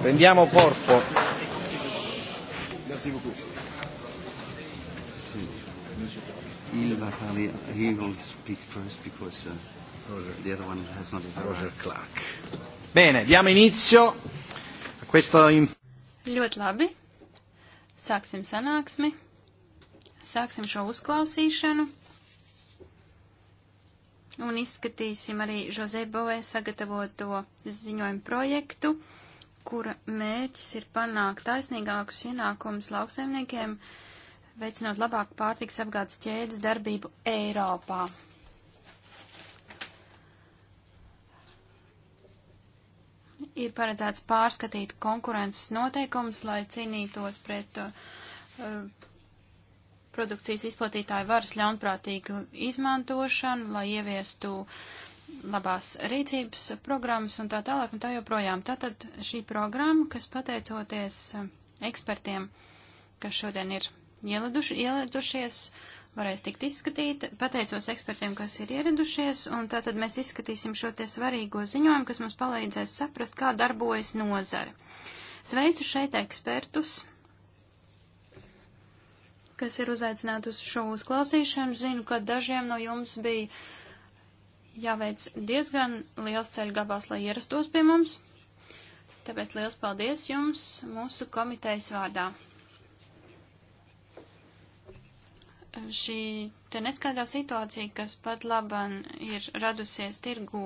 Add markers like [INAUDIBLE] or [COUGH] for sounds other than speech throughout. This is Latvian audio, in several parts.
Prendiamo corpo. Merci beaucoup. Ilva Hali, he will speak first because uh, Roger. the other one has not arrived. Roger Clark. Bene, diamo inizio a questo... In... Ļoti labi. Sāksim sanāksmi. Sāksim šo uzklausīšanu. Un izskatīsim arī Jose Bovē sagatavoto ziņojumu projektu. Uh, kura mērķis ir panākt taisnīgākus ienākumus lauksaimniekiem, veicinot labāku pārtiks apgādes ķēdes darbību Eiropā. Ir paredzēts pārskatīt konkurences noteikumus, lai cīnītos pret uh, produkcijas izplatītāju varas ļaunprātīgu izmantošanu, lai ieviestu uh, labās rīcības programmas un tā tālāk un tā joprojām. Tātad šī programma, kas pateicoties eh, ekspertiem, kas šodien ir ieliduši, ielidušies, varēs tikt izskatīta. Pateicos ekspertiem, kas ir ieradušies, un tātad mēs izskatīsim šo te svarīgo ziņojumu, kas mums palīdzēs saprast, kā darbojas nozara. Sveicu šeit ekspertus, kas ir uzaicināti uz šo uzklausīšanu. Zinu, ka dažiem no jums bija jāveic diezgan liels ceļu gabals, lai ierastos pie mums. Tāpēc liels paldies jums mūsu komitejas vārdā. Šī te neskaidrā situācija, kas pat laban ir radusies tirgū,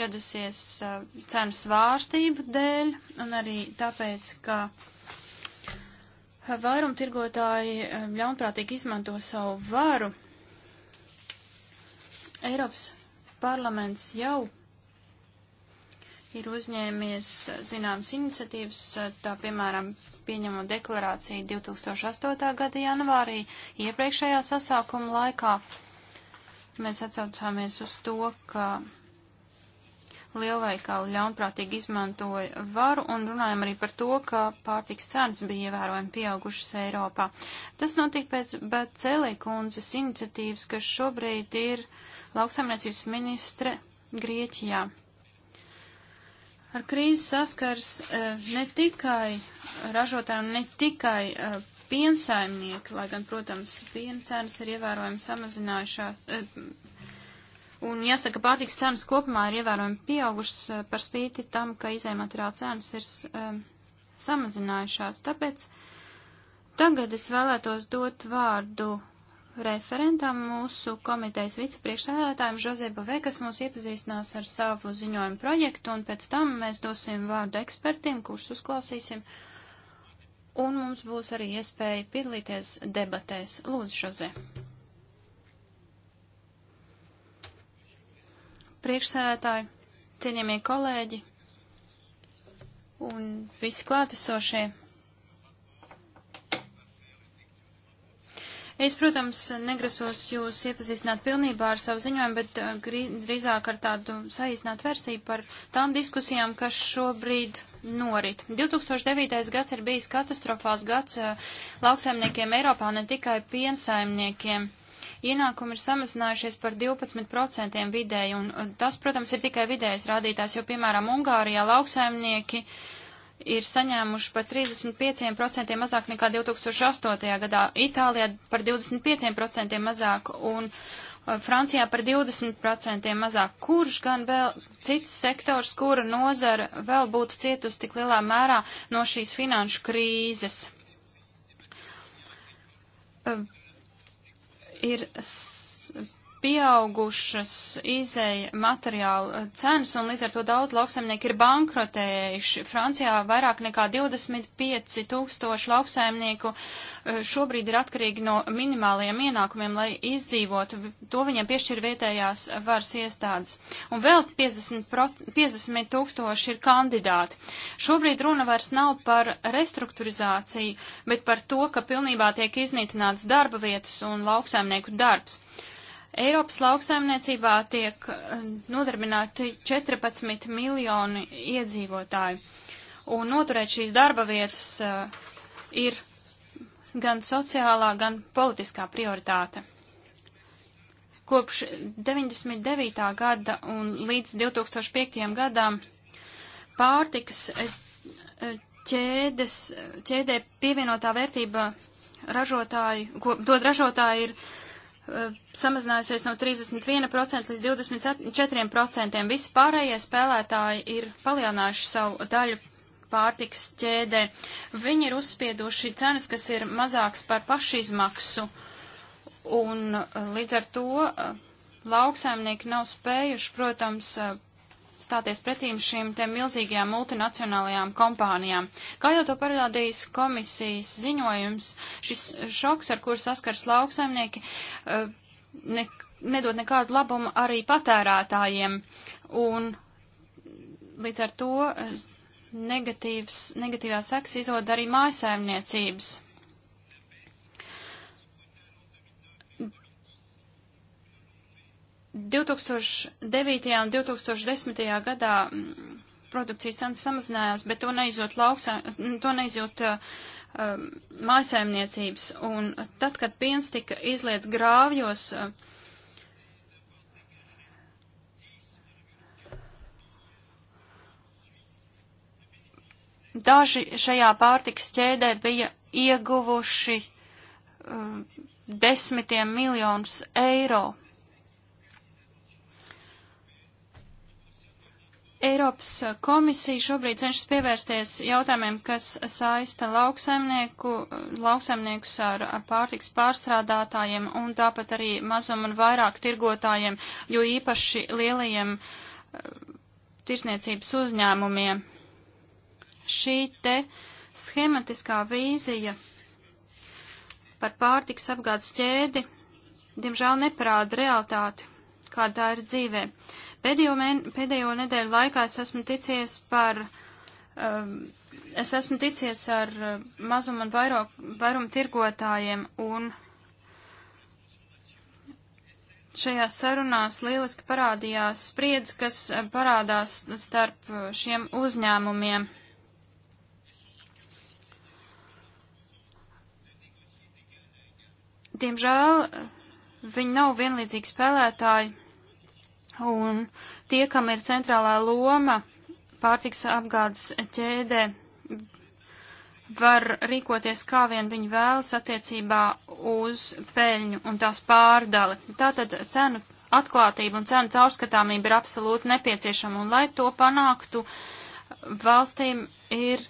radusies uh, cenu svārstību dēļ un arī tāpēc, ka vairumtirgotāji uh, ļaunprātīgi izmanto savu varu. Eiropas parlaments jau ir uzņēmies zināmas iniciatīvas, tā piemēram pieņemot deklarāciju 2008. gada janvārī iepriekšējā sasaukuma laikā. Mēs atsaucāmies uz to, ka lielveikali ļaunprātīgi izmantoja varu un runājam arī par to, ka pārtiks cenas bija ievērojami pieaugušas Eiropā. Tas notika pēc Baceli kundzes iniciatīvas, kas šobrīd ir uh, lauksaimniecības ministre Grieķijā. Ar krīzi saskars e, ne tikai ražotājiem, ne tikai e, piensaimnieki, lai gan, protams, piena cenas ir ievērojami samazinājušās. E, un jāsaka, pārtiks cenas kopumā ir ievērojami pieaugušas par spīti tam, ka izējumateriāla cenas ir samazinājušās. Tāpēc tagad es vēlētos dot vārdu referentam, mūsu komitejas vicepriekšsēdētājiem Žozebu Vē, kas mūs iepazīstinās ar savu ziņojumu projektu, un pēc tam mēs dosim vārdu ekspertiem, kurus uzklausīsim, un mums būs arī iespēja piedalīties debatēs. Lūdzu, Žoze. Priekšsēdētāji, cienījamie kolēģi un visi klātesošie. Es, protams, negrasos jūs iepazīstināt pilnībā ar savu ziņojumu, bet eh, drīzāk ar tādu saīsinātu versiju par tām diskusijām, kas šobrīd norit. 2009. gads ir bijis katastrofāls gads eh, lauksaimniekiem Eiropā, ne tikai piensaimniekiem ienākumi ir samazinājušies par 12% vidēji, un eh, tas, protams, ir tikai vidējais rādītājs, jo, piemēram, Ungārijā lauksaimnieki uh, ir saņēmuši par 35% mazāk nekā 2008. gadā, Itālijā par 25% mazāk un uh, Francijā par 20% mazāk. Kurš gan vēl cits sektors, kura nozara vēl būtu cietusi tik lielā mērā no šīs finanšu krīzes? Uh, ir pieaugušas izēja materiālu cenas, un līdz ar to daudz lauksaimnieki ir bankrotējuši. Francijā vairāk nekā 25 tūkstoši lauksaimnieku eh, šobrīd ir atkarīgi no minimālajiem ienākumiem, lai izdzīvotu. To viņiem piešķir vietējās varas iestādes. Un vēl 50, 50 tūkstoši ir kandidāti. Šobrīd runa vairs nav par restruktūrizāciju, bet par to, ka pilnībā tiek iznīcināts darba vietas un lauksaimnieku darbs. Uh, Eiropas lauksaimniecībā tiek eh, nodarbināti 14 miljoni iedzīvotāju, un noturēt šīs darba vietas uh, ir gan sociālā, gan politiskā prioritāte. Kopš 99. gada un līdz 2005. gadam pārtikas eh, ķēdes, ķēdē pievienotā vērtība ražotāji, ko dod ražotāji ir uh, Eh, samazinājusies no 31% līdz 24%. Visi pārējie spēlētāji ir palielinājuši savu daļu pārtikas ķēdē. Viņi ir uzspieduši cenas, kas ir mazāks par pašizmaksu, un eh, līdz ar to eh, lauksaimnieki nav spējuši, protams, stāties pretīm šīm te milzīgajām multinacionālajām kompānijām. Kā jau to parādījis komisijas ziņojums, šis šoks, ar kur saskars lauksaimnieki, eh, ne, nedod nekādu labumu arī patērētājiem. Un līdz ar to eh, negatīvs, negatīvā seks izod arī mājasēmniecības. 2009. un 2010. gadā mm, produkcijas cenas samazinājās, bet to neizjūt, lauksā, mm, to neizjūt uh, um, mājasēmniecības. Un tad, kad piens tika izliets grāvjos, uh, daži šajā pārtikas ķēdē bija ieguvuši uh, desmitiem miljonus eiro. Eiropas komisija šobrīd cenšas pievērsties jautājumiem, kas saista lauksaimnieku, lauksaimniekus ar pārtiks pārstrādātājiem un tāpat arī mazumu un vairāk tirgotājiem, jo īpaši lielajiem eh, tirsniecības uzņēmumiem. Šī te schematiskā vīzija par pārtiks apgādes ķēdi, diemžēl neparāda realitāti, kā tā ir dzīvē. Uh, Pēdējo, mēn, pēdējo nedēļu laikā es esmu ticies par. Um, es esmu ticies ar uh, mazumu un vairumu tirgotājiem un šajās sarunās lieliski parādījās spriedz, kas uh, parādās starp uh, šiem uzņēmumiem. Diemžēl viņi nav vienlīdzīgi spēlētāji un tie, kam ir centrālā loma pārtiks apgādes ķēdē, var rīkoties kā vien viņi vēlas attiecībā uz peļņu un tās pārdali. Tātad cenu atklātība un cenu caurskatāmība ir absolūti nepieciešama, un lai to panāktu, valstīm ir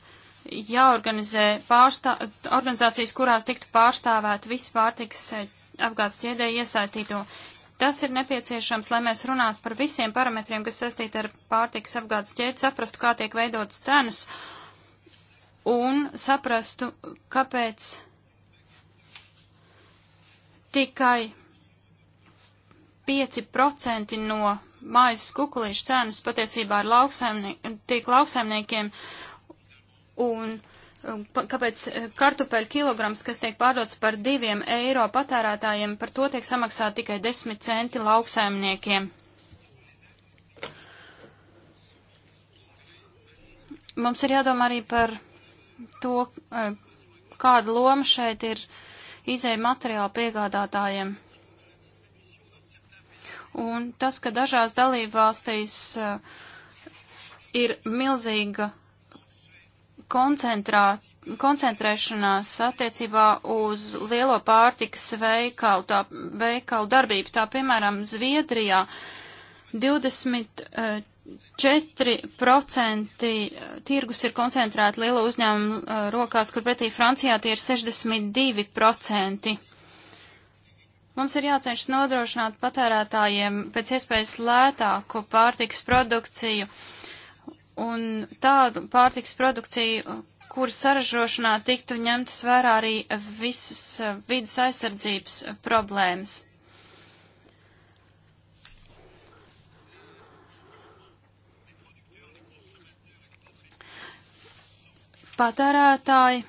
jāorganizē pārstā, organizācijas, kurās tiktu pārstāvēt visi pārtiks eh, apgādes ķēdē iesaistīto. Uh, Tas ir nepieciešams, lai mēs runātu par visiem parametriem, kas saistīti ar pārtikas apgādes ķēdi, saprastu, kā tiek veidotas cenas un saprastu, kāpēc tikai 5% no maizes kukulīšu cenas patiesībā ir lauksaimnie, tiek lauksaimniekiem un Um, kāpēc eh, kartupeļu kilograms, kas tiek pārdots par diviem eiro patērētājiem, par to tiek samaksā tikai desmit centi lauksaimniekiem. Mums ir jādomā arī par to, eh, kāda loma šeit ir izēja materiāla piegādātājiem. Un tas, ka dažās dalībvalstīs eh, ir milzīga koncentrāt koncentrēšanās attiecībā uz lielo pārtikas veikalu, tā, veikalu darbību. Tā piemēram, Zviedrijā 24% eh, eh, tirgus ir koncentrēti lielo uzņēmumu eh, rokās, kur pretī Francijā tie ir 62%. Mums ir jācenšas nodrošināt patērētājiem pēc iespējas lētāku pārtikas produkciju. Uh, un tādu pārtiks produkciju, kuras saražošanā tiktu ņemtas vērā arī visas eh, vidas aizsardzības problēmas. Patērētāji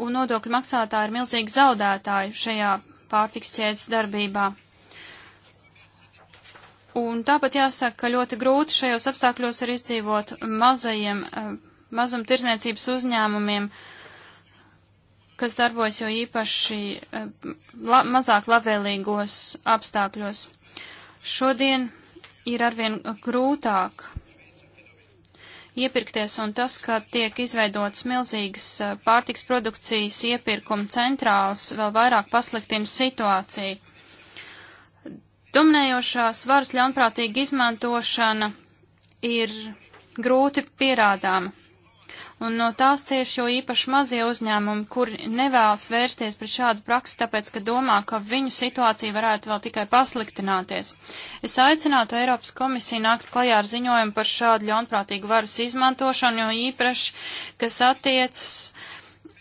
un nodokļu maksātāji ir milzīgi zaudētāji šajā pārtiks ķēdes darbībā. Un tāpat jāsaka, ka ļoti grūti šajos apstākļos ir izdzīvot mazajiem, eh, mazumtirdzniecības uzņēmumiem, kas darbojas jau īpaši eh, la, mazāk labvēlīgos apstākļos. Šodien ir arvien grūtāk iepirkties, un tas, ka tiek izveidotas milzīgas eh, pārtiks produkcijas iepirkuma centrāls, vēl vairāk pasliktina situāciju. Dominējošās varas ļaunprātīga izmantošana ir grūti pierādāma. Un no tās cieš jau īpaši mazie uzņēmumi, kur nevēlas vērsties pret šādu praksi, tāpēc, ka domā, ka viņu situācija varētu vēl tikai pasliktināties. Es aicinātu Eiropas komisiju nākt klajā ar ziņojumu par šādu ļaunprātīgu varas izmantošanu, jo īpaši, kas attiecas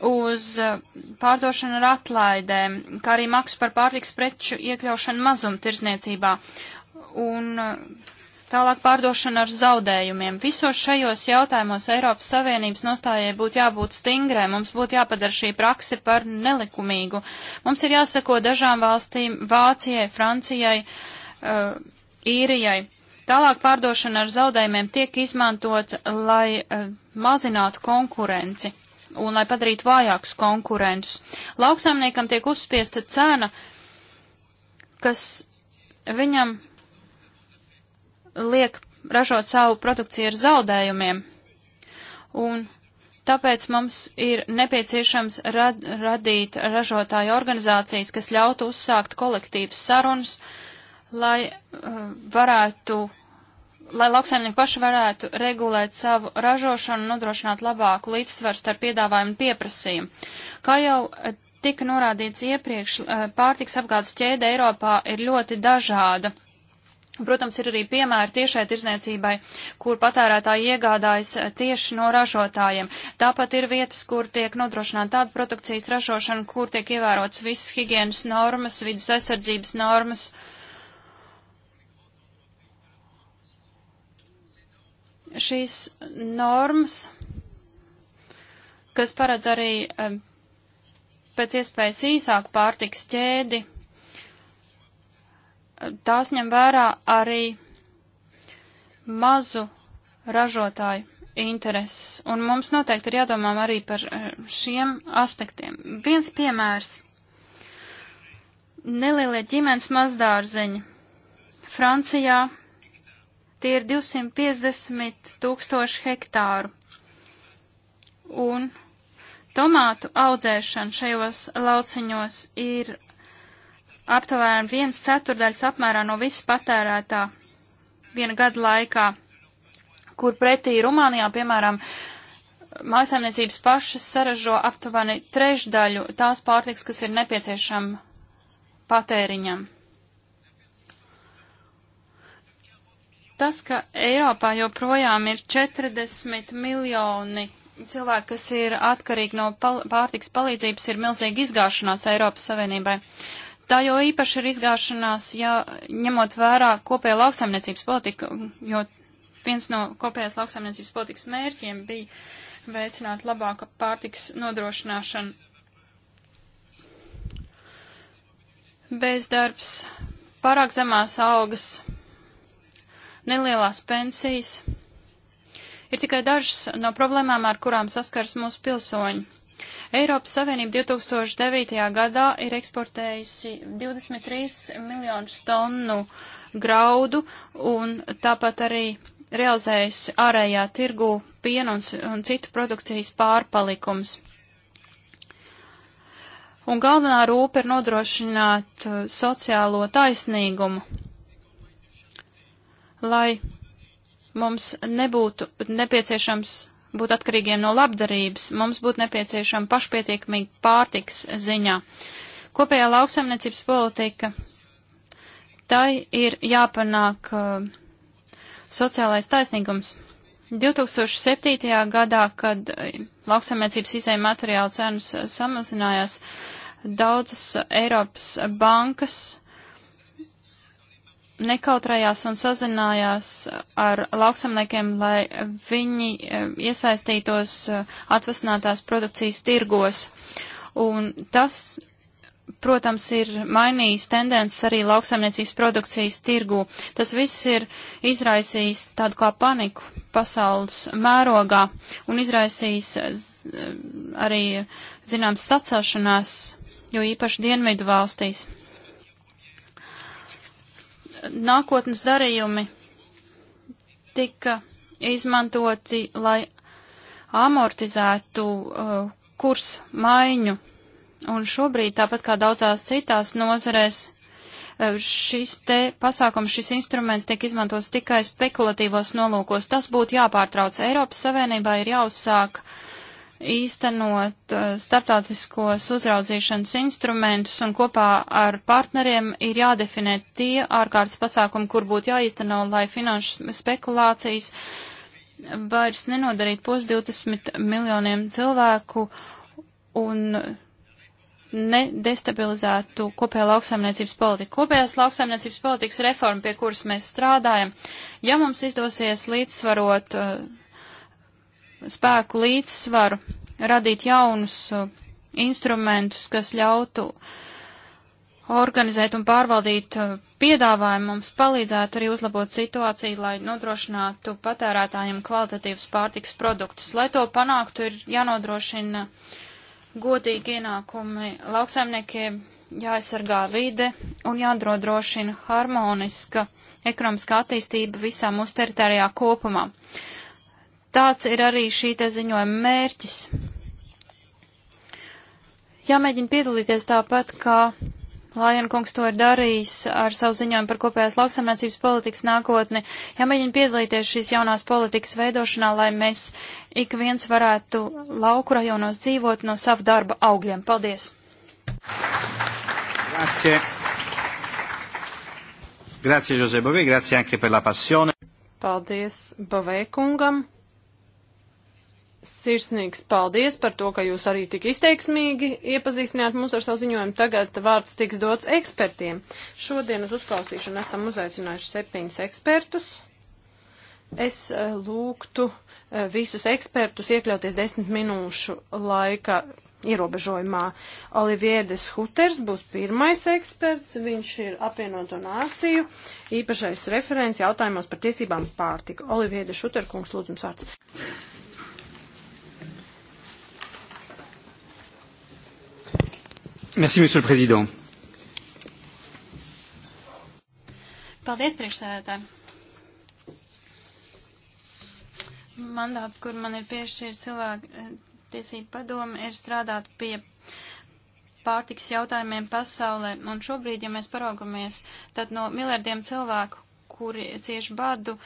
uz eh, pārdošanu ar atlaidēm, kā arī maksu par pārtiks preču iekļaušanu mazumtirzniecībā un eh, tālāk pārdošana ar zaudējumiem. Visos šajos jautājumos Eiropas Savienības nostājai būtu jābūt stingrai, mums būtu jāpadara šī prakse par nelikumīgu. Mums ir jāsako dažām valstīm - Vācijai, Francijai, uh, Īrijai. Tālāk pārdošana ar zaudējumiem tiek izmantot, lai uh, mazinātu konkurenci un lai padarītu vājākus konkurentus. Lauksaimniekam tiek uzspiesta cena, kas viņam liek ražot savu produkciju ar zaudējumiem. Un tāpēc mums ir nepieciešams rad, radīt ražotāju organizācijas, kas ļautu uzsākt kolektīvas sarunas, lai uh, varētu lai lauksaimnieki paši varētu regulēt savu ražošanu un nodrošināt labāku līdzsvaru starp piedāvājumu un pieprasījumu. Kā jau eh, tika norādīts iepriekš, eh, pārtiks apgādes ķēde Eiropā ir ļoti dažāda. Protams, ir arī piemēri tiešai tirzniecībai, kur patērētāji iegādājas eh, tieši no ražotājiem. Tāpat ir vietas, kur tiek nodrošināta tāda produkcijas ražošana, kur tiek ievērots visas higienas normas, vidas aizsardzības normas. Uh, šīs normas, kas paredz arī eh, pēc iespējas īsāku pārtiks ķēdi, eh, tās ņem vērā arī mazu ražotāju intereses, un mums noteikti ir jādomā arī par eh, šiem aspektiem. Viens piemērs - nelielie ģimenes mazdārzeņi. Francijā Tie ir 250 tūkstoši hektāru. Un tomātu audzēšana šajos lauciņos ir aptuveni viens ceturdaļs apmērā no visas patērētā viena gada laikā, kur pretī Rumānijā, piemēram, mājasēmniecības pašas saražo aptuveni trešdaļu tās pārtiks, kas ir nepieciešama patēriņam. Tas, ka Eiropā joprojām ir 40 miljoni cilvēki, kas ir atkarīgi no pal pārtiks palīdzības, ir milzīgi izgāšanās Eiropas Savienībai. Tā jau īpaši ir izgāšanās, ja ņemot vērā kopējo lauksaimniecības politiku, jo viens no kopējās lauksaimniecības politikas mērķiem bija veicināt labāku pārtiks nodrošināšanu. Bezdarbs, pārāk zemās algas, nelielās pensijas. Ir tikai dažas no problēmām, ar kurām saskars mūsu pilsoņi. Eiropas Savienība 2009. gadā ir eksportējusi 23 miljonus tonnu graudu un tāpat arī realizējusi ārējā tirgu pienu un, un citu produkcijas pārpalikums. Un galvenā rūpa ir nodrošināt uh, sociālo taisnīgumu lai mums nebūtu nepieciešams būt atkarīgiem no labdarības, mums būtu nepieciešama pašpietiekamīga pārtiks ziņā. Kopējā lauksaimniecības politika, tai ir jāpanāk uh, sociālais taisnīgums. 2007. gadā, kad uh, lauksaimniecības izējuma materiāla cenas uh, samazinājās, daudzas Eiropas bankas nekautrējās un sazinājās ar lauksamniekiem, lai viņi eh, iesaistītos eh, atvasinātās produkcijas tirgos. Un tas, protams, ir mainījis tendences arī lauksamniecības produkcijas tirgu. Tas viss ir izraisījis tādu kā paniku pasaules mērogā un izraisījis eh, arī zināms sacelšanās, jo īpaši dienvidu valstīs nākotnes darījumi tika izmantoti, lai amortizētu uh, kursu maiņu. Un šobrīd, tāpat kā daudzās citās nozarēs, uh, šis te pasākums, šis instruments tiek izmantots tikai spekulatīvos nolūkos. Tas būtu jāpārtrauc. Eiropas Savienībā ir jāuzsāk uh, īstenot uh, starptautiskos uzraudzīšanas instrumentus un kopā ar partneriem ir jādefinē tie ārkārtas pasākumi, kur būtu jāīsteno, lai finanšu spekulācijas vairs nenodarītu pos 20 miljoniem cilvēku un nedestabilizētu kopējā lauksaimniecības politiku. Kopējās lauksaimniecības politikas reforma, pie kuras mēs strādājam, ja mums izdosies līdzsvarot uh, spēku līdzsvaru, radīt jaunus uh, instrumentus, kas ļautu organizēt un pārvaldīt uh, piedāvājumu, mums palīdzētu arī uzlabot situāciju, lai nodrošinātu patērētājiem kvalitatīvus pārtiks produktus. Lai to panāktu, ir jānodrošina godīgi ienākumi lauksaimniekiem, jāaizsargā vide un jādrodrošina harmoniska ekonomiskā attīstība visā mūsu teritorijā kopumā. Uh, Tāds ir arī šī te ziņojuma mērķis. Jāmēģina piedalīties tāpat, kā Lajana kungs to ir darījis ar savu ziņojumu par kopējās lauksamniecības politikas nākotni. Jāmēģina piedalīties šīs jaunās politikas veidošanā, lai mēs ik viens varētu lauku rajonos dzīvot no savu darba augļiem. Paldies! Grazie. Grazie, Jose Bovē, grazie anche per la passione. Paldies Bovē kungam. Sirsnīgs paldies par to, ka jūs arī tik izteiksmīgi iepazīstināt mūs ar savu ziņojumu. Tagad vārds tiks dots ekspertiem. Šodien uz uzklausīšanu esam uzaicinājuši septiņus ekspertus. Es eh, lūgtu eh, visus ekspertus iekļauties desmit minūšu laika ierobežojumā. Oliviedes Huters būs pirmais eksperts, viņš ir apvienoto nāciju īpašais referents jautājumos par tiesībām pārtika. Oliviedes Huterkungs, lūdzu, vārds. Merci, monsieur le président. Paldies, priekšsēdētāji. Mandāts, kur man ir piešķirta cilvēku eh, tiesību padome, ir strādāt pie pārtiks jautājumiem pasaulē. Un šobrīd, ja mēs paraugamies, tad no miljardiem cilvēku, kuri cieši badu,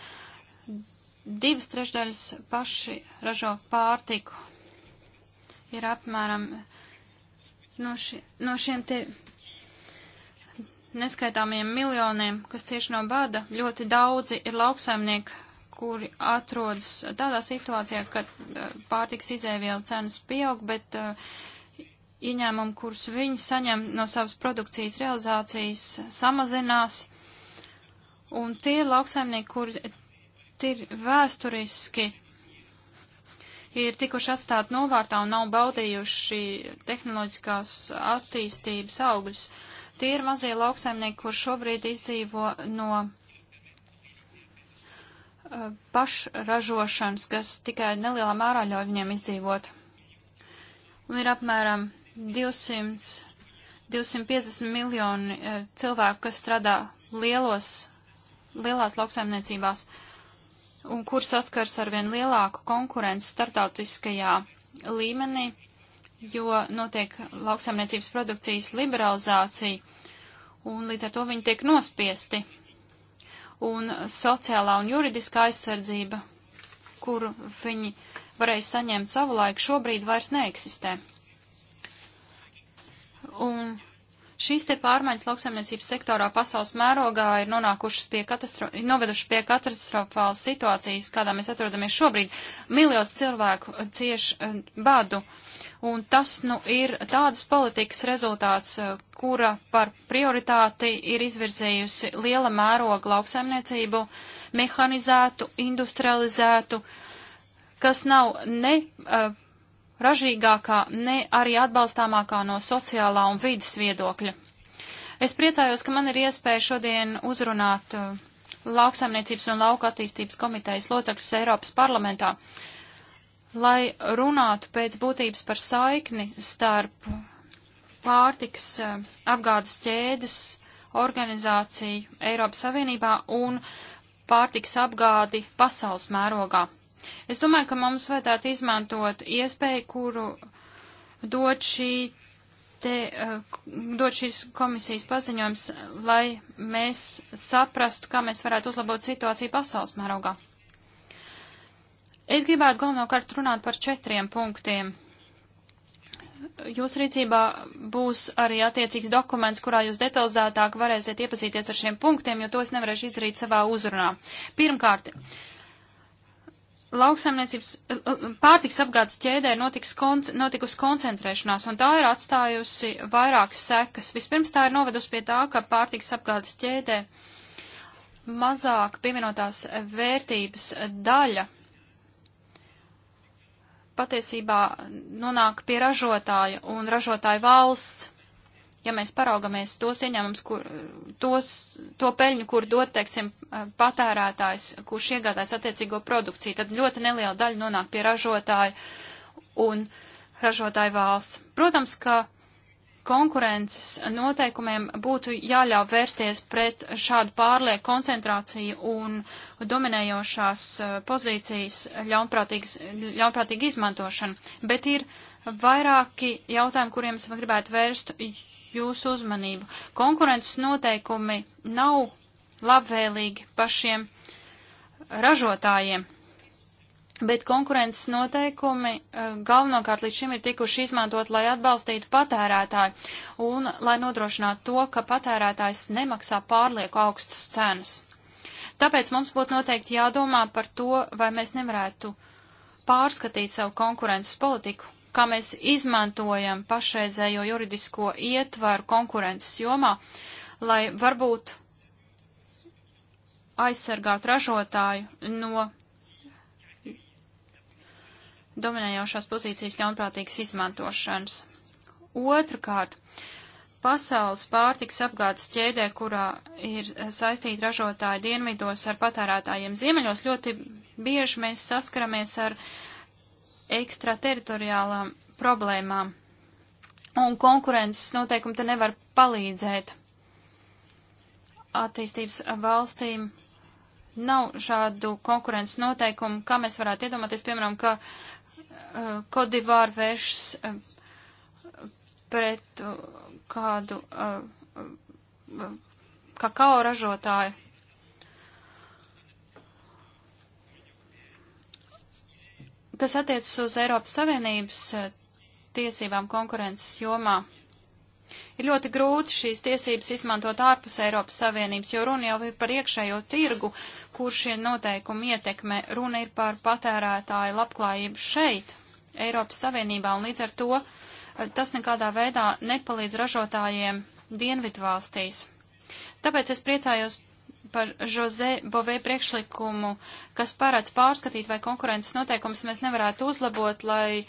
divas trešdaļas paši ražo pārtiku. Ir apmēram no, ši, no šiem te neskaitāmiem miljoniem, kas cieši no bada, ļoti daudzi ir lauksaimnieki, kuri atrodas tādā situācijā, ka eh, pārtiks izēvielu cenas pieaug, bet uh, ieņēmumi, kurus viņi saņem no savas produkcijas realizācijas, samazinās. Un tie ir lauksaimnieki, kuri ir vēsturiski ir tikuši atstāti novārtā un nav baudījuši tehnoloģiskās attīstības augļus. Tie ir mazie lauksaimnieki, kur šobrīd izdzīvo no eh, pašražošanas, kas tikai nelielā mērā ļauj viņiem izdzīvot. Un ir apmēram 200, 250 miljoni eh, cilvēku, kas strādā lielos, lielās lauksaimniecībās. Uh, un kur saskars ar vien lielāku konkurenci startautiskajā līmenī, jo notiek lauksaimniecības produkcijas liberalizācija, un līdz ar to viņi tiek nospiesti. Un sociālā un juridiskā aizsardzība, kuru viņi varēs saņemt savulaik, šobrīd vairs neeksistē. Un Šīs te pārmaiņas lauksaimniecības sektorā pasaules mērogā ir nonākušas pie katastro... novedušas pie katastrofālas situācijas, kādā mēs atrodamies šobrīd. Miljons cilvēku cieš eh, badu. Un tas, nu, ir tādas politikas rezultāts, eh, kura par prioritāti ir izvirzējusi liela mēroga lauksaimniecību, mehanizētu, industrializētu, kas nav ne. Uh, ražīgākā, ne arī atbalstāmākā no sociālā un vidas viedokļa. Es priecājos, ka man ir iespēja šodien uzrunāt uh, lauksaimniecības un lauka attīstības komitejas locekļus Eiropas parlamentā, lai runātu pēc būtības par saikni starp pārtikas uh, apgādes ķēdes organizāciju Eiropas Savienībā un pārtikas apgādi pasaules mērogā. Es domāju, ka mums vajadzētu izmantot iespēju, kuru dod, šī te, eh, dod šīs komisijas paziņojums, lai mēs saprastu, kā mēs varētu uzlabot situāciju pasaules mērogā. Es gribētu galvenokārt runāt par četriem punktiem. Jūsu rīcībā būs arī attiecīgs dokuments, kurā jūs detalizētāk varēsiet iepazīties ar šiem punktiem, jo to es nevarēšu izdarīt savā uzrunā. Pirmkārt, uh, lauksaimniecības pārtiks apgādes ķēdē notiks konc, notikusi koncentrēšanās, un tā ir atstājusi vairākas sekas. Vispirms tā ir novedusi pie tā, ka pārtiks apgādes ķēdē mazāk pieminotās vērtības daļa patiesībā nonāk pie ražotāja un ražotāja valsts ja mēs paraugamies tos ieņēmums, kur, tos, to peļņu, kur dod, teiksim, patērētājs, kurš iegādājas attiecīgo produkciju, tad ļoti neliela daļa nonāk pie ražotāja un ražotāja valsts. Protams, ka konkurences noteikumiem būtu jāļauj vērsties pret šādu pārlieku koncentrāciju un dominējošās eh, pozīcijas ļaunprātīgu izmantošanu, bet ir vairāki jautājumi, kuriem es gribētu vērst jūsu uzmanību. Konkurences noteikumi nav labvēlīgi pašiem ražotājiem, bet konkurences noteikumi eh, galvenokārt līdz šim ir tikuši izmantot, lai atbalstītu patērētāju un lai nodrošinātu to, ka patērētājs nemaksā pārlieku augstas cenas. Tāpēc mums būtu noteikti jādomā par to, vai mēs nevarētu pārskatīt savu konkurences politiku kā mēs izmantojam pašreizējo juridisko ietvaru konkurences jomā, lai varbūt aizsargātu ražotāju no dominējošās pozīcijas ļaunprātīgas izmantošanas. Otrakārt, pasaules pārtiks apgādes ķēdē, kurā ir saistīti ražotāji dienvidos ar patērētājiem ziemeļos, ļoti bieži mēs saskaramies ar uh, ekstrateritoriālām problēmām, un konkurences noteikumi te nevar palīdzēt. Attīstības valstīm nav šādu konkurences noteikumu, kā mēs varētu iedomāties, piemēram, ka uh, Kodivāra vēršas uh, pret uh, kādu uh, uh, kakao ražotāju Kas attiecas uz Eiropas Savienības eh, tiesībām konkurences jomā, ir ļoti grūti šīs tiesības izmantot ārpus Eiropas Savienības, jo runa jau ir par iekšējo tirgu, kur šie noteikumi ietekmē. Runa ir par patērētāju labklājību šeit, Eiropas Savienībā, un līdz ar to eh, tas nekādā veidā nepalīdz ražotājiem Dienvidu valstīs. Tāpēc es priecājos par Jose Bovē priekšlikumu, kas parāds pārskatīt, vai konkurences noteikumus mēs nevarētu uzlabot, lai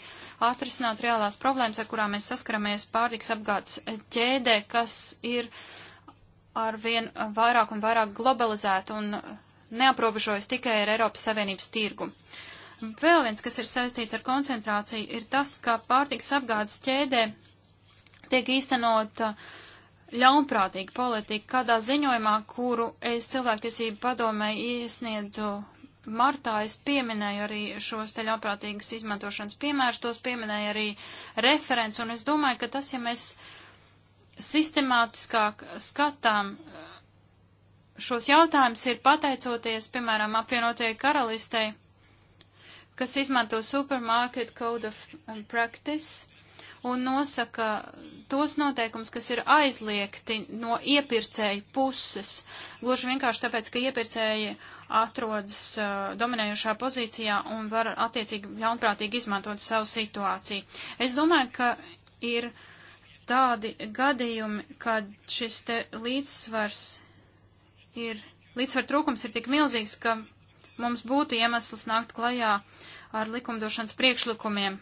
atrisinātu reālās problēmas, ar kurām mēs saskaramies pārtiks apgādes ķēdē, kas ir arvien vairāk un vairāk globalizēta un neaprobežojas tikai ar Eiropas Savienības tirgu. Vēl viens, kas ir saistīts ar koncentrāciju, ir tas, ka pārtiks apgādes ķēdē tiek īstenota uh, ļaunprātīga politika. Kādā ziņojumā, kuru es cilvēktiesību padomē iesniedzu martā, es pieminēju arī šos te ļaunprātīgas izmantošanas piemērus, tos pieminēju arī referents, un es domāju, ka tas, ja mēs sistemātiskāk skatām šos jautājumus, ir pateicoties, piemēram, apvienotajai karalistei, kas izmanto Supermarket Code of Practice, un nosaka tos noteikums, kas ir aizliegti no iepirkēju puses, gluži vienkārši tāpēc, ka iepirkēji atrodas uh, dominējošā pozīcijā un var attiecīgi ļaunprātīgi izmantot savu situāciju. Es domāju, ka ir tādi gadījumi, kad šis te līdzsvars ir, līdzsvar trūkums ir tik milzīgs, ka mums būtu iemesls nākt klajā ar likumdošanas priekšlikumiem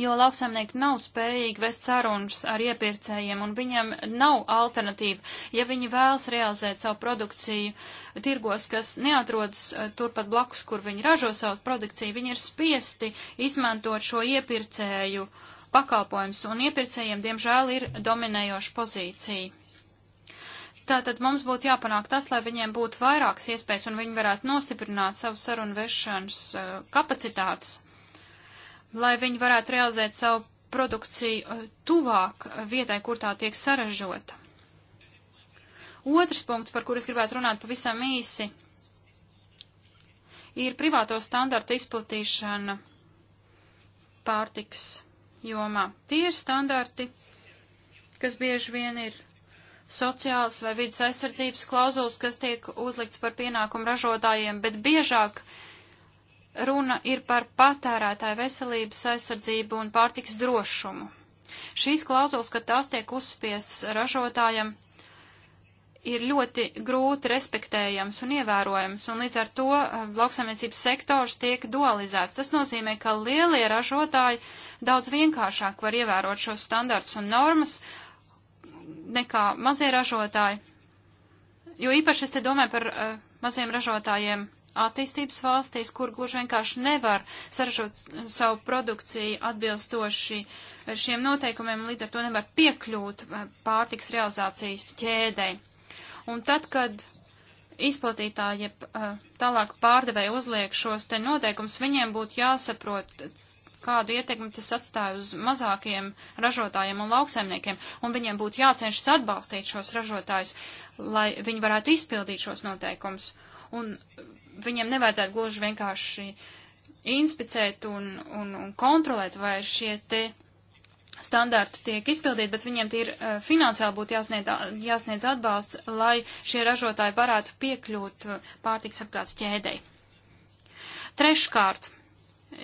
jo lauksaimnieki nav spējīgi vest sarunas ar iepirkējiem, un viņiem nav alternatīva. Ja viņi vēlas realizēt savu produkciju tirgos, kas neatrodas eh, turpat blakus, kur viņi ražo savu produkciju, viņi ir spiesti izmantot šo iepirkēju pakalpojumus, un iepirkējiem, diemžēl, ir dominējoša pozīcija. Tātad mums būtu jāpanāk tas, lai viņiem būtu vairākas iespējas un viņi varētu nostiprināt savu sarunu vešanas eh, kapacitātes lai viņi varētu realizēt savu produkciju uh, tuvāk vietai, kur tā tiek saražota. Otrs punkts, par kur es gribētu runāt pavisam īsi, ir privāto standartu izplatīšana pārtiks jomā. Tie ir standarti, kas bieži vien ir sociāls vai vidas aizsardzības klauzulas, kas tiek uzlikts par pienākumu ražotājiem, bet biežāk runa ir par patērētāju veselības aizsardzību un pārtiks drošumu. Šīs klauzulas, kad tās tiek uzspiestas ražotājam, ir ļoti grūti respektējams un ievērojams, un līdz ar to eh, lauksaimniecības sektors tiek dualizēts. Tas nozīmē, ka lielie ražotāji daudz vienkāršāk var ievērot šos standartus un normas nekā mazie ražotāji. Jo īpaši es te domāju par uh, maziem ražotājiem attīstības valstīs, kur gluži vienkārši nevar saražot savu produkciju atbilstoši šiem noteikumiem, līdz ar to nevar piekļūt eh, pārtiks realizācijas ķēdei. Un tad, kad izplatītāji eh, tālāk pārdevēja uzliek šos te noteikumus, viņiem būtu jāsaprot, kādu ietekmi tas atstāja uz mazākiem ražotājiem un lauksaimniekiem, un viņiem būtu jācenšas atbalstīt šos ražotājus, lai viņi varētu izpildīt šos noteikumus. Un viņiem nevajadzētu gluži vienkārši inspicēt un, un, un kontrolēt, vai šie te standarti tiek izpildīti, bet viņiem tie ir uh, finansiāli būtu jāsniedz, jāsniedz atbalsts, lai šie ražotāji varētu piekļūt eh, pārtiks apgādes ķēdei. Treškārt,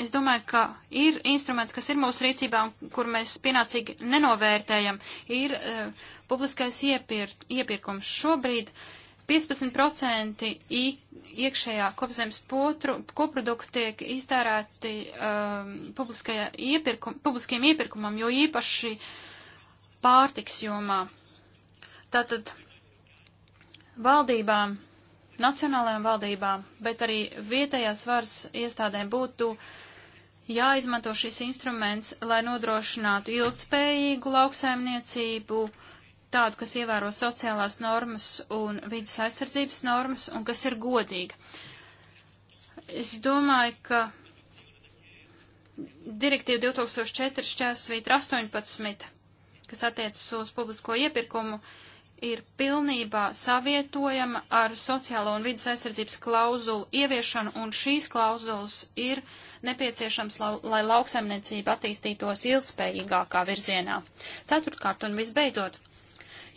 es domāju, ka ir instruments, kas ir mūsu rīcībā un kur mēs pienācīgi nenovērtējam, ir uh, publiskais iepir, iepirkums. Šobrīd uh, 15% iekšējā kopzemes koprodukta tiek iztērēti um, iepirkum, publiskiem iepirkumam, jo īpaši pārtiks jomā. Tātad valdībām, nacionālajām valdībām, bet arī vietējās varas iestādēm būtu jāizmanto šis instruments, lai nodrošinātu ilgtspējīgu lauksaimniecību, uh, tādu, kas ievēro sociālās normas un vidas aizsardzības normas un kas ir godīga. Es domāju, ka direktīva 2004 šķērsvīt 18, kas attiecas uz publisko iepirkumu, ir pilnībā savietojama ar sociālo un vidas aizsardzības klauzulu ieviešanu, un šīs klauzulas ir nepieciešams, lau, lai lauksaimniecība attīstītos ilgspējīgākā virzienā. Ceturtkārt un visbeidzot,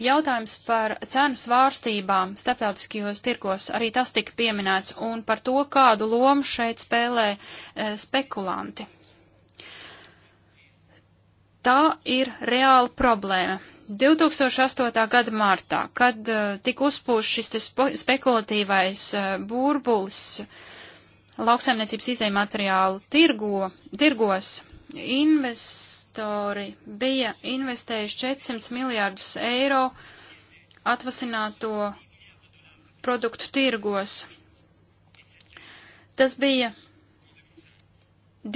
Jautājums par cenu svārstībām starptautiskajos tirgos arī tas tika pieminēts un par to, kādu lomu šeit spēlē e, spekulanti. Tā ir reāla problēma. 2008. gada martā, kad uh, e, tika uzpūš šis spekulatīvais uh, burbulis lauksaimniecības izējumateriālu tirgo, tirgos, invest investori bija investējuši 400 miljārdus eiro atvasināto produktu tirgos. Tas bija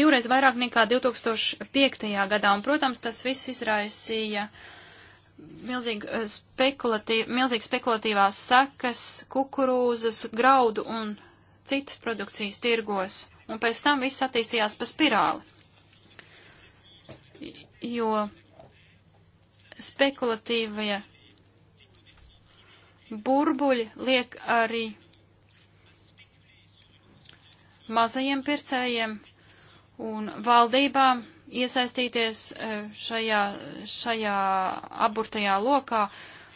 divreiz vairāk nekā 2005. gadā, un, protams, tas viss izraisīja milzīgi, eh, spekulatīv, milzīgi spekulatīvās sekas, kukurūzas, graudu un citas produkcijas tirgos, un pēc tam viss attīstījās pa spirāli jo spekulatīvie burbuļi liek arī mazajiem pircējiem un valdībām iesaistīties e, šajā, šajā aburtajā lokā,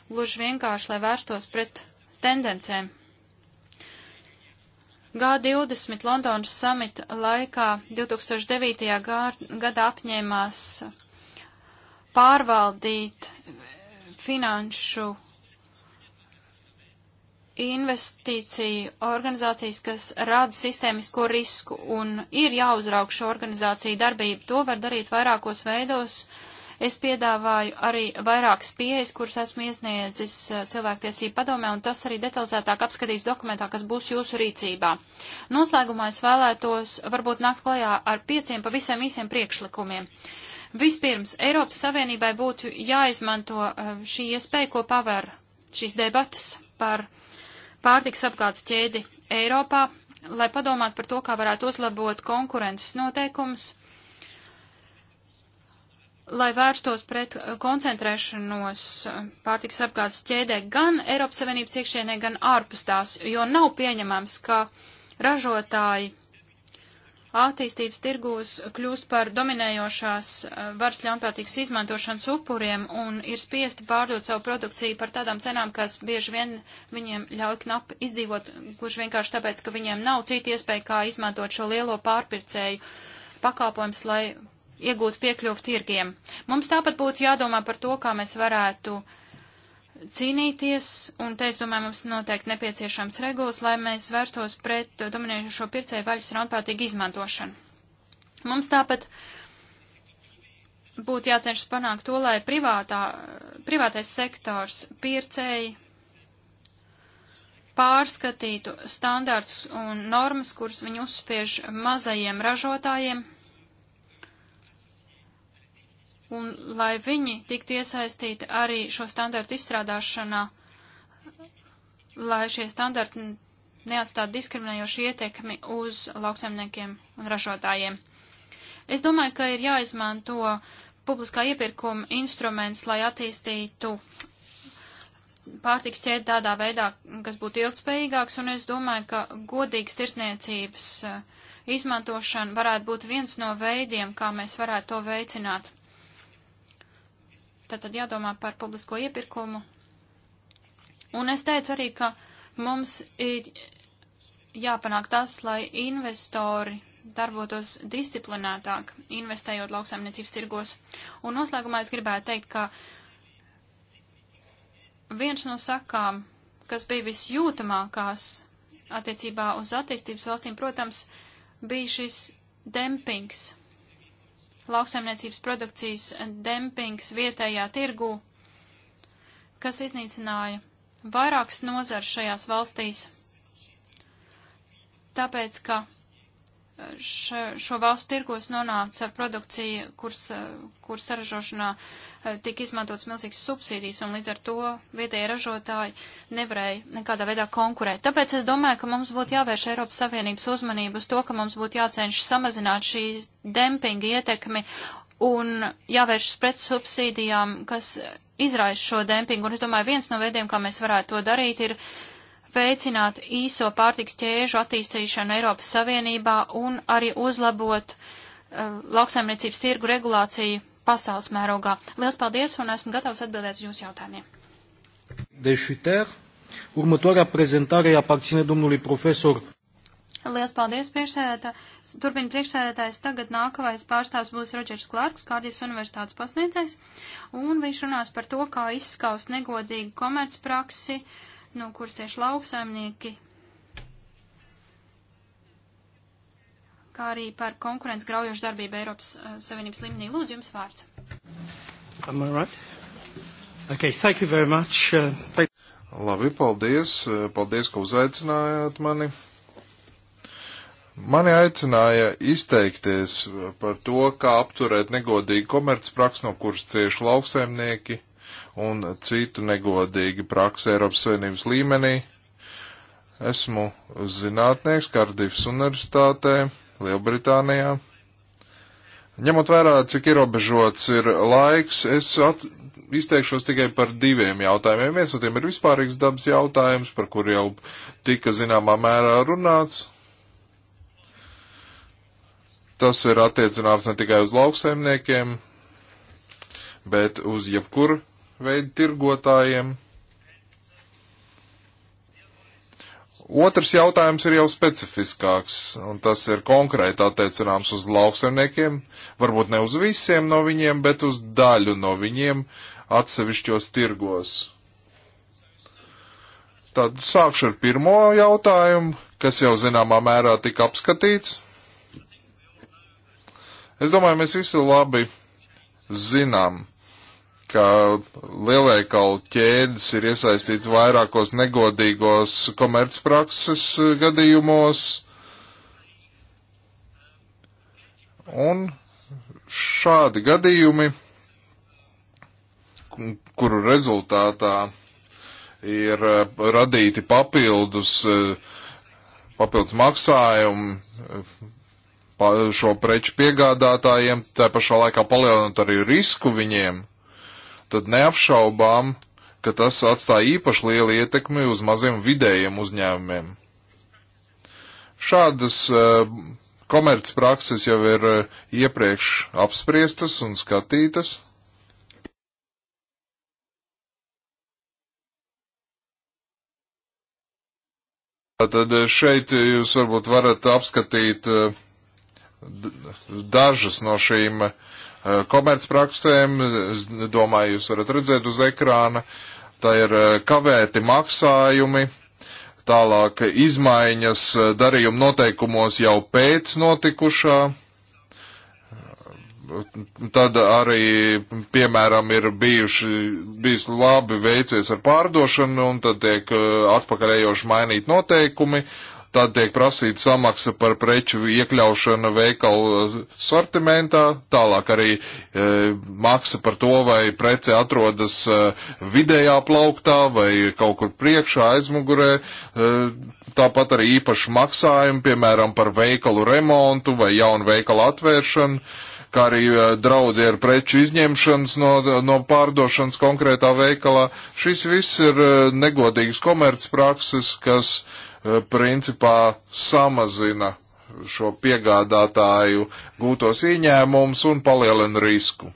gluži vienkārši, lai vērstos pret tendencēm. G20 Londonas samita laikā 2009. gadā apņēmās pārvaldīt finanšu investīciju organizācijas, kas rada sistēmisko risku un ir jāuzrauk šo organizāciju darbību. To var darīt vairākos veidos. Es piedāvāju arī vairākas pieejas, kuras esmu iesniedzis eh, cilvēktiesību padomē, un tas arī detalizētāk apskatīs dokumentā, kas būs jūsu rīcībā. Noslēgumā es vēlētos varbūt nākt klajā ar pieciem pavisam īsiem priekšlikumiem. Uh, Vispirms, Eiropas Savienībai būtu jāizmanto eh, šī iespēja, ko paver šīs debatas par pārtiks apgādes ķēdi Eiropā, lai padomātu par to, kā varētu uzlabot konkurences noteikumus, lai vērstos pret koncentrēšanos pārtiks apgādes ķēdē gan Eiropas Savienības iekšienē, gan ārpus tās, jo nav pieņemams, ka ražotāji attīstības tirgūs kļūst par dominējošās eh, varas ļaunprātīgas izmantošanas upuriem un ir spiesti pārdot savu produkciju par tādām cenām, kas bieži vien viņiem ļauj knap izdzīvot, kurš vienkārši tāpēc, ka viņiem nav cita iespēja, kā izmantot šo lielo pārpircēju pakāpojums, lai iegūtu piekļuvu tirgiem. Mums tāpat būtu jādomā par to, kā mēs varētu uh, cīnīties, un te es domāju, mums noteikti nepieciešams regulas, lai mēs vērstos pret dominējušo pircēju vaļas raunpātīgu izmantošanu. Mums tāpat būtu jācenšas panākt to, lai privātā, privātais sektors pircēji pārskatītu standārts un normas, kuras viņi uzspiež mazajiem ražotājiem, un lai viņi tiktu iesaistīti arī šo standartu izstrādāšanā, lai šie standarti neatstātu diskriminējošu ietekmi uz lauksaimniekiem un ražotājiem. Es domāju, ka ir jāizmanto publiskā iepirkuma instruments, lai attīstītu pārtiks ķēdi tādā veidā, kas būtu ilgspējīgāks, un es domāju, ka godīgs tirsniecības eh, izmantošana varētu būt viens no veidiem, kā mēs varētu to veicināt. Tātad jādomā par publisko iepirkumu. Un es teicu arī, ka mums ir jāpanāk tas, lai investori darbotos disciplinētāk, investējot lauksaimniecības tirgos. Un noslēgumā es gribētu teikt, ka viens no sakām, kas bija visjūtamākās attiecībā uz attīstības valstīm, protams, bija šis dempings lauksaimniecības produkcijas dempings vietējā tirgū, kas iznīcināja vairākas nozars šajās valstīs, tāpēc, ka eh, šo valstu tirgos nonāca produkcija, kuras eh, kur saražošanā uh, Eh, tika izmantots milzīgs subsīdijas, un līdz ar to vietējie ražotāji nevarēja nekādā veidā konkurēt. Tāpēc es domāju, ka mums būtu jāvērš Eiropas Savienības uzmanību uz to, ka mums būtu jācenšas samazināt šī dempinga ietekmi un jāvēršas pret subsīdijām, kas izraisa šo dempingu. Un es domāju, viens no veidiem, kā mēs varētu to darīt, ir veicināt īso pārtiks ķēžu attīstīšanu Eiropas Savienībā un arī uzlabot uh, lauksaimniecības tirgu regulāciju pasaules mērogā. Lielas paldies un esmu gatavs atbildēt uz jūsu jautājumiem. Dešiter, următoarea prezentare aparține domnului profesor. Lielas paldies, priekšsēdētājs. Turpin priekšsēdētājs tagad nākamais pārstāvs būs Rodžers Klārks, Kārdības universitātes pasniedzējs, un viņš runās par to, kā izskaust negodīgu komercpraksi, no kuras tieši lauksaimnieki kā arī par konkurences graujošu darbību Eiropas uh, Savienības līmenī. Lūdzu, jums vārds. Right? Okay, thank you very much. Uh, thank... Labi, paldies. Uh, paldies, ka uzaicinājāt mani. Mani aicināja izteikties par to, kā apturēt negodīgu komercpraksu, no kuras cieši lauksaimnieki un citu negodīgu praksu Eiropas Savienības līmenī. Esmu zinātnieks Kardivas universitātē Lielbritānijā. Ņemot vērā, cik ierobežots ir laiks, es at, izteikšos tikai par diviem jautājumiem. Viens no tiem ir vispārīgs dabas jautājums, par kur jau tika zināmā mērā runāts. Tas ir attiecināms ne tikai uz lauksaimniekiem, bet uz jebkuru veidu tirgotājiem. Otrs jautājums ir jau specifiskāks, un tas ir konkrēti attiecināms uz lauksaimniekiem, varbūt ne uz visiem no viņiem, bet uz daļu no viņiem atsevišķos tirgos. Tad sākšu ar pirmo jautājumu, kas jau zināmā mērā tika apskatīts. Es domāju, mēs visi labi zinām, ka lielveikalu ķēdes ir iesaistīts vairākos negodīgos komercprakses gadījumos. Un šādi gadījumi, kuru rezultātā ir eh, radīti papildus, eh, papildus maksājumi eh, šo preču piegādātājiem, tā pašā laikā palielinot arī risku viņiem, tad neapšaubām, ka tas atstāja īpaši lielu ietekmi uz maziem vidējiem uzņēmumiem. Šādas uh, e, komercprakses jau ir uh, iepriekš apspriestas un skatītas. Tad e, šeit jūs varbūt varat apskatīt dažas no šīm Eh, komercpraksēm. Es domāju, jūs varat redzēt uz ekrāna. Tā ir eh, kavēti maksājumi, tālāk izmaiņas eh, darījuma noteikumos jau pēc notikušā. Tad arī, piemēram, ir bijuši, bijis labi veicies ar pārdošanu, un tad tiek atpakaļējoši mainīt noteikumi, Tad tiek prasīta samaksa par preču iekļaušanu veikalu sortimentā, tālāk arī e, maksa par to, vai prece atrodas e, vidējā plauktā vai kaut kur priekšā aizmugurē. E, tāpat arī īpaši maksājumi, piemēram, par veikalu remontu vai jaunu veikalu atvēršanu kā arī e, draudi ar preču izņemšanas no, no pārdošanas konkrētā veikalā. Šis viss ir e, negodīgs komercprakses, kas uh, Eh, principā samazina šo piegādātāju gūtos ieņēmumus un palielina risku.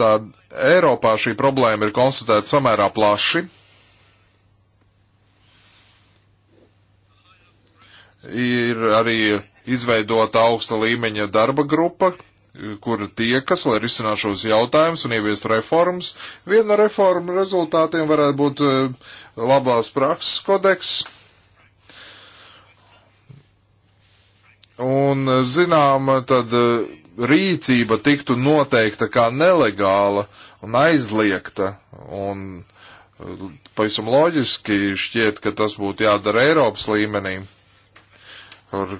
Tad Eiropā šī problēma ir konstatēta samērā plaši. Ir arī izveidota augsta līmeņa darba grupa, kur tiekas, lai risinātu šos jautājumus un ieviestu reformas. Viena no reformu rezultātiem varētu būt eh, labās prakses kodeks. Un, eh, zinām, tad eh, rīcība tiktu noteikta kā nelegāla un aizliegta. Un pavisam loģiski šķiet, ka tas būtu jādara Eiropas līmenī Ar,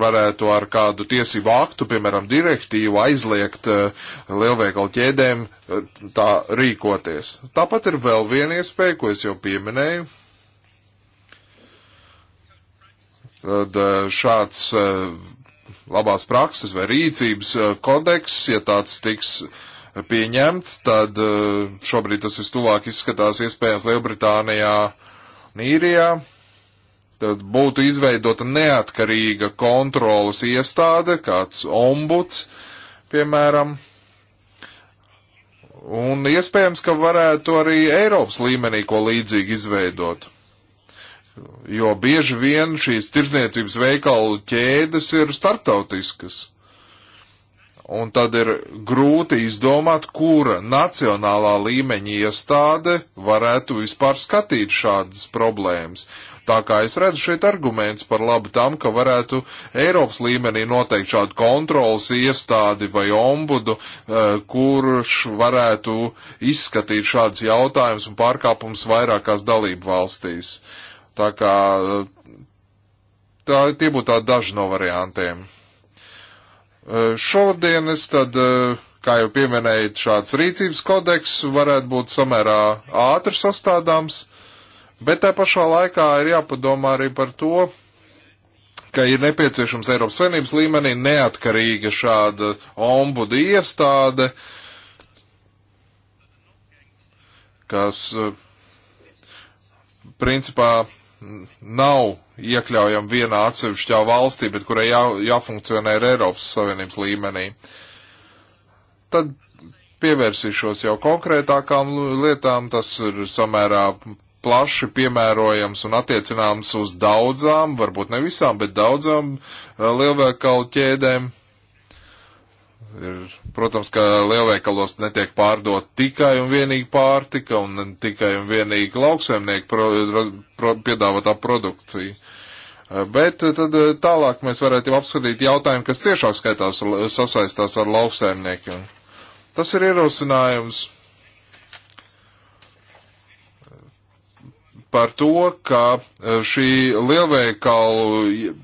varētu ar kādu tiesību aktu, piemēram, direktīvu aizliegt uh, lielveikalu ķēdēm uh, tā rīkoties. Tāpat ir vēl viena iespēja, ko es jau pieminēju. Tad uh, šāds labās prakses vai rīcības kodeks, ja tāds tiks pieņemts, tad šobrīd tas vistuvāk izskatās iespējams Lielbritānijā un Īrijā Tad būtu izveidota neatkarīga kontrolas iestāde, kāds ombuds, piemēram. Un iespējams, ka varētu arī Eiropas līmenī ko līdzīgi izveidot. Jo bieži vien šīs tirdzniecības veikalu ķēdes ir starptautiskas. Un tad ir grūti izdomāt, kura nacionālā līmeņa iestāde varētu vispār skatīt šādas problēmas. Tā kā es redzu šeit arguments par labu tam, ka varētu Eiropas līmenī noteikt šādu kontrolas iestādi vai ombudu, eh, kurš varētu izskatīt šādas jautājumas un pārkāpumus vairākās dalību valstīs. Tā kā tā, tie būtu tādi daži no variantiem. Eh, šodien es tad eh, kā jau pieminējāt, šāds rīcības kodeks varētu būt samērā ātri sastādāms. Bet tā pašā laikā ir jāpadomā arī par to, ka ir nepieciešams Eiropas Savienības līmenī neatkarīga šāda ombuda iestāde, kas eh, principā nav iekļaujama vienā atsevišķā valstī, bet kurai jā, jāfunkcionē ir Eiropas Savienības līmenī. Tad pievērsīšos jau konkrētākām lietām, tas ir samērā plaši piemērojams un attiecināms uz daudzām, varbūt ne visām, bet daudzām eh, lielveikalu ķēdēm. Ir, protams, ka lielveikalos netiek pārdot tikai un vienīgi pārtika un tikai un vienīgi lauksaimnieki pro, pro, piedāvātā produkcija. Eh, bet eh, tad tālāk mēs varētu jau apskatīt jautājumu, kas ciešāk skaitās sasaistās ar lauksaimniekiem. Tas ir ierosinājums par to, ka e, šī lielveikalu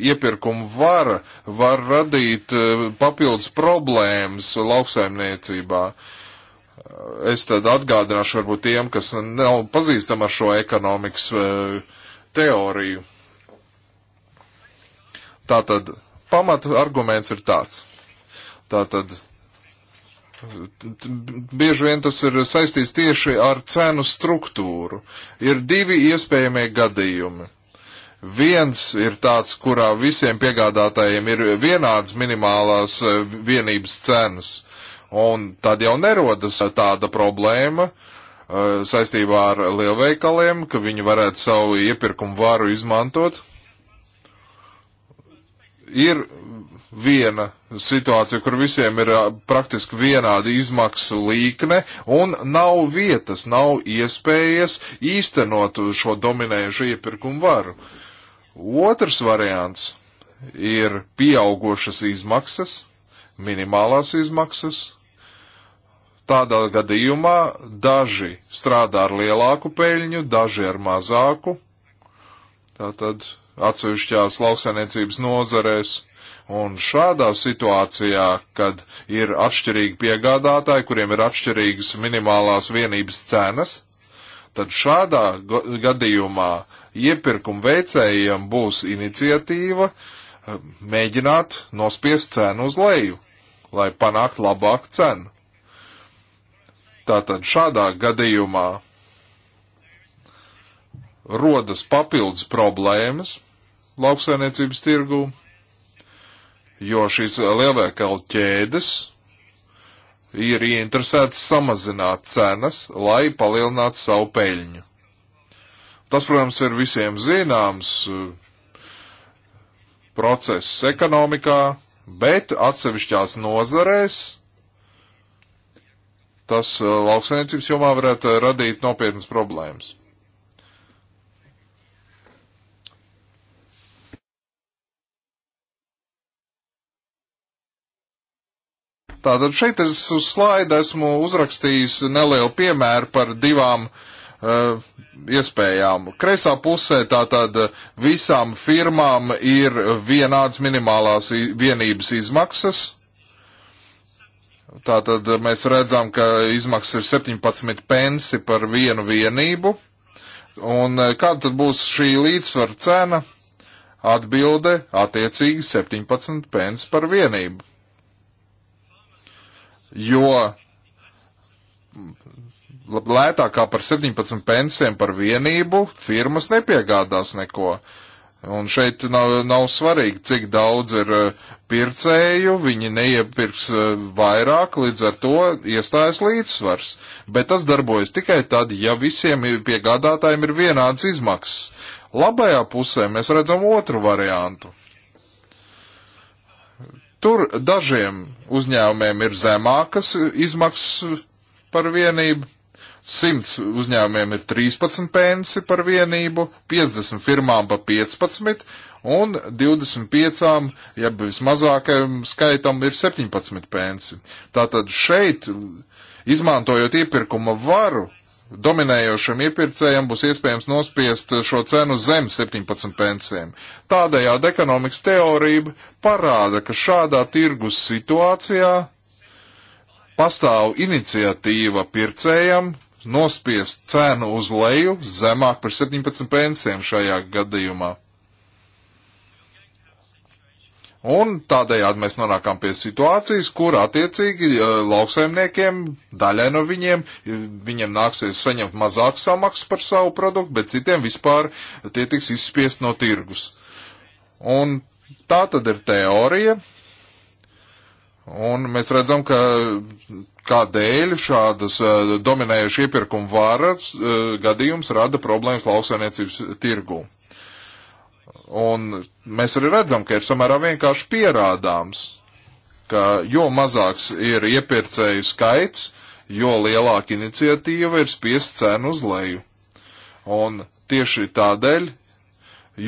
iepirkuma vara var radīt e, papildus problēmas lauksaimniecībā. E, es tad atgādināšu varbūt tiem, kas nav pazīstami ar šo ekonomikas teoriju. Tātad pamat arguments ir tāds. Tātad Bieži vien tas ir saistīts tieši ar cenu struktūru. Ir divi iespējamie gadījumi. Viens ir tāds, kurā visiem piegādātājiem ir vienāds minimālās eh, vienības cenas, un tad jau nerodas tāda problēma eh, saistībā ar lielveikaliem, ka viņi varētu savu iepirkumu varu izmantot. Ir viena situācija, kur visiem ir praktiski vienāda izmaksu līkne un nav vietas, nav iespējas īstenot šo dominējušo iepirkumu varu. Otrs variants ir pieaugušas izmaksas, minimālās izmaksas. Tādā gadījumā daži strādā ar lielāku peļņu, daži ar mazāku. Tātad atsevišķās lauksainiecības nozarēs Un šādā situācijā, kad ir atšķirīgi piegādātāji, kuriem ir atšķirīgas minimālās vienības cenas, tad šādā gadījumā iepirkuma veicējiem būs iniciatīva eh, mēģināt nospiest cenu uz leju, lai panāktu labāku cenu. Tātad šādā gadījumā rodas papildus problēmas lauksainiecības tirgū jo šīs lielveikalu ķēdes ir ieinteresētas samazināt cenas, lai palielinātu savu peļņu. Tas, protams, ir visiem zināms eh, process ekonomikā, bet atsevišķās nozarēs tas eh, lauksainiecības jomā varētu radīt nopietnas problēmas. Tātad šeit es uz slaida esmu uzrakstījis nelielu piemēru par divām uh, iespējām. Kreisā pusē tātad visām firmām ir vienāds minimālās vienības izmaksas. Tātad mēs redzam, ka izmaksas ir 17 pensi par vienu vienību. Un eh, kāda tad būs šī līdzsvara cena? Atbilde attiecīgi 17 pence par vienību jo lētākā par 17 pensiem par vienību firmas nepiegādās neko. Un šeit nav, nav svarīgi, cik daudz ir eh, pircēju, viņi neiepirks eh, vairāk, līdz ar to iestājas līdzsvars. Bet tas darbojas tikai tad, ja visiem piegādātājiem ir vienāds izmaksas. Labajā pusē mēs redzam otru variantu Tur dažiem uzņēmumiem ir zemākas izmaksas par vienību, 100 uzņēmumiem ir 13 pensi par vienību, 50 firmām pa 15 un 25, ja vismazākajam skaitam ir 17 pensi. Tātad šeit, izmantojot iepirkuma varu, dominējošam iepirkējam būs iespējams nospiest šo cenu zem 17 pensēm. Tādējādi ekonomikas teorija parāda, ka šādā tirgus situācijā pastāv iniciatīva pircējam nospiest cenu uz leju zemāk par 17 pensēm šajā gadījumā. Un tādējādi mēs nonākam pie situācijas, kur attiecīgi eh, lauksaimniekiem, daļai no viņiem, viņiem nāksies saņemt mazāk samaksu par savu produktu, bet citiem vispār tie tiks izspiest no tirgus. Un tā tad ir teorija, un mēs redzam, ka kādēļ šādas eh, dominējušas iepirkuma varas eh, gadījums rada problēmas lauksaimniecības tirgumu. Un mēs arī redzam, ka ir samērā vienkārši pierādāms, ka jo mazāks ir iepirkēju skaits, jo lielāka iniciatīva ir spiest cenu uz leju. Un tieši tādēļ,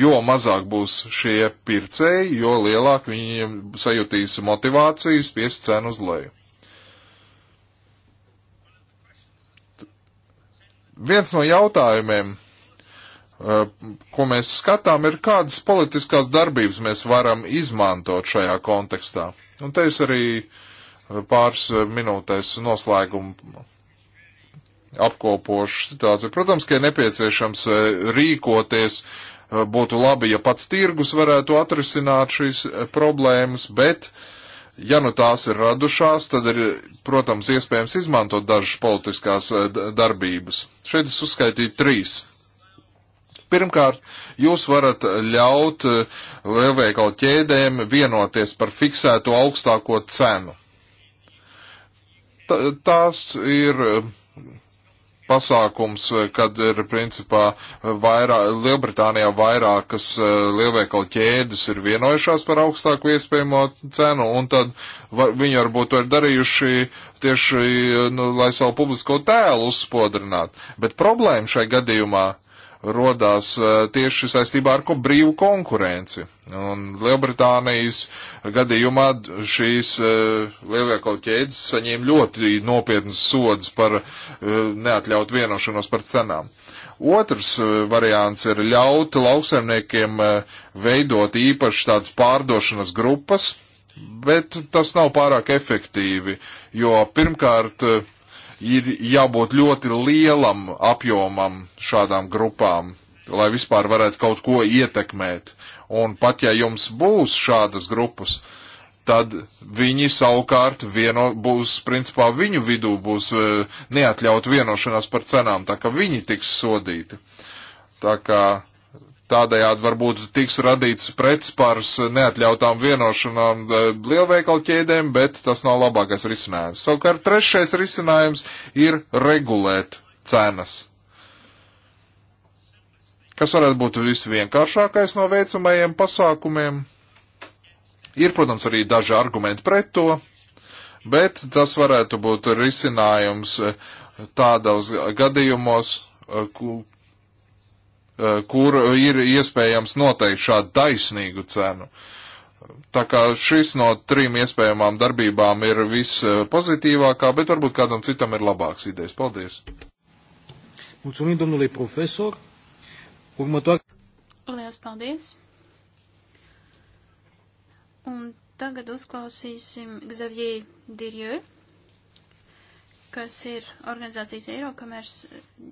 jo mazāk būs šie pircēji, jo lielāk viņiem sajutīs motivāciju spiest cenu uz leju. Viens no jautājumiem, Eh, ko mēs skatām, ir kādas politiskās darbības mēs varam izmantot šajā kontekstā. Un te es arī eh, pāris eh, minūtēs noslēgumu apkopošu situāciju. Protams, ka ir nepieciešams rīkoties, būtu labi, ja pats tirgus varētu atrisināt šīs problēmas, bet, ja nu tās ir radušās, tad ir, protams, iespējams izmantot dažas politiskās darbības. Šeit es uzskaitīju trīs Pirmkārt, jūs varat ļaut eh, lielveikalu ķēdēm vienoties par fiksēto augstāko cenu. T tās ir eh, pasākums, eh, kad ir principā vairā, Lielbritānijā vairākas lielveikalu ķēdes ir vienojušās par augstāko iespējamo cenu, un tad var, viņi varbūt to ir darījuši tieši, nu, lai savu publisko tēlu uzspodrinātu. Bet problēma šai gadījumā rodās eh, tieši saistībā ar ko brīvu konkurenci. Un Lielbritānijas gadījumā šīs eh, lielveikalu ķēdes saņēma ļoti nopietnas sodas par eh, neatļaut vienošanos par cenām. Otrs variants ir ļaut lauksaimniekiem veidot īpaši tādas pārdošanas grupas, bet tas nav pārāk efektīvi, jo pirmkārt ir jābūt ļoti lielam apjomam šādām grupām, lai vispār varētu kaut ko ietekmēt. Un pat ja jums būs šādas grupas, tad viņi savukārt vieno, būs, principā, viņu vidū būs e, neatļaut vienošanās par cenām, tā ka viņi tiks sodīti. Tā kā Tādējādi varbūt tiks radīts pretspars neatļautām vienošanām eh, lielveikalu ķēdēm, bet tas nav labākais risinājums. Savukārt trešais risinājums ir regulēt cenas. Kas varētu būt visvienkāršākais no veicamajiem pasākumiem? Ir, protams, arī daži argumenti pret to, bet tas varētu būt risinājums eh, tādos gadījumos, eh, Eh, kur ir iespējams noteikt šādu taisnīgu cenu. Tā kā šis no trim iespējamām darbībām ir vispozitīvākā, bet varbūt kādam citam ir labāks idejas. Paldies! Mulțumim, domnule profesor. Următoare. Lielas paldies! Un tagad uzklausīsim Xavier Dirjeu, kas ir organizācijas Eirokamers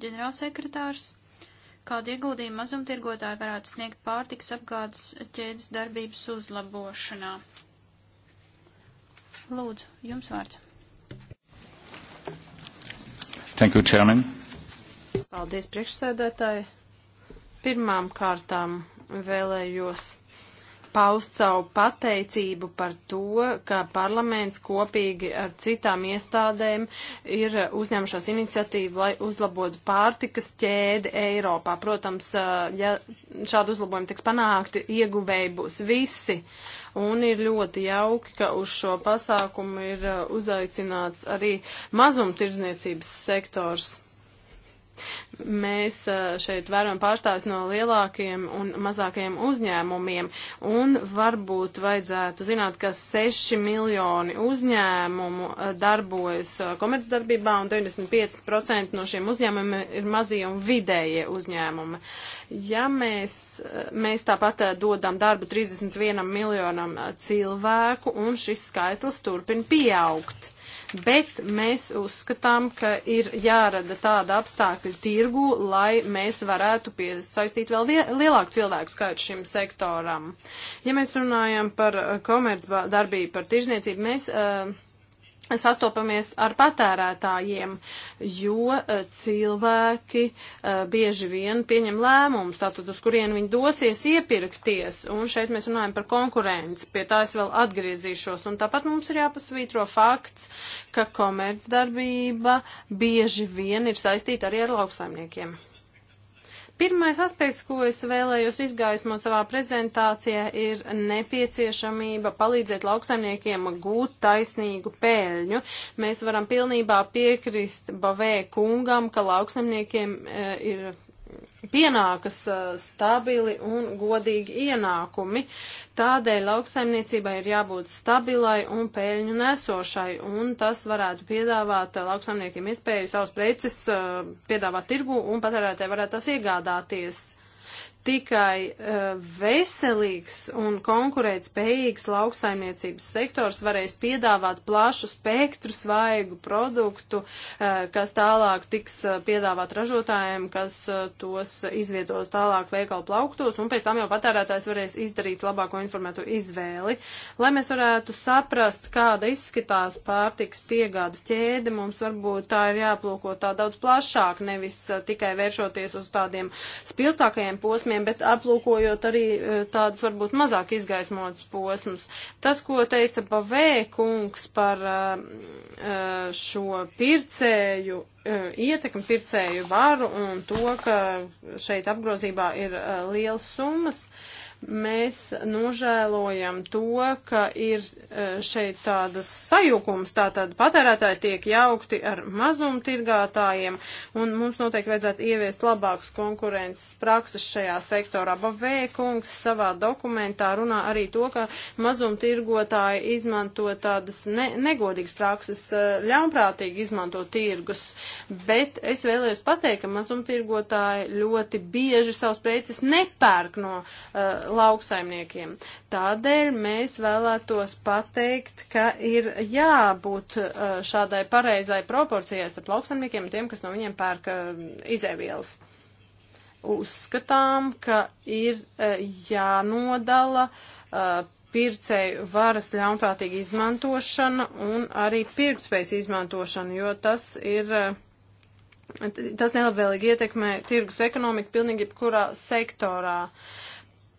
ģenerālsekretārs kādu ieguldījumu mazumtirgotāji varētu sniegt pārtiks apgādes ķēdes darbības uzlabošanā. Lūdzu, jums vārds. Thank you, Chairman. Paldies, priekšsēdētāji. Pirmām kārtām vēlējos paust savu pateicību par to, ka parlaments kopīgi ar citām iestādēm ir uzņemšos iniciatīvu, lai uzlabotu pārtikas ķēdi Eiropā. Protams, ja šādi uzlabojumi tiks panākti, ieguvēji būs visi. Un ir ļoti jauki, ka uz šo pasākumu ir uzaicināts arī mazumtirdzniecības sektors. Mēs eh, šeit varam pārstāvis no lielākiem un mazākiem uzņēmumiem, un varbūt vajadzētu zināt, ka 6 miljoni uzņēmumu eh, darbojas eh, komercdarbībā, un 95% no šiem uzņēmumiem ir mazie un vidējie uzņēmumi. Ja mēs, mēs tāpat dodam darbu 31 miljonam cilvēku, un šis skaitlis turpin pieaugt bet mēs uzskatām, ka ir jārada tāda apstākļa tirgu, lai mēs varētu piesaistīt vēl lielāku cilvēku skaitu šim sektoram. Ja mēs runājam par komercdarbību, par tirzniecību, mēs. Uh, sastopamies ar patērētājiem, jo eh, cilvēki eh, bieži vien pieņem lēmumus, tātad uz kurien viņi dosies iepirkties, un šeit mēs runājam par konkurenci, pie tā es vēl atgriezīšos, un tāpat mums ir jāpasvītro fakts, ka komercdarbība bieži vien ir saistīta arī ar lauksaimniekiem. Pirmais aspekts, ko es vēlējos izgaismot savā prezentācijā, ir nepieciešamība palīdzēt lauksaimniekiem gūt taisnīgu pēļņu. Mēs varam pilnībā piekrist Bavē kungam, ka lauksaimniekiem e, ir pienākas stabili un godīgi ienākumi. Tādēļ lauksaimniecībai ir jābūt stabilai un pēļņu nesošai, un tas varētu piedāvāt lauksaimniekiem iespēju savus preces piedāvāt tirgu un patērētāji varētu tas iegādāties tikai uh, veselīgs un konkurētspējīgs lauksaimniecības sektors varēs piedāvāt plašu spektru svaigu produktu, uh, kas tālāk tiks uh, piedāvāt ražotājiem, kas uh, tos izvietos tālāk veikalu plauktos, un pēc tam jau patērētājs varēs izdarīt labāko informēto izvēli. Lai mēs varētu saprast, kāda izskatās pārtiks piegādas ķēde, mums varbūt tā ir jāplūko tā daudz plašāk, nevis uh, tikai vēršoties uz tādiem spiltākajiem posmiem, posmiem, bet aplūkojot arī e, tādus varbūt mazāk izgaismotus posmus. Tas, ko teica Bavē kungs par e, e, šo pircēju, ietekmi pircēju varu un to, ka šeit apgrozībā ir liels summas, uh, Mēs nožēlojam to, ka ir e, šeit tādas sajukums, tātad patērētāji tiek jaukti ar mazumtirgātājiem, un mums noteikti vajadzētu ieviest labākas konkurences prakses šajā sektorā. Bavēkungs savā dokumentā runā arī to, ka mazumtirgotāji izmanto tādas ne negodīgas prakses, e, ļaunprātīgi izmanto tirgus, bet es vēlējos pateikt, ka mazumtirgotāji ļoti bieži savus preces nepērk no uh, lauksaimniekiem. Tādēļ mēs vēlētos pateikt, ka ir jābūt uh, šādai pareizai proporcijai starp lauksaimniekiem un tiem, kas no viņiem pērka uh, izēvielas. Uzskatām, ka ir uh, jānodala pircēju varas ļaunprātīga izmantošana un arī pirktspējas izmantošana, jo tas ir, tas nelabvēlīgi ietekmē tirgus ekonomiku pilnīgi jebkurā sektorā. Uh,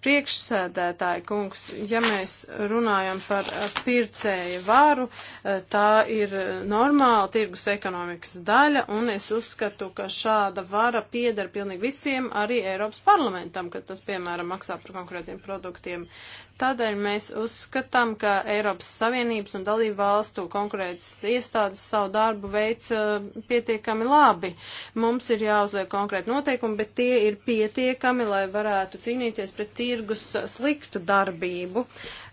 Priekšsēdētāji kungs, ja mēs runājam par pircēju varu, tā ir normāla tirgus ekonomikas daļa, un es uzskatu, ka šāda vara pieder pilnīgi visiem, arī Eiropas parlamentam, kad tas, piemēram, maksā par konkrētiem produktiem. Tādēļ mēs uzskatām, ka Eiropas Savienības un dalību valstu konkurētas iestādes savu darbu veic uh, pietiekami labi. Mums ir jāuzliek konkrēti noteikumi, bet tie ir pietiekami, lai varētu cīnīties pret tirgus sliktu darbību. Uh,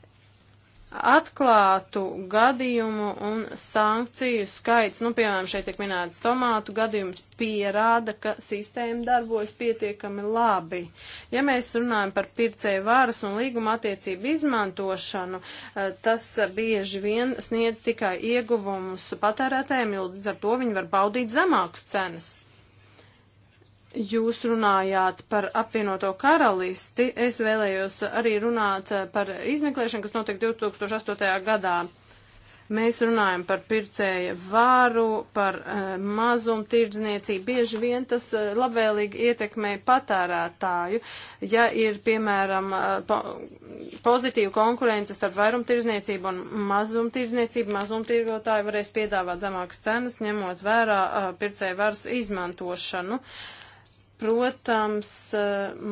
atklātu gadījumu un sankciju skaits, nu, piemēram, šeit tiek minēts tomātu gadījums, pierāda, ka sistēma darbojas pietiekami labi. Ja mēs runājam par pircēju varas un līguma attiecību izmantošanu, eh, tas bieži vien sniedz tikai ieguvumus patērētājiem, jo līdz ar to viņi var baudīt zemākas cenas. Jūs runājāt par apvienoto karalisti. Es vēlējos arī runāt par izmeklēšanu, kas notiek 2008. gadā. Mēs runājam par pircēja vāru, par uh, mazumtirdzniecību. Bieži vien tas uh, labvēlīgi ietekmē patērētāju. Ja ir, piemēram, uh, po pozitīva konkurence starp vairumtirdzniecību un mazumtirdzniecību, mazumtirgotāji varēs piedāvāt zemākas cenas, ņemot vērā uh, pircēja varas izmantošanu. Uh, Protams, eh,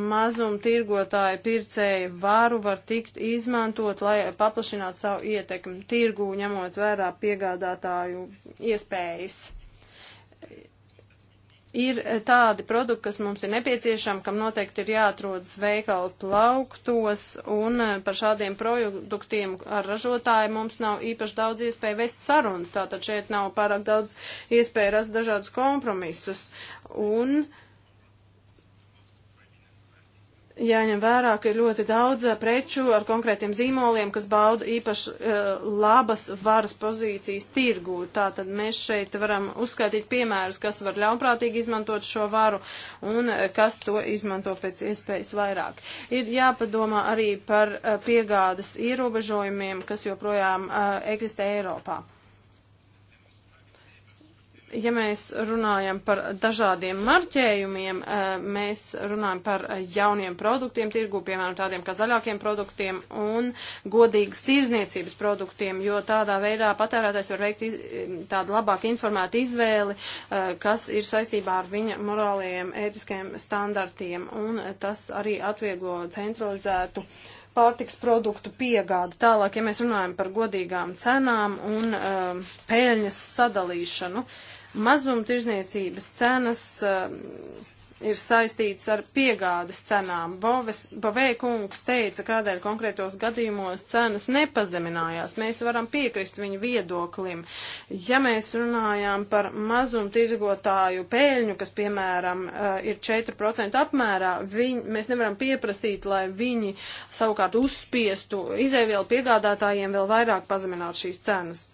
mazumtirgotāji pircēji varu var tikt izmantot, lai paplašinātu savu ietekmi tirgu, ņemot vērā piegādātāju iespējas ir eh, tādi produkti, kas mums ir nepieciešami, kam noteikti ir jāatrodas veikalu plauktos, un eh, par šādiem produktiem ar ražotāju mums nav īpaši daudz iespēju vest sarunas, tātad šeit nav pārāk daudz iespēju rast dažādus kompromisus. Un uh, jāņem vērā, ka ir ļoti daudz eh, preču ar konkrētiem zīmoliem, kas bauda īpaši uh, labas varas pozīcijas tirgū. Tātad mēs šeit varam uzskaitīt piemērus, kas var ļaunprātīgi izmantot šo varu un uh, kas to izmanto pēc iespējas vairāk. Ir jāpadomā arī par uh, piegādes ierobežojumiem, kas joprojām uh, eksistē Eiropā ja mēs runājam par dažādiem marķējumiem, eh, mēs runājam par jauniem produktiem tirgu, piemēram, tādiem kā zaļākiem produktiem un godīgas tirzniecības produktiem, jo tādā veidā patērētājs var veikt iz, tādu labāk informētu izvēli, eh, kas ir saistībā ar viņa morālajiem, ētiskajiem standartiem, un tas arī atvieglo centralizētu pārtiks produktu piegādi. Tālāk, ja mēs runājam par godīgām cenām un um, eh, pēļņas sadalīšanu, uh, Mazumtirzniecības cenas uh, ir saistīts ar piegādes cenām. Bovē kungs teica, kādēļ konkrētos gadījumos cenas nepazeminājās. Mēs varam piekrist viņu viedoklim. Ja mēs runājām par mazumtirgotāju pēļņu, kas, piemēram, uh, ir 4% apmērā, viņ, mēs nevaram pieprasīt, lai viņi savukārt uzspiestu izēvielu piegādātājiem vēl vairāk pazemināt šīs cenas.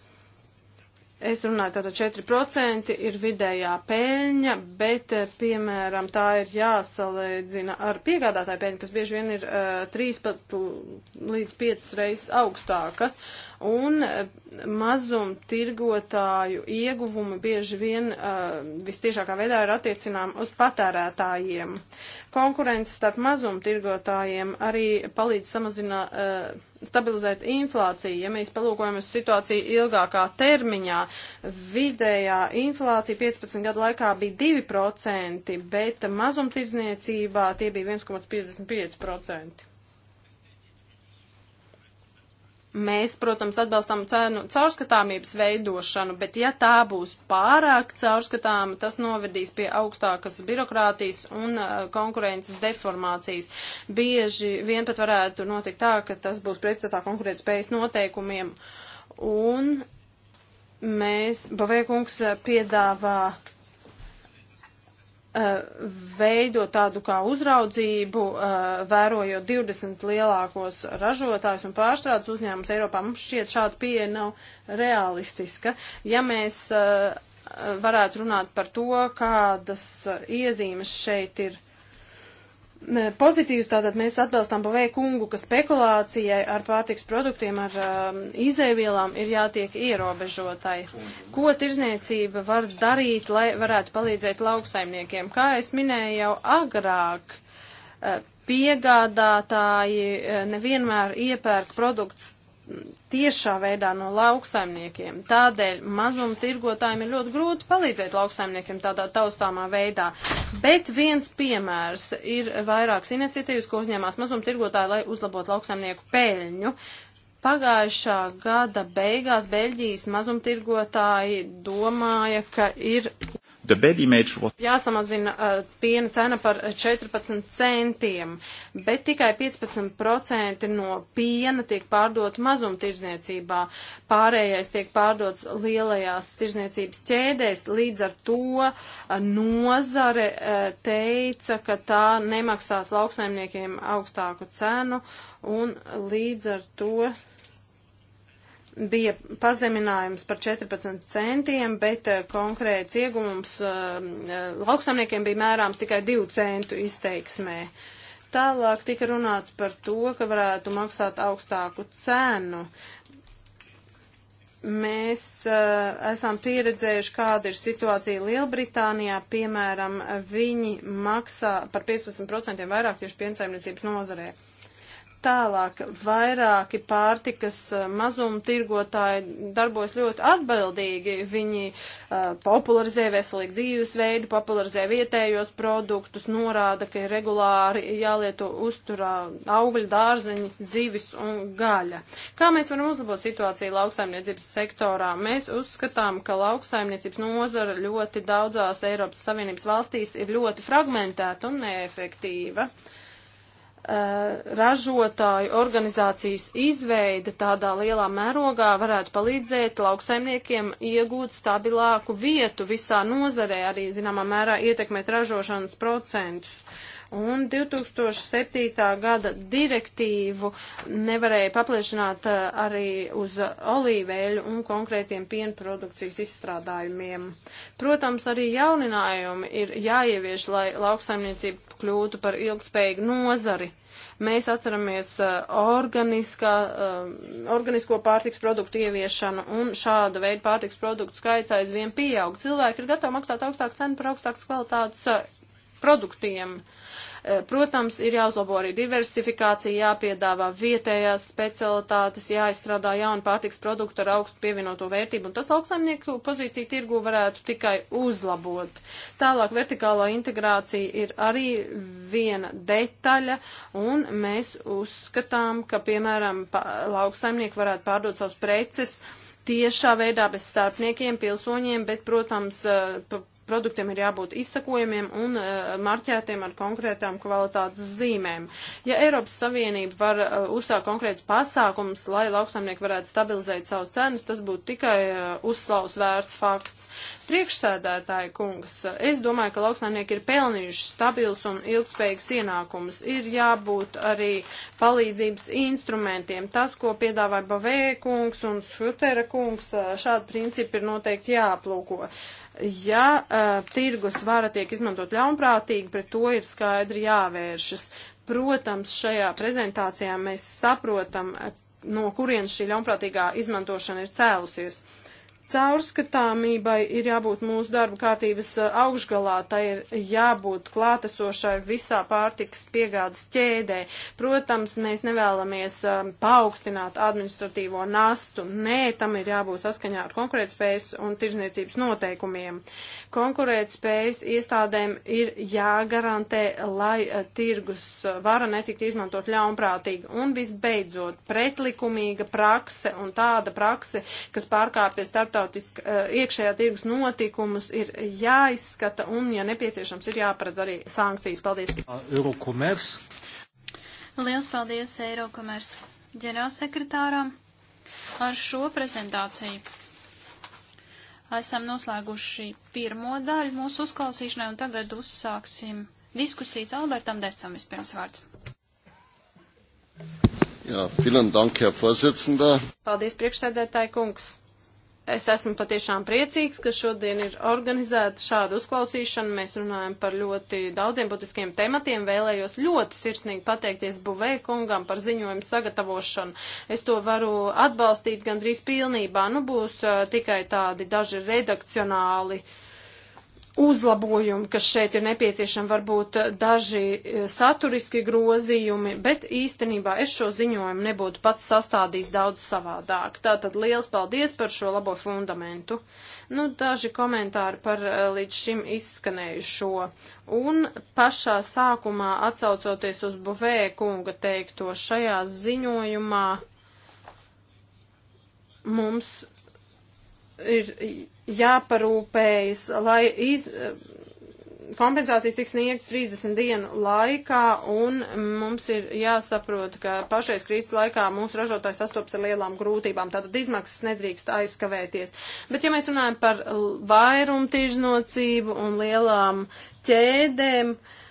Es runāju, tātad 4% ir vidējā peļņa, bet, eh, piemēram, tā ir jāsalīdzina ar piegādātāju peļņu, kas bieži vien ir uh, eh, 3 pat līdz 5 reizes augstāka. Un uh, mazumtirgotāju ieguvumi bieži vien uh, vistiešākā veidā ir attiecinām uz patērētājiem. Konkurence starp mazumtirgotājiem arī palīdz samazināt. Uh, stabilizēt inflāciju. Ja mēs palūkojamies uz situāciju ilgākā termiņā, vidējā inflācija 15 gadu laikā bija 2%, bet mazumtirdzniecībā tie bija 1,55%. Mēs, protams, atbalstam cenu caurskatāmības veidošanu, bet ja tā būs pārāk caurskatāma, tas novedīs pie augstākas birokrātijas un uh, konkurences deformācijas. Bieži vien pat varētu notikt tā, ka tas būs pretstatā konkurētspējas noteikumiem. Un mēs, Bavēkungs, piedāvā Uh, veidot tādu kā uzraudzību, uh, vērojot 20 lielākos ražotājus un pārstrādes uzņēmumus Eiropā. Mums šķiet šāda pieeja nav realistiska. Ja mēs uh, varētu runāt par to, kādas iezīmes šeit ir pozitīvs, tātad mēs atbalstām pavēkungu, ka spekulācijai ar pārtiks produktiem, ar um, izēvielām ir jātiek ierobežotai. Ko tirzniecība var darīt, lai varētu palīdzēt lauksaimniekiem? Kā es minēju jau agrāk, eh, piegādātāji eh, nevienmēr iepērk produktus tiešā veidā no lauksaimniekiem. Tādēļ mazumtirgotājiem ir ļoti grūti palīdzēt lauksaimniekiem tādā taustāmā veidā. Bet viens piemērs ir vairākas iniciatīvas, ko uzņēmās mazumtirgotāji, lai uzlabotu lauksaimnieku peļņu. Uh, Pagājušā gada beigās Beļģijas mazumtirgotāji domāja, ka ir jāsamazina uh, piena cena par 14 centiem, bet tikai 15% no piena tiek pārdot mazumtirdzniecībā. Pārējais tiek pārdots lielajās tirdzniecības ķēdēs. Līdz ar to uh, nozare uh, teica, ka tā nemaksās lauksaimniekiem augstāku cenu. Uh, un līdz ar to bija pazeminājums par 14 centiem, bet eh, konkrēts iegumums eh, eh, lauksamniekiem bija mērāms tikai 2 centu izteiksmē. Tālāk tika runāts par to, ka varētu maksāt augstāku cenu. Mēs uh, esam pieredzējuši, kāda ir situācija Lielbritānijā. Piemēram, viņi maksā par 15% vairāk tieši piensaimniecības nozarē. Uh, Tālāk vairāki pārtikas eh, mazumtirgotāji darbojas ļoti atbildīgi. Viņi uh, popularizē veselīgu dzīvesveidu, popularizē vietējos produktus, norāda, ka ir regulāri jālieto uzturā augļu, dārzeņi, zivis un gaļa. Kā mēs varam uzlabot situāciju lauksaimniecības sektorā? Mēs uzskatām, ka lauksaimniecības nozara ļoti daudzās Eiropas Savienības valstīs ir ļoti fragmentēta un neefektīva. Uh, Eh, ražotāju organizācijas izveida tādā lielā mērogā varētu palīdzēt lauksaimniekiem iegūt stabilāku vietu visā nozarē, arī zināmā mērā ietekmēt ražošanas procentus. Uh, un 2007. gada direktīvu nevarēja papliešanāt eh, arī uz olīveļu un konkrētiem piena produkcijas izstrādājumiem. Protams, arī jauninājumi ir jāievieš, lai lauksaimniecība kļūtu par ilgspējīgu nozari. Mēs atceramies eh, organiskā, eh, organisko pārtiks produktu ieviešanu un šāda veida pārtiks produktu skaits aizvien pieaug. Cilvēki ir gatavi maksāt augstāku cenu par augstākas kvalitātes produktiem. Uh, Eh, protams, ir jāuzlabo arī diversifikācija, jāpiedāvā vietējās specialitātes, jāizstrādā jauni pārtiks produktu ar augstu pievienoto vērtību, un tas lauksaimnieku pozīciju tirgu varētu tikai uzlabot. Tālāk vertikālā integrācija ir arī viena detaļa, un mēs uzskatām, ka, piemēram, lauksaimnieki varētu pārdot savus preces tiešā veidā bez starpniekiem, pilsoņiem, bet, protams, eh, produktiem ir jābūt izsakojumiem un uh, marķētiem ar konkrētām kvalitātes zīmēm. Ja Eiropas Savienība var uh, uzsākt konkrēts pasākums, lai lauksaimnieki varētu stabilizēt savu cenas, tas būtu tikai uh, eh, uzslaus vērts fakts. Priekšsēdētāji kungs, es domāju, ka lauksaimnieki ir pelnījuši stabils un ilgspējīgs ienākums. Ir jābūt arī palīdzības instrumentiem. Tas, ko piedāvāja Bavē kungs un Šutera kungs, šādi principi ir noteikti jāaplūko. Uh, ja uh, tirgus vara tiek izmantot ļaunprātīgi, pret to ir skaidri jāvēršas. Protams, šajā prezentācijā mēs saprotam, eh, no kurienes šī ļaunprātīgā izmantošana ir cēlusies. Uh, Caurskatāmībai ir jābūt mūsu darba kārtības eh, augšgalā, tai ir jābūt klātesošai visā pārtikas piegādes ķēdē. Protams, mēs nevēlamies eh, paaugstināt administratīvo nastu, nē, tam ir jābūt saskaņā ar konkurētspējas un tirzniecības noteikumiem. Konkurētspējas iestādēm ir jāgarantē, lai eh, tirgus vara netikt izmantot ļaunprātīgi. Un visbeidzot, pretlikumīga prakse un tāda prakse, kas pārkāpja starptautiskā starptautiska eh, iekšējā tirgus notikumus ir jāizskata un, ja nepieciešams, ir jāparedz arī sankcijas. Paldies! Eurokomers. Liels paldies Eirokomers ģenerālsekretāram ar šo prezentāciju. Esam noslēguši pirmo daļu mūsu uzklausīšanai un tagad uzsāksim diskusijas Albertam Desam vispirms vārds. Jā, ja, vielen dank, Herr Vorsitzender. Paldies, priekšsēdētāji kungs. Es esmu patiešām priecīgs, ka šodien ir organizēta šāda uzklausīšana. Mēs runājam par ļoti daudziem būtiskiem tematiem. Vēlējos ļoti sirsnīgi pateikties Buvē kungam par ziņojumu sagatavošanu. Es to varu atbalstīt gandrīz pilnībā. Nu, būs uh, tikai tādi daži redakcionāli uh, uzlabojumi, kas šeit ir nepieciešami, varbūt daži eh, saturiski grozījumi, bet īstenībā es šo ziņojumu nebūtu pats sastādījis daudz savādāk. Tātad liels paldies par šo labo fundamentu. Nu, daži komentāri par eh, līdz šim izskanējušo. Un pašā sākumā atsaucoties uz Buvē kunga teikto šajā ziņojumā, mums ir jāparūpējas, lai iz, eh, kompensācijas tiks sniegts 30 dienu laikā, un mums ir jāsaprot, ka pašais krīzes laikā mūsu ražotājs sastopas ar lielām grūtībām, tātad izmaksas nedrīkst aizskavēties. Bet ja mēs runājam par vairumtirznocību un lielām ķēdēm, uh,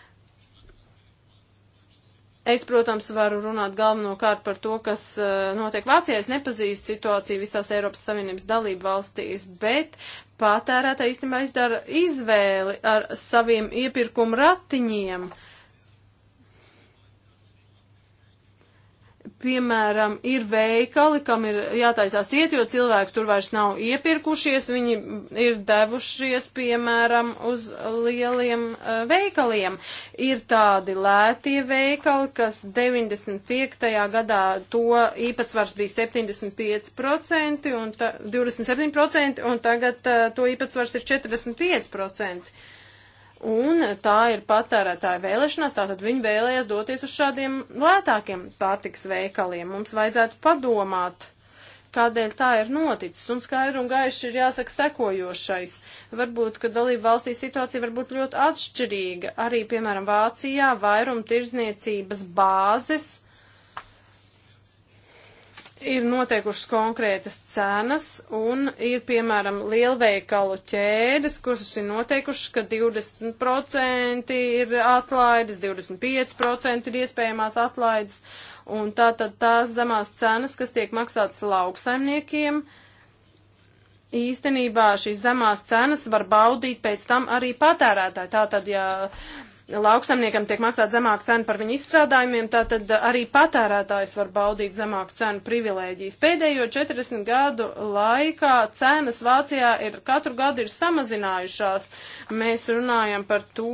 Es, protams, varu runāt galvenokārt par to, kas eh, notiek Vācijā. Es nepazīstu situāciju visās Eiropas Savienības dalību valstīs, bet patērētāji īstenībā izdara izvēli ar saviem iepirkumu ratiņiem. Uh, piemēram, ir veikali, kam ir jātaisās ciet, jo cilvēki tur vairs nav iepirkušies, viņi ir devušies, piemēram, uz lieliem uh, veikaliem. Ir tādi lētie veikali, kas 95. gadā to īpatsvars bija 75% un ta, 27%, un tagad uh, to īpatsvars ir 45% un tā ir patērētāja vēlēšanās, tātad viņi vēlējās doties uz šādiem lētākiem pārtiks veikaliem. Mums vajadzētu padomāt, kādēļ tā ir noticis, un skaidri un gaiši ir jāsaka sekojošais. Varbūt, ka dalība valstī situācija var būt ļoti atšķirīga. Arī, piemēram, Vācijā vairum tirzniecības bāzes ir noteikušas konkrētas cenas un ir, piemēram, lielveikalu ķēdes, kuras ir noteikušas, ka 20% ir atlaides, 25% ir iespējamās atlaides, un tā tad tās zemās cenas, kas tiek maksātas lauksaimniekiem, īstenībā šīs zemās cenas var baudīt pēc tam arī patērētāji. Tātad, ja lauksamniekam tiek maksāt zemāka cena par viņu izstrādājumiem, tātad arī patērētājs var baudīt zemāku cenu privilēģijas. Pēdējo 40 gadu laikā cenas Vācijā ir katru gadu ir samazinājušās. Mēs runājam par to,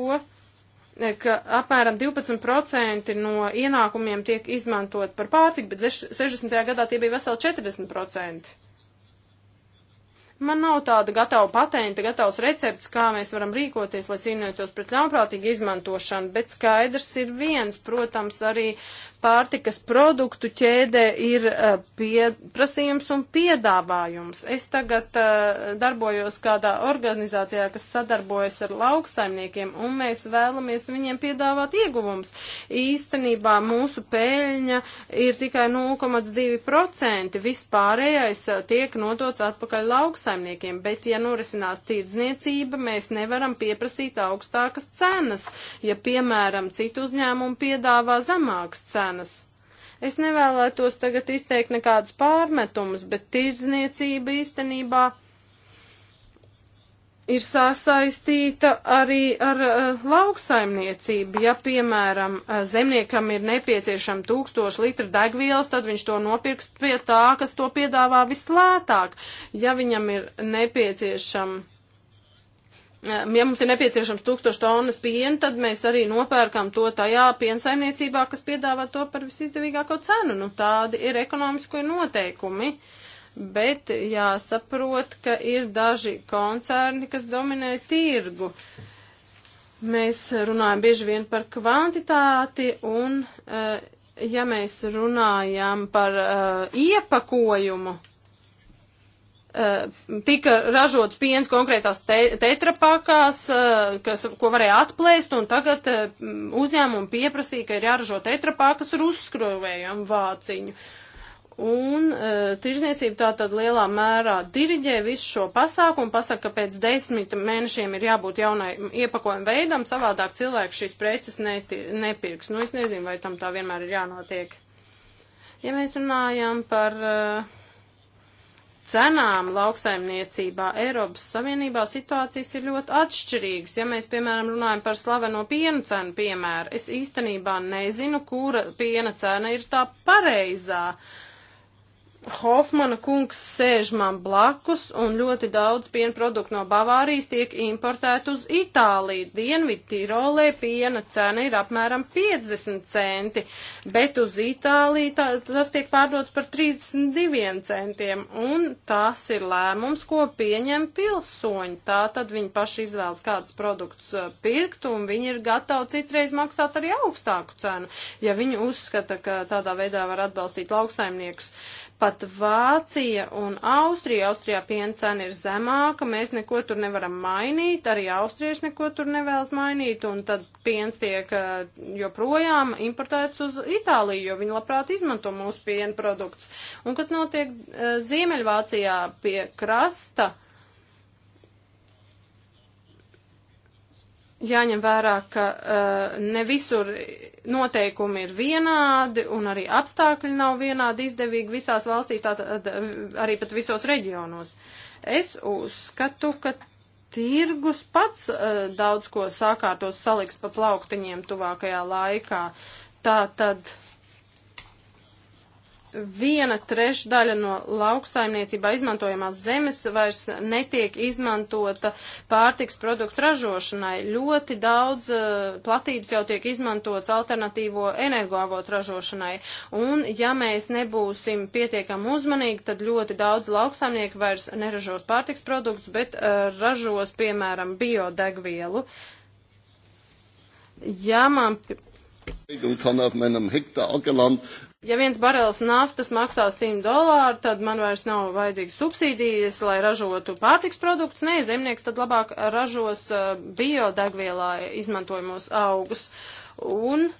ka apmēram 12% no ienākumiem tiek izmantot par pārtiku, bet 60. gadā tie bija veseli 40%. Man nav tāda gatava patenta, gatavs recepts, kā mēs varam rīkoties, lai cīnītos pret ļaunprātīgu izmantošanu, bet skaidrs ir viens, protams, arī pārtikas produktu ķēdē ir eh, pieprasījums un piedāvājums. Es tagad uh, darbojos kādā organizācijā, kas sadarbojas ar lauksaimniekiem, un mēs vēlamies viņiem piedāvāt ieguvums. Īstenībā mūsu peļņa ir tikai 0,2%. Vispārējais eh, tiek nodots atpakaļ lauksaimniekiem, bet ja norisinās tirdzniecība, mēs nevaram pieprasīt augstākas cenas. Ja, piemēram, citu uzņēmumu piedāvā zemākas cenas, cenas. Es nevēlētos tagad izteikt nekādus pārmetumus, bet tirdzniecība īstenībā ir sasaistīta arī ar uh, lauksaimniecību. Ja, piemēram, eh, zemniekam ir nepieciešama tūkstoši litru degvielas, tad viņš to nopirks pie tā, kas to piedāvā vislētāk. Ja viņam ir nepieciešama ja mums ir nepieciešams tūkstoši tonnas piena, tad mēs arī nopērkam to tajā piensaimniecībā, kas piedāvā to par visizdevīgāko cenu. Nu, tādi ir ekonomisko noteikumi. Bet jāsaprot, ka ir daži koncerni, kas dominē tirgu. Mēs runājam bieži vien par kvantitāti un, eh, ja mēs runājam par uh, iepakojumu, Eh, tika ražots piens konkrētās te, tetrapakās, eh, kas, ko varēja atplēst, un tagad eh, uzņēmumi pieprasīja, ka ir jāražo tetrapakas ar uzskrovējumu vāciņu. Un e, tirzniecība tā tad lielā mērā diriģē visu šo pasākumu, pasaka, ka pēc desmit mēnešiem ir jābūt jaunai iepakojuma veidam, savādāk cilvēki šīs preces neti, nepirks. Nu, es nezinu, vai tam tā vienmēr ir jānotiek. Ja mēs runājam par. E, cenām lauksaimniecībā Eiropas Savienībā situācijas ir ļoti atšķirīgas. Ja mēs, piemēram, runājam par slaveno pienu cenu, piemēram, es īstenībā nezinu, kura piena cena ir tā pareizā. Uh, Hofmana kungs sēž man blakus un ļoti daudz piena produktu no Bavārijas tiek importēt uz Itāliju. Dienvidu Tirolē piena cena ir apmēram 50 centi, bet uz Itāliju tā, tas tiek pārdots par 32 centiem. Un tas ir lēmums, ko pieņem pilsoņi. Tā tad viņi paši izvēlas kādus produktus uh, pirkt un viņi ir gatavi citreiz maksāt arī augstāku cenu, ja viņi uzskata, ka tādā veidā var atbalstīt lauksaimniekus pat Vācija un Austrija. Austrijā piena cena ir zemāka, mēs neko tur nevaram mainīt, arī austrieši neko tur nevēlas mainīt, un tad piens tiek eh, joprojām importēts uz Itāliju, jo viņi labprāt izmanto mūsu piena produktus. Un kas notiek eh, Ziemeļvācijā pie krasta? jāņem vērā, ka uh, ne visur noteikumi ir vienādi un arī apstākļi nav vienādi izdevīgi visās valstīs, tātad eh, arī pat visos reģionos. Es uzskatu, ka tirgus pats uh, daudz ko sakārtos saliks pa plauktiņiem tuvākajā laikā. Tātad. Uh, viena trešdaļa no lauksaimniecībā izmantojamās zemes vairs netiek izmantota pārtiks produktu ražošanai. Ļoti daudz uh, platības jau tiek izmantots alternatīvo energoavotu ražošanai. Un ja mēs nebūsim pietiekam uzmanīgi, tad ļoti daudz lauksaimnieku vairs neražos pārtiks produktus, bet uh, ražos, piemēram, biodegvielu. Ja man... Ik kan op mijn hectare land ja viens barels naftas maksā 100 dolāru, tad man vairs nav vajadzīgas subsīdijas, lai ražotu pārtiks produktus. Nē, zemnieks tad labāk ražos eh, biodegvielā izmantojamos augus. Un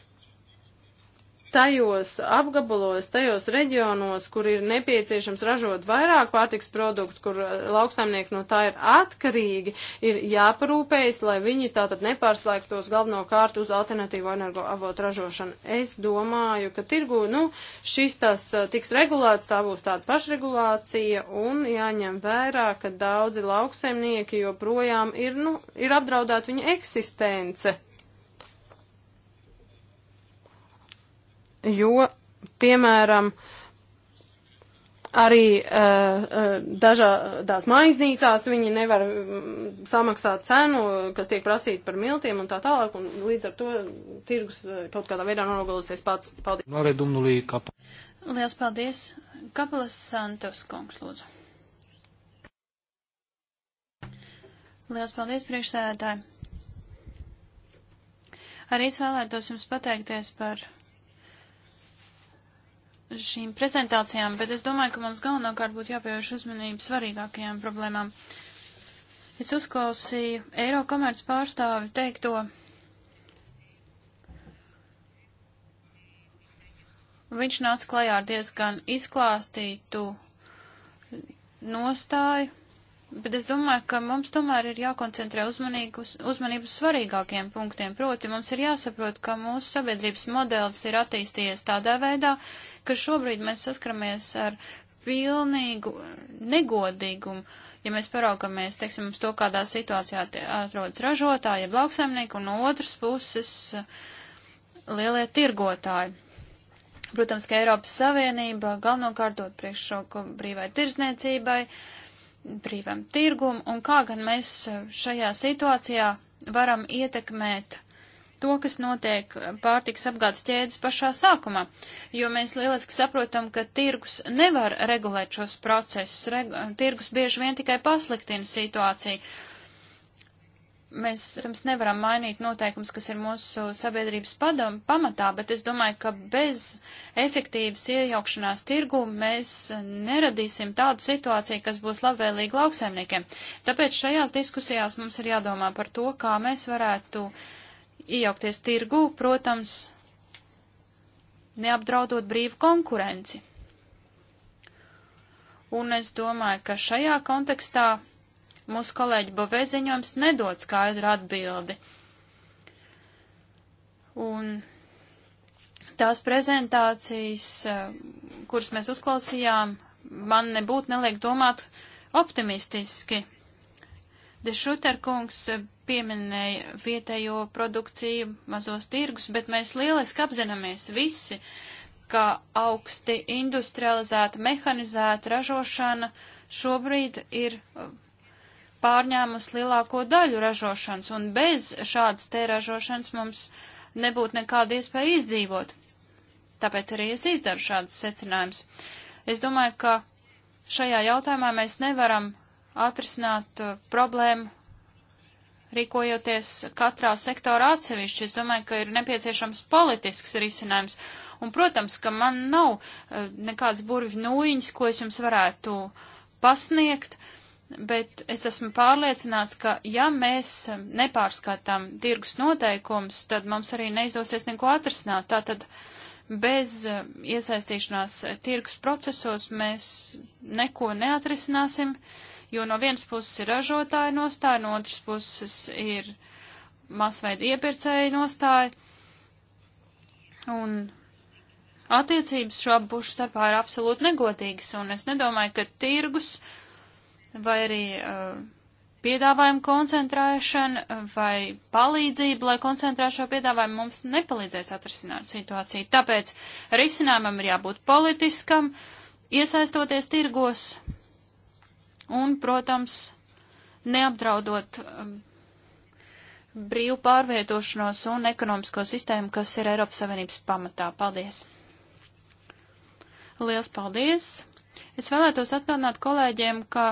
tajos apgabalos, tajos reģionos, kur ir nepieciešams ražot vairāk pārtiks produktu, kur eh, lauksaimnieki no tā ir atkarīgi, ir jāparūpējas, lai viņi tātad nepārslēgtos galvenokārt uz alternatīvo energoavotu ražošanu. Es domāju, ka tirgu, nu, šis tas eh, tiks regulēts, tā būs tāda pašregulācija un jāņem vērā, ka daudzi lauksaimnieki joprojām ir, nu, ir apdraudēti viņa eksistence. jo, piemēram, arī uh, dažādās maiznīcās viņi nevar mm, samaksāt cenu, kas tiek prasīta par miltiem un tā tālāk, un līdz ar to tirgus eh, kaut kādā veidā norogalusies pats. Paldies. Noredumnulī, kap. Liels paldies. Kapelas Santos kungs, lūdzu. Liels paldies, priekšsēdētāji. Arī es vēlētos jums pateikties par šīm prezentācijām, bet es domāju, ka mums galvenokārt būtu jāpievērš uzmanību svarīgākajām problēmām. Es uzklausīju Eiro komerc pārstāvi teikto. Viņš nāca klajā ar diezgan izklāstītu nostāju Bet es domāju, ka mums tomēr ir jākoncentrē uz, uzmanību svarīgākiem punktiem. Proti, mums ir jāsaprot, ka mūsu sabiedrības modelis ir attīstījies tādā veidā, ka šobrīd mēs saskaramies ar pilnīgu negodīgumu. Ja mēs paraugamies, teiksim, uz to, kādā situācijā atrodas ražotāji, ja lauksaimnieki un no otras puses uh, lielie tirgotāji. Protams, ka Eiropas Savienība galvenokārt dod priekšroku brīvai tirzniecībai. Uh, brīvam tirgum un kā gan mēs šajā situācijā varam ietekmēt to, kas notiek pārtiks apgādes ķēdes pašā sākumā, jo mēs lieliski saprotam, ka tirgus nevar regulēt šos procesus, regu, tirgus bieži vien tikai pasliktina situāciju. Mēs, protams, nevaram mainīt noteikums, kas ir mūsu sabiedrības padom, pamatā, bet es domāju, ka bez efektīvas iejaukšanās tirgu mēs neradīsim tādu situāciju, kas būs labvēlīga lauksaimniekiem. Tāpēc šajās diskusijās mums ir jādomā par to, kā mēs varētu iejaukties tirgu, protams, neapdraudot brīvu konkurenci. Un es domāju, ka šajā kontekstā Mūsu kolēģi Bovē ziņojums nedod skaidru atbildi. Un tās prezentācijas, eh, kuras mēs uzklausījām, man nebūtu neliek domāt optimistiski. Dešuterkungs eh, pieminēja vietējo produkciju mazos tirgus, bet mēs lieliski apzināmies visi, ka augsti industrializēta, mehanizēta ražošana šobrīd ir eh, pārņēmus lielāko daļu ražošanas, un bez šādas te ražošanas mums nebūtu nekāda iespēja izdzīvot. Tāpēc arī es izdaru šādus secinājumus. Es domāju, ka šajā jautājumā mēs nevaram atrisināt uh, problēmu, rīkojoties katrā sektora atsevišķi. Es domāju, ka ir nepieciešams politisks risinājums. Un, protams, ka man nav uh, nekāds burvi nūjiņas, ko es jums varētu pasniegt. Uh, bet es esmu pārliecināts, ka ja mēs nepārskatām tirgus noteikums, tad mums arī neizdosies neko atrisināt. Tātad bez eh, iesaistīšanās tirgus procesos mēs neko neatrisināsim, jo no vienas puses ir ražotāja nostāja, no otras puses ir masveida iepirkēja nostāja. Un attiecības šo abu pušu starpā ir absolūti negodīgas, un es nedomāju, ka tirgus uh, vai arī uh, piedāvājumu koncentrēšana uh, vai palīdzība, lai koncentrētu šo piedāvājumu, mums nepalīdzēs atrisināt situāciju. Tāpēc risinājumam ir jābūt politiskam, iesaistoties tirgos un, protams, neapdraudot um, brīvu pārvietošanos un ekonomisko sistēmu, kas ir Eiropas Savienības pamatā. Paldies! Liels paldies! Es vēlētos atgādināt kolēģiem, ka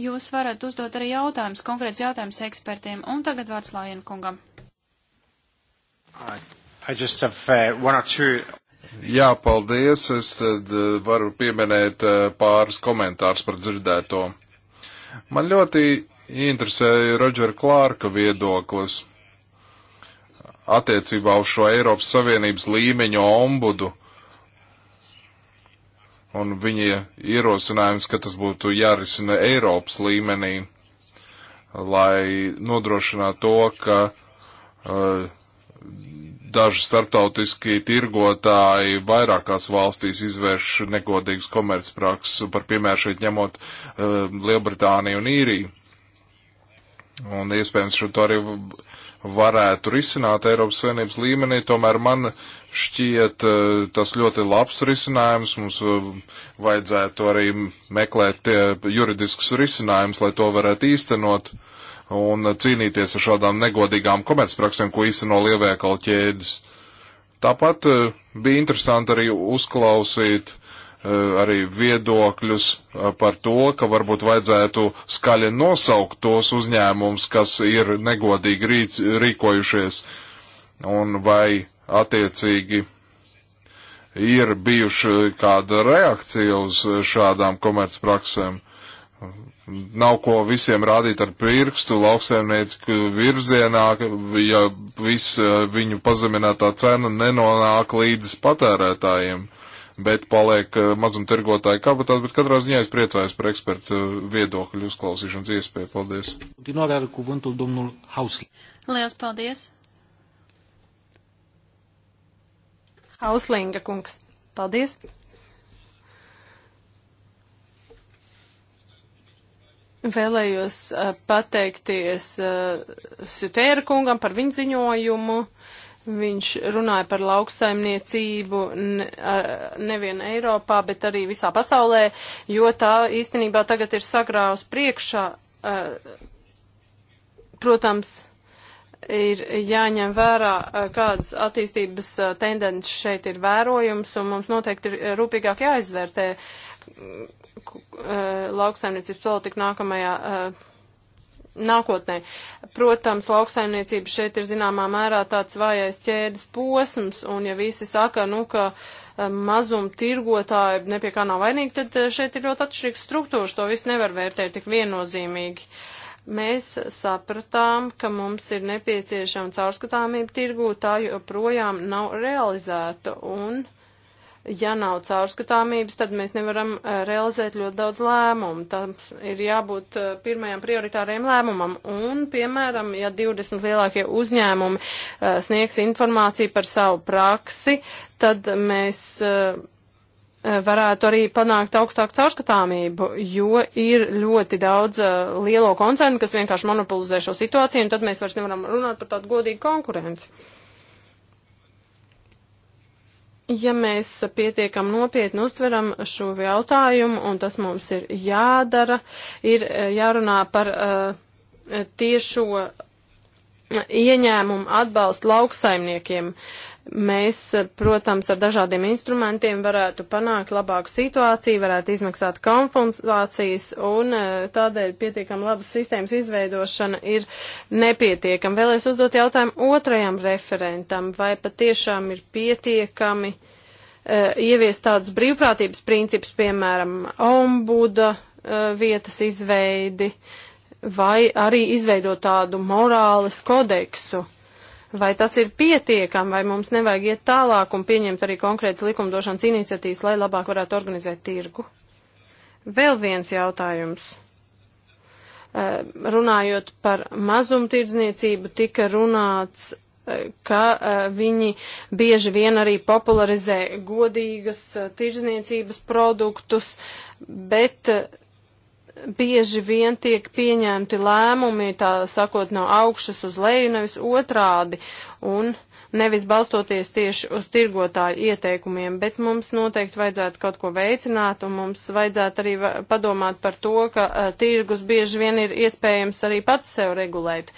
Jūs varat uzdot arī jautājumus, konkrēts jautājums ekspertiem. Un tagad vārds Lājien kungam. Uh, Jā, paldies. Es tad uh, varu pieminēt uh, pāris komentārus par dzirdēto. Man ļoti interesēja Rodžera Klārka viedoklis attiecībā uz šo Eiropas Savienības līmeņu ombudu un viņa ierosinājums, ka tas būtu jārisina Eiropas līmenī, lai nodrošinātu to, ka uh, daži starptautiski tirgotāji vairākās valstīs izvērš negodīgas komercprakses, par piemēru šeit ņemot uh, Lielbritāniju un Īriju. Un iespējams, šo to arī varētu risināt Eiropas Savienības līmenī, tomēr man šķiet eh, tas ļoti labs risinājums. Mums eh, vajadzētu arī meklēt eh, juridiskus risinājumus, lai to varētu īstenot un cīnīties ar šādām negodīgām komercpraksēm, ko īsteno lielveikalu ķēdes. Tāpat bija interesanti arī uzklausīt Eh, arī viedokļus eh, par to, ka varbūt vajadzētu skaļi nosaukt tos uzņēmumus, kas ir negodīgi rīc, rīkojušies, un vai attiecīgi ir bijuši kāda reakcija uz šādām komercpraksēm. Nav ko visiem rādīt ar pirkstu lauksaimnieku virzienā, ja viss eh, viņu pazeminātā cena nenonāk līdz patērētājiem bet paliek eh, mazumtirgotāji kabatās, bet katrā ziņā es priecājos par ekspertu eh, viedokļu uzklausīšanas iespēju. Paldies! Lielas paldies! Hauslinga kungs, paldies! Vēlējos uh, pateikties uh, Sutēra kungam par viņu ziņojumu. Uh, Viņš runāja par lauksaimniecību nevien Eiropā, bet arī visā pasaulē, jo tā īstenībā tagad ir sagrāvus priekšā. Protams, ir jāņem vērā, kādas attīstības tendences šeit ir vērojums, un mums noteikti ir rūpīgāk jāizvērtē lauksaimniecības politika nākamajā nākotnē. Protams, lauksaimniecība šeit ir zināmā mērā tāds vājais ķēdes posms, un ja visi saka, nu, ka eh, mazuma tirgotāji ne pie kā nav vainīgi, tad eh, šeit ir ļoti atšķirīgs struktūrs, to visu nevar vērtēt tik viennozīmīgi. Mēs sapratām, ka mums ir nepieciešama caurskatāmība tirgū, tā joprojām nav realizēta, un uh, ja nav caurskatāmības, tad mēs nevaram eh, realizēt ļoti daudz lēmumu. Tam ir jābūt eh, pirmajam prioritāriem lēmumam. Un, piemēram, ja 20 lielākie uzņēmumi eh, sniegs informāciju par savu praksi, tad mēs varētu arī panākt augstāku caurskatāmību, jo ir ļoti daudz lielo koncernu, kas vienkārši monopolizē šo situāciju, un tad mēs vairs nevaram runāt par tādu godīgu konkurenci ja mēs pietiekam nopietni uztveram šo jautājumu, un tas mums ir jādara, ir eh, jārunā par uh, tiešo eh, ieņēmumu atbalstu lauksaimniekiem. Uh, Mēs, protams, ar dažādiem instrumentiem varētu panākt labāku situāciju, varētu izmaksāt kompensācijas un eh, tādēļ pietiekam labas sistēmas izveidošana ir nepietiekama. Vēlēs uzdot jautājumu otrajam referentam, vai patiešām ir pietiekami eh, ieviest tādus brīvprātības principus, piemēram, ombuda eh, vietas izveidi, vai arī izveidot tādu morāles kodeksu. Vai tas ir pietiekami, vai mums nevajag iet tālāk un pieņemt arī konkrētas likumdošanas iniciatīvas, lai labāk varētu organizēt tirgu? Vēl viens jautājums. Eh, runājot par mazumtirdzniecību, tika runāts eh, ka uh, viņi bieži vien arī popularizē godīgas uh, tirzniecības produktus, bet uh, bieži vien tiek pieņemti lēmumi, tā sakot, no augšas uz leju, nevis otrādi, un nevis balstoties tieši uz tirgotāju ieteikumiem, bet mums noteikti vajadzētu kaut ko veicināt, un mums vajadzētu arī padomāt par to, ka a, eh, tirgus bieži vien ir iespējams arī pats sev regulēt.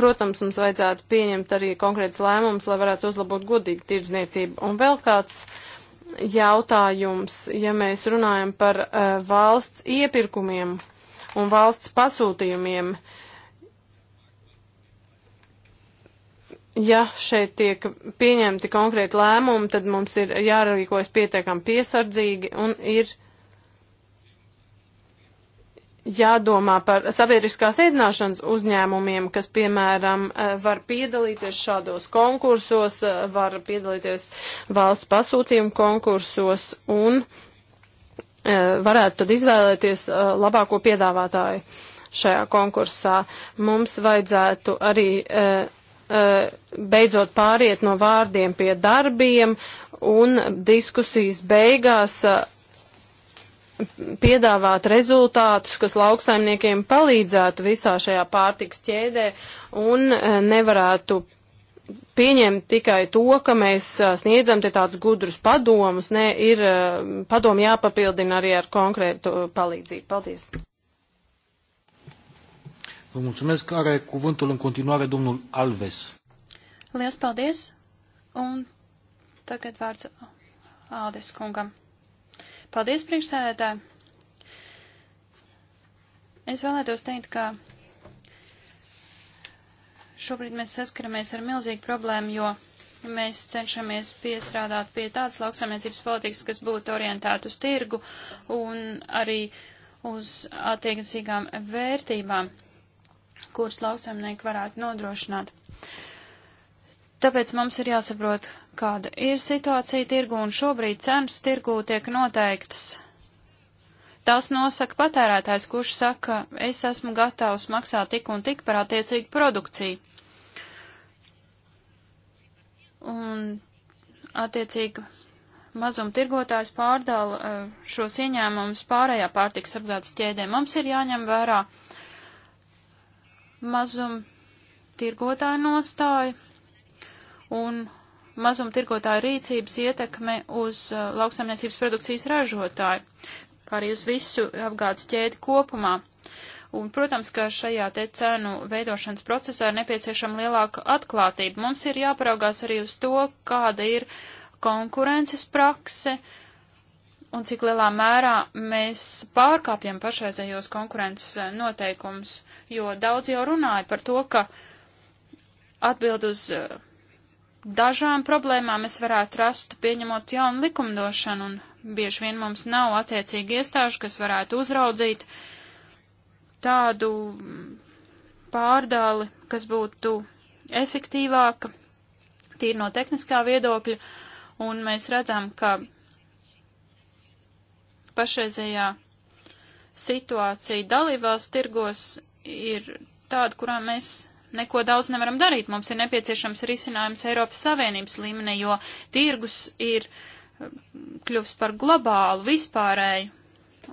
Protams, mums vajadzētu pieņemt arī konkrēts lēmums, lai varētu uzlabot godīgu tirdzniecību. Un vēl kāds uh, jautājums, ja mēs runājam par uh, valsts iepirkumiem un valsts pasūtījumiem. Ja šeit tiek pieņemti konkrēti lēmumi, tad mums ir jārīkojas pietiekami piesardzīgi un ir uh, jādomā par sabiedriskās ēdināšanas uzņēmumiem, kas, piemēram, eh, var piedalīties šādos konkursos, eh, var piedalīties valsts pasūtījumu konkursos un eh, varētu tad izvēlēties labāko piedāvātāju šajā konkursā. Mums vajadzētu arī beidzot pāriet no vārdiem pie darbiem un diskusijas beigās piedāvāt rezultātus, kas lauksaimniekiem palīdzētu visā šajā pārtiks ķēdē un eh, nevarētu pieņemt tikai to, ka mēs eh, sniedzam te tādus gudrus padomus, ne, ir eh, padomu jāpapildina arī ar konkrētu palīdzību. Paldies! Vă mulțumesc. Are cuvântul în continuare domnul Alves. Liels paldies! Un tagad vārds Aldes kungam. Paldies, priekšsēdētāji! Es vēlētos teikt, ka šobrīd mēs saskaramies ar milzīgu problēmu, jo mēs cenšamies piestrādāt pie tādas lauksaimniecības politikas, kas būtu orientēta uz tirgu un arī uz attiecīgām vērtībām, kuras lauksaimnieki varētu nodrošināt. Tāpēc mums ir jāsaprot, kāda ir situācija tirgu, un šobrīd cenas tirgu tiek noteiktas. Tās nosaka patērētājs, kurš saka, es esmu gatavs maksāt tik un tik par attiecīgu produkciju. Un attiecīgi mazumtirgotājs pārdala eh, šos ieņēmumus pārējā pārtiks apgādes ķēdē. Mums ir jāņem vērā mazumtirgotāja nostāja un mazumtirgotāju rīcības ietekme uz uh, lauksaimniecības produkcijas ražotāju, kā arī uz visu apgādes ķēdi kopumā. Un, protams, ka šajā te cenu veidošanas procesā ir nepieciešama lielāka atklātība. Mums ir jāparaugās arī uz to, kāda ir konkurences prakse un cik lielā mērā mēs pārkāpjam pašreizējos konkurences uh, noteikumus, jo daudz jau runāja par to, ka atbild uz uh, dažām problēmām es varētu rast, pieņemot jaunu likumdošanu, un bieži vien mums nav attiecīgi iestāžu, kas varētu uzraudzīt tādu pārdāli, kas būtu efektīvāka, tīri no tehniskā viedokļa, un mēs redzam, ka pašreizējā situācija dalībās tirgos ir tāda, kurā mēs neko daudz nevaram darīt. Mums ir nepieciešams risinājums Eiropas Savienības līmenī, jo tirgus ir eh, kļuvis par globālu, vispārēju,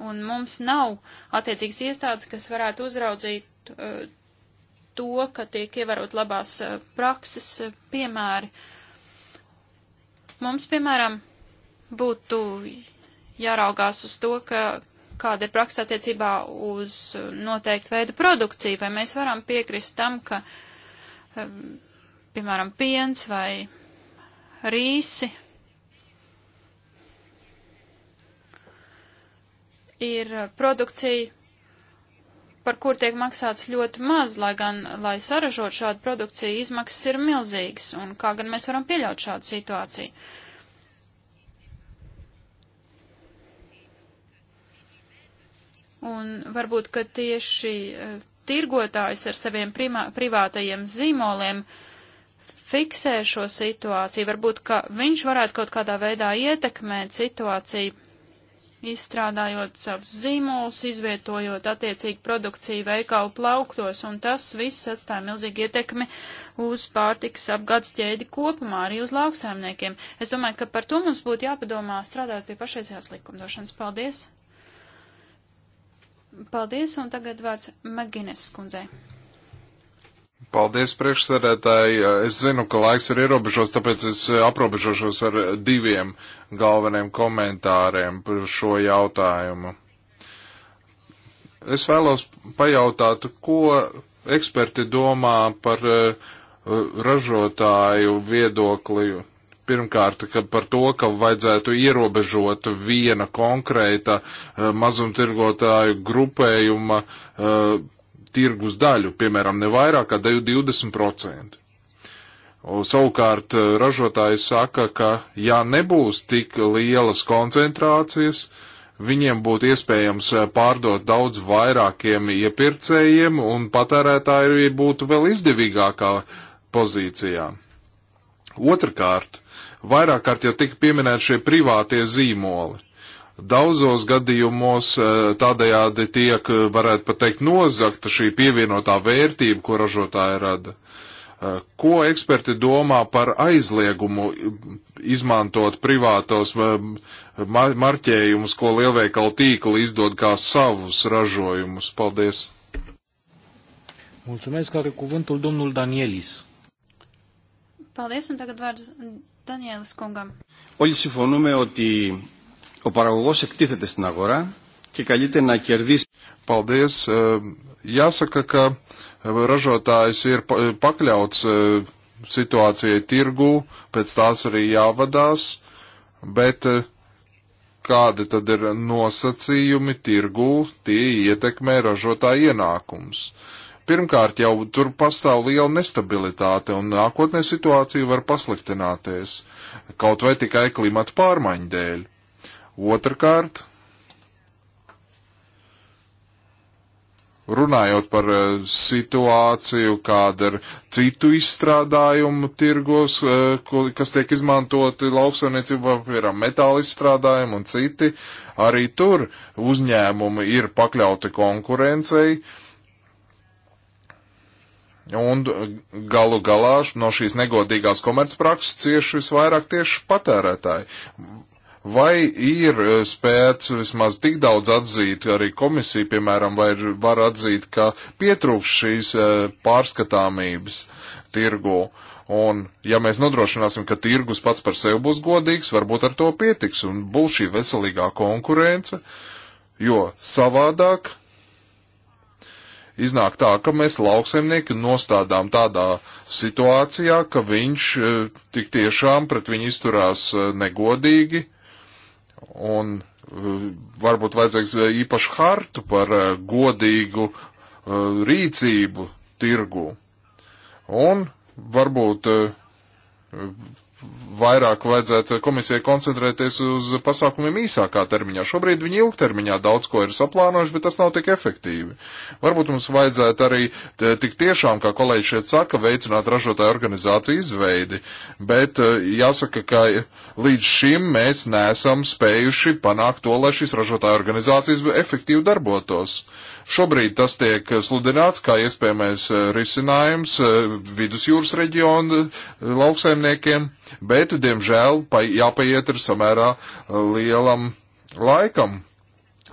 un mums nav attiecīgas iestādes, kas varētu uzraudzīt uh, to, ka tiek ievērot labās uh, prakses uh, piemēri. Mums, piemēram, būtu jāraugās uz to, ka kāda ir praksa attiecībā uz noteiktu veidu produkciju, vai mēs varam piekrist tam, ka, piemēram, piens vai rīsi ir produkcija, par kur tiek maksāts ļoti maz, lai gan, lai saražot šādu produkciju, izmaksas ir milzīgas, un kā gan mēs varam pieļaut šādu situāciju. Un varbūt, ka tieši e, tirgotājs ar saviem primā, privātajiem zīmoliem fiksē šo situāciju. Varbūt, ka viņš varētu kaut kādā veidā ietekmēt situāciju, izstrādājot savus zīmolus, izvietojot attiecīgi produkciju veikalu plauktos, un tas viss atstāja milzīgi ietekmi uz pārtikas apgādes ķēdi kopumā, arī uz lauksaimniekiem. Es domāju, ka par to mums būtu jāpadomā strādājot pie pašreizējās likumdošanas. Paldies! Paldies, un tagad vārds Magines skundzei. Paldies, priekšsēdētāji. Es zinu, ka laiks ir ierobežos, tāpēc es aprobežošos ar diviem galveniem komentāriem par šo jautājumu. Es vēlos pajautāt, ko eksperti domā par eh, ražotāju viedokli pirmkārt ka par to, ka vajadzētu ierobežot viena konkrēta eh, mazumtirgotāju grupējuma eh, tirgus daļu, piemēram, ne vairāk kā 20%. Savukārt eh, ražotāji saka, ka ja nebūs tik lielas koncentrācijas, viņiem būtu iespējams pārdot daudz vairākiem iepirkējiem un patērētāji būtu vēl izdevīgākā pozīcijā. Otrakārt, Vairāk kārt jau tika pieminēti šie privātie zīmoli. Daudzos gadījumos eh, tādējādi tiek, eh, varētu pat teikt, nozakta šī pievienotā vērtība, ko ražotāja rada. Eh, ko eksperti domā par aizliegumu izmantot privātos marķējumus, ko lielveikalu tīkli izdod kā savus ražojumus? Paldies! Mulțumesc, are cuvântul domnul Danielis. Paldies, un tagad vārds Daniels Kungam. Όλοι συμφωνούμε ότι ο παραγωγός εκτίθεται στην αγορά και καλείται να κερδίσει. Paldies. Jāsaka, ka ražotājs ir pakļauts situācijai tirgu, pēc tās arī jāvadās, bet e, kādi tad ir nosacījumi tirgū, tie ietekmē ražotāja ienākums. Uh, Pirmkārt, jau tur pastāv liela nestabilitāte, un nākotnē situācija var pasliktināties, kaut vai tikai klimata pārmaiņu dēļ. Otrakārt, runājot par eh, situāciju, kāda ir citu izstrādājumu tirgos, eh, kas tiek izmantoti lauksaimniecībā, piemēram, metāla izstrādājumi un citi, arī tur uzņēmumi ir pakļauti konkurencei Un galu galā no šīs negodīgās komercprakses cieši visvairāk tieši patērētāji. Vai ir eh, spēts vismaz tik daudz atzīt, arī komisija, piemēram, vai var atzīt, ka pietrūks šīs eh, pārskatāmības tirgu? Un, ja mēs nodrošināsim, ka tirgus pats par sevi būs godīgs, varbūt ar to pietiks un būs šī veselīgā konkurence, jo savādāk iznāk tā, ka mēs lauksaimnieku nostādām tādā situācijā, ka viņš e, tik tiešām pret viņu izturās e, negodīgi un e, varbūt vajadzīgs īpašu hartu par godīgu rīcību tirgu. Un varbūt vairāk vajadzētu komisijai koncentrēties uz pasākumiem īsākā termiņā. Šobrīd viņi ilgtermiņā daudz ko ir saplānojuši, bet tas nav tik efektīvi. Varbūt mums vajadzētu arī tik tiešām, kā kolēģi šeit saka, veicināt ražotāju organizāciju izveidi, bet eh, jāsaka, ka līdz šim mēs nesam spējuši panākt to, lai šīs ražotāju organizācijas efektīvi darbotos. Uh, Šobrīd tas tiek sludināts kā iespējamais eh, risinājums eh, vidusjūras reģiona eh, lauksaimniekiem, bet, diemžēl, jāpaiet ar samērā lielam laikam.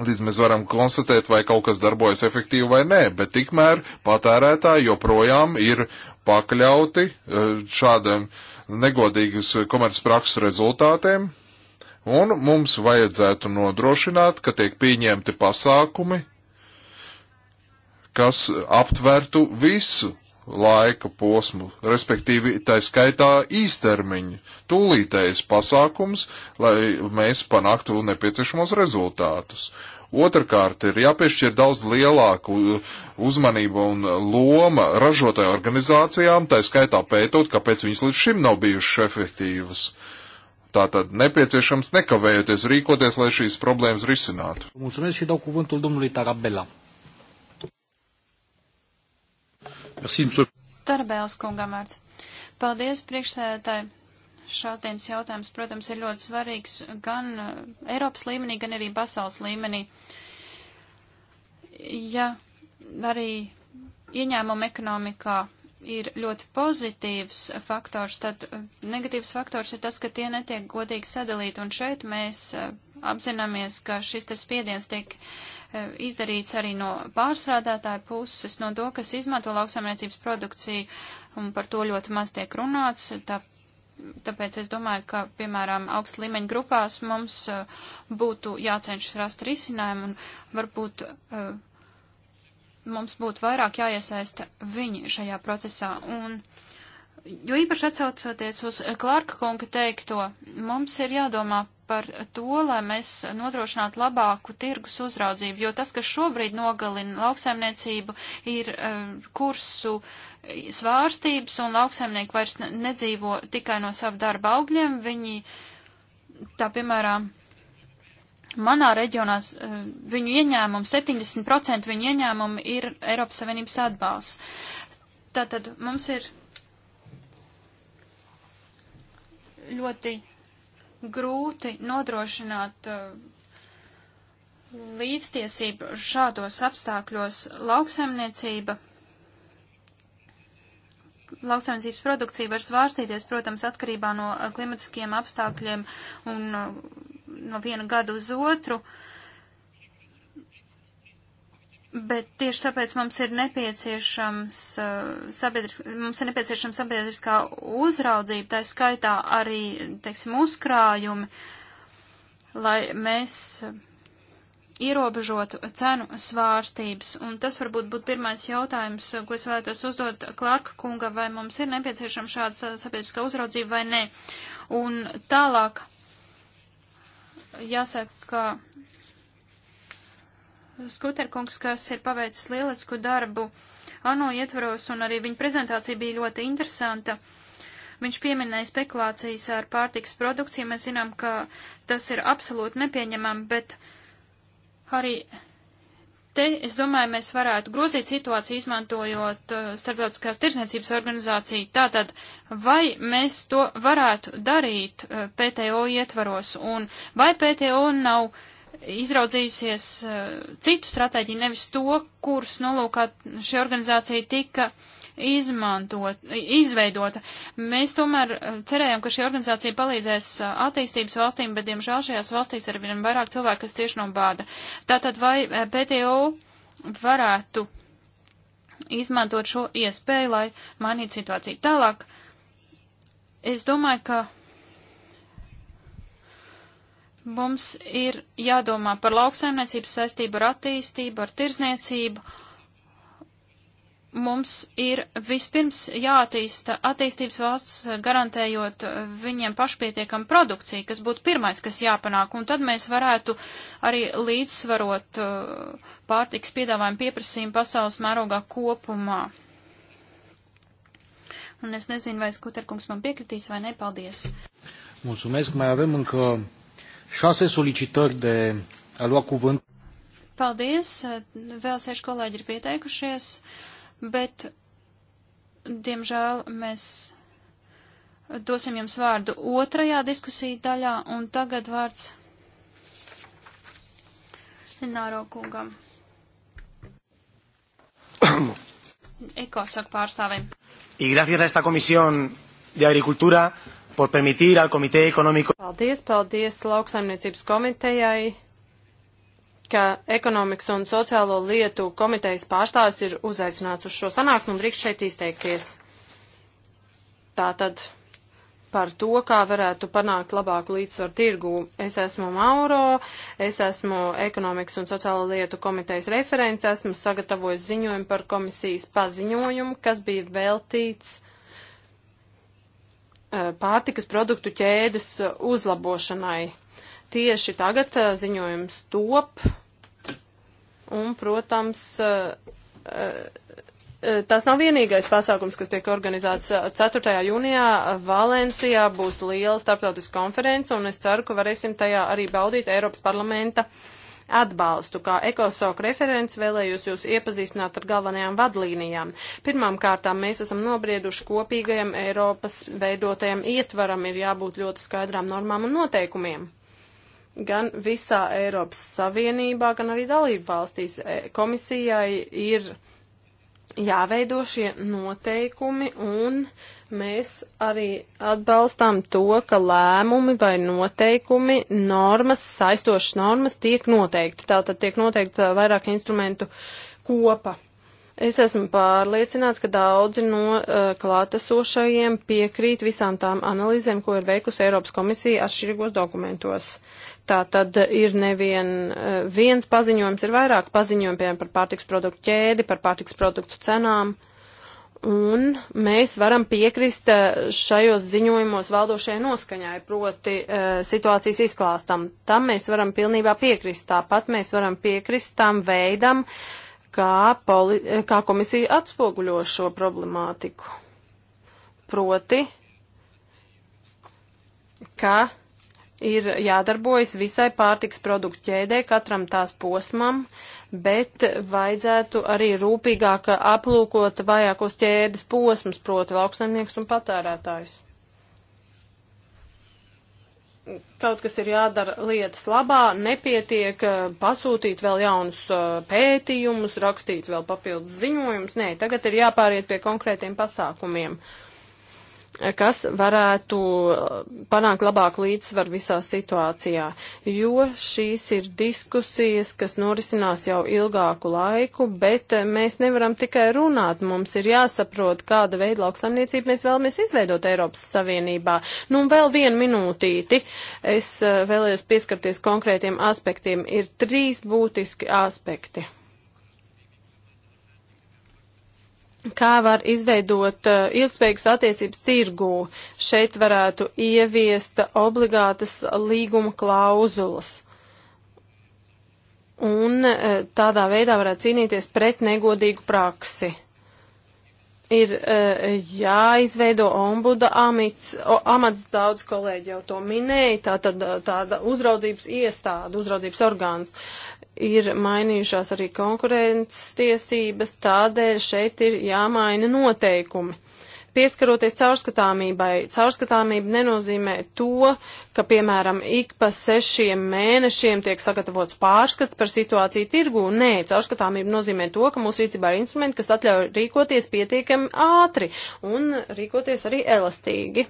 Līdz mēs varam konstatēt, vai kaut kas darbojas efektīvi vai nē, bet tikmēr patērētāji joprojām ir pakļauti šādiem negodīgas komercprakses rezultātiem, un mums vajadzētu nodrošināt, ka tiek pieņemti pasākumi, kas aptvertu visu laika posmu, respektīvi tā skaitā īstermiņu, tūlītējs pasākums, lai mēs panāktu nepieciešamos rezultātus. Otrakārt, ir jāpiešķir daudz lielāku uzmanību un loma ražotāju organizācijām, tā skaitā pētot, kāpēc viņas līdz šim nav bijušas efektīvas. Tātad nepieciešams nekavējoties rīkoties, lai šīs problēmas risinātu. Mulțumesc și dau cuvântul domnului Tarabella. Tarabēls kungam vārds. Paldies, priekšsēdētāji. Šās dienas jautājums, protams, ir ļoti svarīgs gan uh, Eiropas līmenī, gan arī pasaules līmenī. Ja arī ieņēmuma ekonomikā ir ļoti pozitīvs faktors, tad uh, negatīvs faktors ir tas, ka tie netiek godīgi sadalīti. Un šeit mēs uh, apzināmies, ka šis te spiediens tiek uh, Eh, izdarīts arī no pārstrādātāja puses, no to, kas izmanto lauksamniecības produkciju, un par to ļoti maz tiek runāts. Tā, tāpēc es domāju, ka, piemēram, augsta līmeņa grupās mums eh, būtu jācenšas rast risinājumu un varbūt eh, mums būtu vairāk jāiesaista viņi šajā procesā. Un, uh, Jo īpaši atsaucoties uz Klārka kunga teikto, mums ir jādomā par to, lai mēs nodrošinātu labāku tirgus uzraudzību, jo tas, kas šobrīd nogalina lauksaimniecību, ir eh, kursu svārstības, un lauksaimnieki vairs nedzīvo tikai no savu darba augļiem. Viņi, tā piemēram, Manā reģionā eh, viņu ieņēmumu, 70% viņu ieņēmumu ir Eiropas Savienības atbalsts. Tātad mums ir ļoti grūti nodrošināt uh, līdztiesību šādos apstākļos lauksaimniecība. Lauksaimniecības produkcija var svārstīties, protams, atkarībā no uh, klimatiskiem apstākļiem un uh, no viena gada uz otru. Uh, Bet tieši tāpēc mums ir nepieciešams, uh, sabiedris, mums ir nepieciešams sabiedriskā uzraudzība, tā skaitā arī, teiksim, uzkrājumi, lai mēs ierobežotu cenu svārstības. Un tas varbūt būtu pirmais jautājums, ko es vēlētos uzdot Klārka kunga, vai mums ir nepieciešama šāda sabiedriskā uzraudzība vai nē. Un tālāk jāsaka, ka Skuterkungs, kas ir paveicis lielisku darbu ANO ietvaros, un arī viņa prezentācija bija ļoti interesanta. Viņš pieminēja spekulācijas ar pārtiks produkciju. Mēs zinām, ka tas ir absolūti nepieņemami, bet arī te, es domāju, mēs varētu grozīt situāciju, izmantojot uh, starptautiskās tirsniecības organizāciju. Tātad, vai mēs to varētu darīt uh, PTO ietvaros, un vai PTO nav izraudzījusies eh, citu stratēģiju, nevis to, kuras nolūkā šī organizācija tika izmantot, izveidota. Mēs tomēr eh, cerējām, ka šī organizācija palīdzēs eh, attīstības valstīm, bet, diemžēl, šajās valstīs ar vien vairāk cilvēku, kas cieši no bāda. Tātad vai PTO varētu izmantot šo iespēju, lai mainītu situāciju tālāk? Es domāju, ka Mums ir jādomā par lauksaimniecības saistību ar attīstību, ar tirzniecību. Mums ir vispirms jāattīsta attīstības valsts, garantējot viņiem pašpietiekam produkciju, kas būtu pirmais, kas jāpanāk, un tad mēs varētu arī līdzsvarot uh, pārtiks piedāvājumu pieprasījumu pasaules mērogā kopumā. Un es nezinu, vai Skuterkungs man piekritīs vai nepaldies. Mulțumesc, mai avem încă Šase solicitări de a lua cuvânt. Paldies, vēl seši kolēģi ir pieteikušies, bet, diemžēl, mēs dosim jums vārdu otrajā diskusiju daļā, un tagad vārds Nāro kungam. [COUGHS] Eko, saka pārstāvim. Y gracias a esta comisión de agricultura por permitir al Comité Económico. Paldies, paldies lauksaimniecības komitejai, ka ekonomikas un sociālo lietu komitejas pārstāvis ir uzaicināts uz šo sanāksmu un drīkst šeit izteikties. Tātad par to, kā varētu panākt labāku līdzsvaru tirgu. Es esmu Mauro, es esmu ekonomikas un sociālo lietu komitejas referents, esmu sagatavojis ziņojumu par komisijas paziņojumu, kas bija veltīts Eh, pārtikas produktu ķēdes eh, uzlabošanai. Tieši tagad eh, ziņojums top, un, protams, tas nav vienīgais pasākums, kas tiek organizēts 4. jūnijā. Valencijā būs liela starptautiska konference, un es ceru, ka varēsim tajā arī baudīt Eiropas parlamenta uh, atbalstu. Kā ekosok referents vēlējos jūs iepazīstināt ar galvenajām vadlīnijām. Pirmām kārtām mēs esam nobrieduši kopīgajam Eiropas veidotajam ietvaram, ir jābūt ļoti skaidrām normām un noteikumiem gan visā Eiropas Savienībā, gan arī dalību valstīs. E, komisijai ir jāveido šie noteikumi un uh, Mēs arī atbalstām to, ka lēmumi vai noteikumi, normas, saistošas normas tiek noteikti. Tātad tiek noteikta uh, vairāk instrumentu kopa. Es esmu pārliecināts, ka daudzi no uh, klātesošajiem piekrīt visām tām analīzēm, ko ir veikusi Eiropas komisija atšķirīgos dokumentos. Tā tad ir nevien uh, viens paziņojums, ir vairāk paziņojumi, piemēram, par pārtiks produktu ķēdi, par pārtiks produktu cenām. Uh, Un mēs varam piekrist eh, šajos ziņojumos valdošajai noskaņai, proti uh, situācijas izklāstam. Tam mēs varam pilnībā piekrist. Tāpat mēs varam piekrist tam veidam, kā, poli, kā komisija atspoguļo šo problemātiku. Proti, ka ir jādarbojas visai pārtiks produktu ķēdē, katram tās posmam, uh, bet vajadzētu arī rūpīgāk aplūkot vajākos ķēdes posmus, proti lauksaimnieks un patērētājs. Kaut kas ir jādara lietas labā, nepietiek eh, pasūtīt vēl jaunus eh, pētījumus, rakstīt vēl papildus ziņojumus. Nē, tagad ir jāpāriet pie konkrētiem pasākumiem. Uh, kas varētu uh, panākt labāku līdzsvaru visā situācijā, jo šīs ir diskusijas, kas norisinās jau ilgāku laiku, bet uh, mēs nevaram tikai runāt, mums ir jāsaprot, kāda veida lauksaimniecību mēs vēlamies izveidot Eiropas Savienībā. Nu, un vēl vienu minūtīti, es uh, vēlējos pieskarties konkrētiem aspektiem, ir trīs būtiski aspekti. kā var izveidot eh, ilgspējīgas attiecības tirgū. Šeit varētu ieviest obligātas līguma klauzulas. Un eh, tādā veidā varētu cīnīties pret negodīgu praksi. Ir eh, jāizveido ombuda amits, o, amats, daudz kolēģi jau to minēja, tā tad tāda uzraudzības iestāde, uzraudzības orgāns. Uh, ir mainījušās arī konkurences tiesības, tādēļ šeit ir jāmaina noteikumi. Pieskaroties caurskatāmībai, caurskatāmība nenozīmē to, ka, piemēram, ik pa sešiem mēnešiem tiek sagatavots pārskats par situāciju tirgu. Nē, caurskatāmība nozīmē to, ka mūsu rīcībā ir instrumenti, kas atļauj rīkoties pietiekami ātri un rīkoties arī elastīgi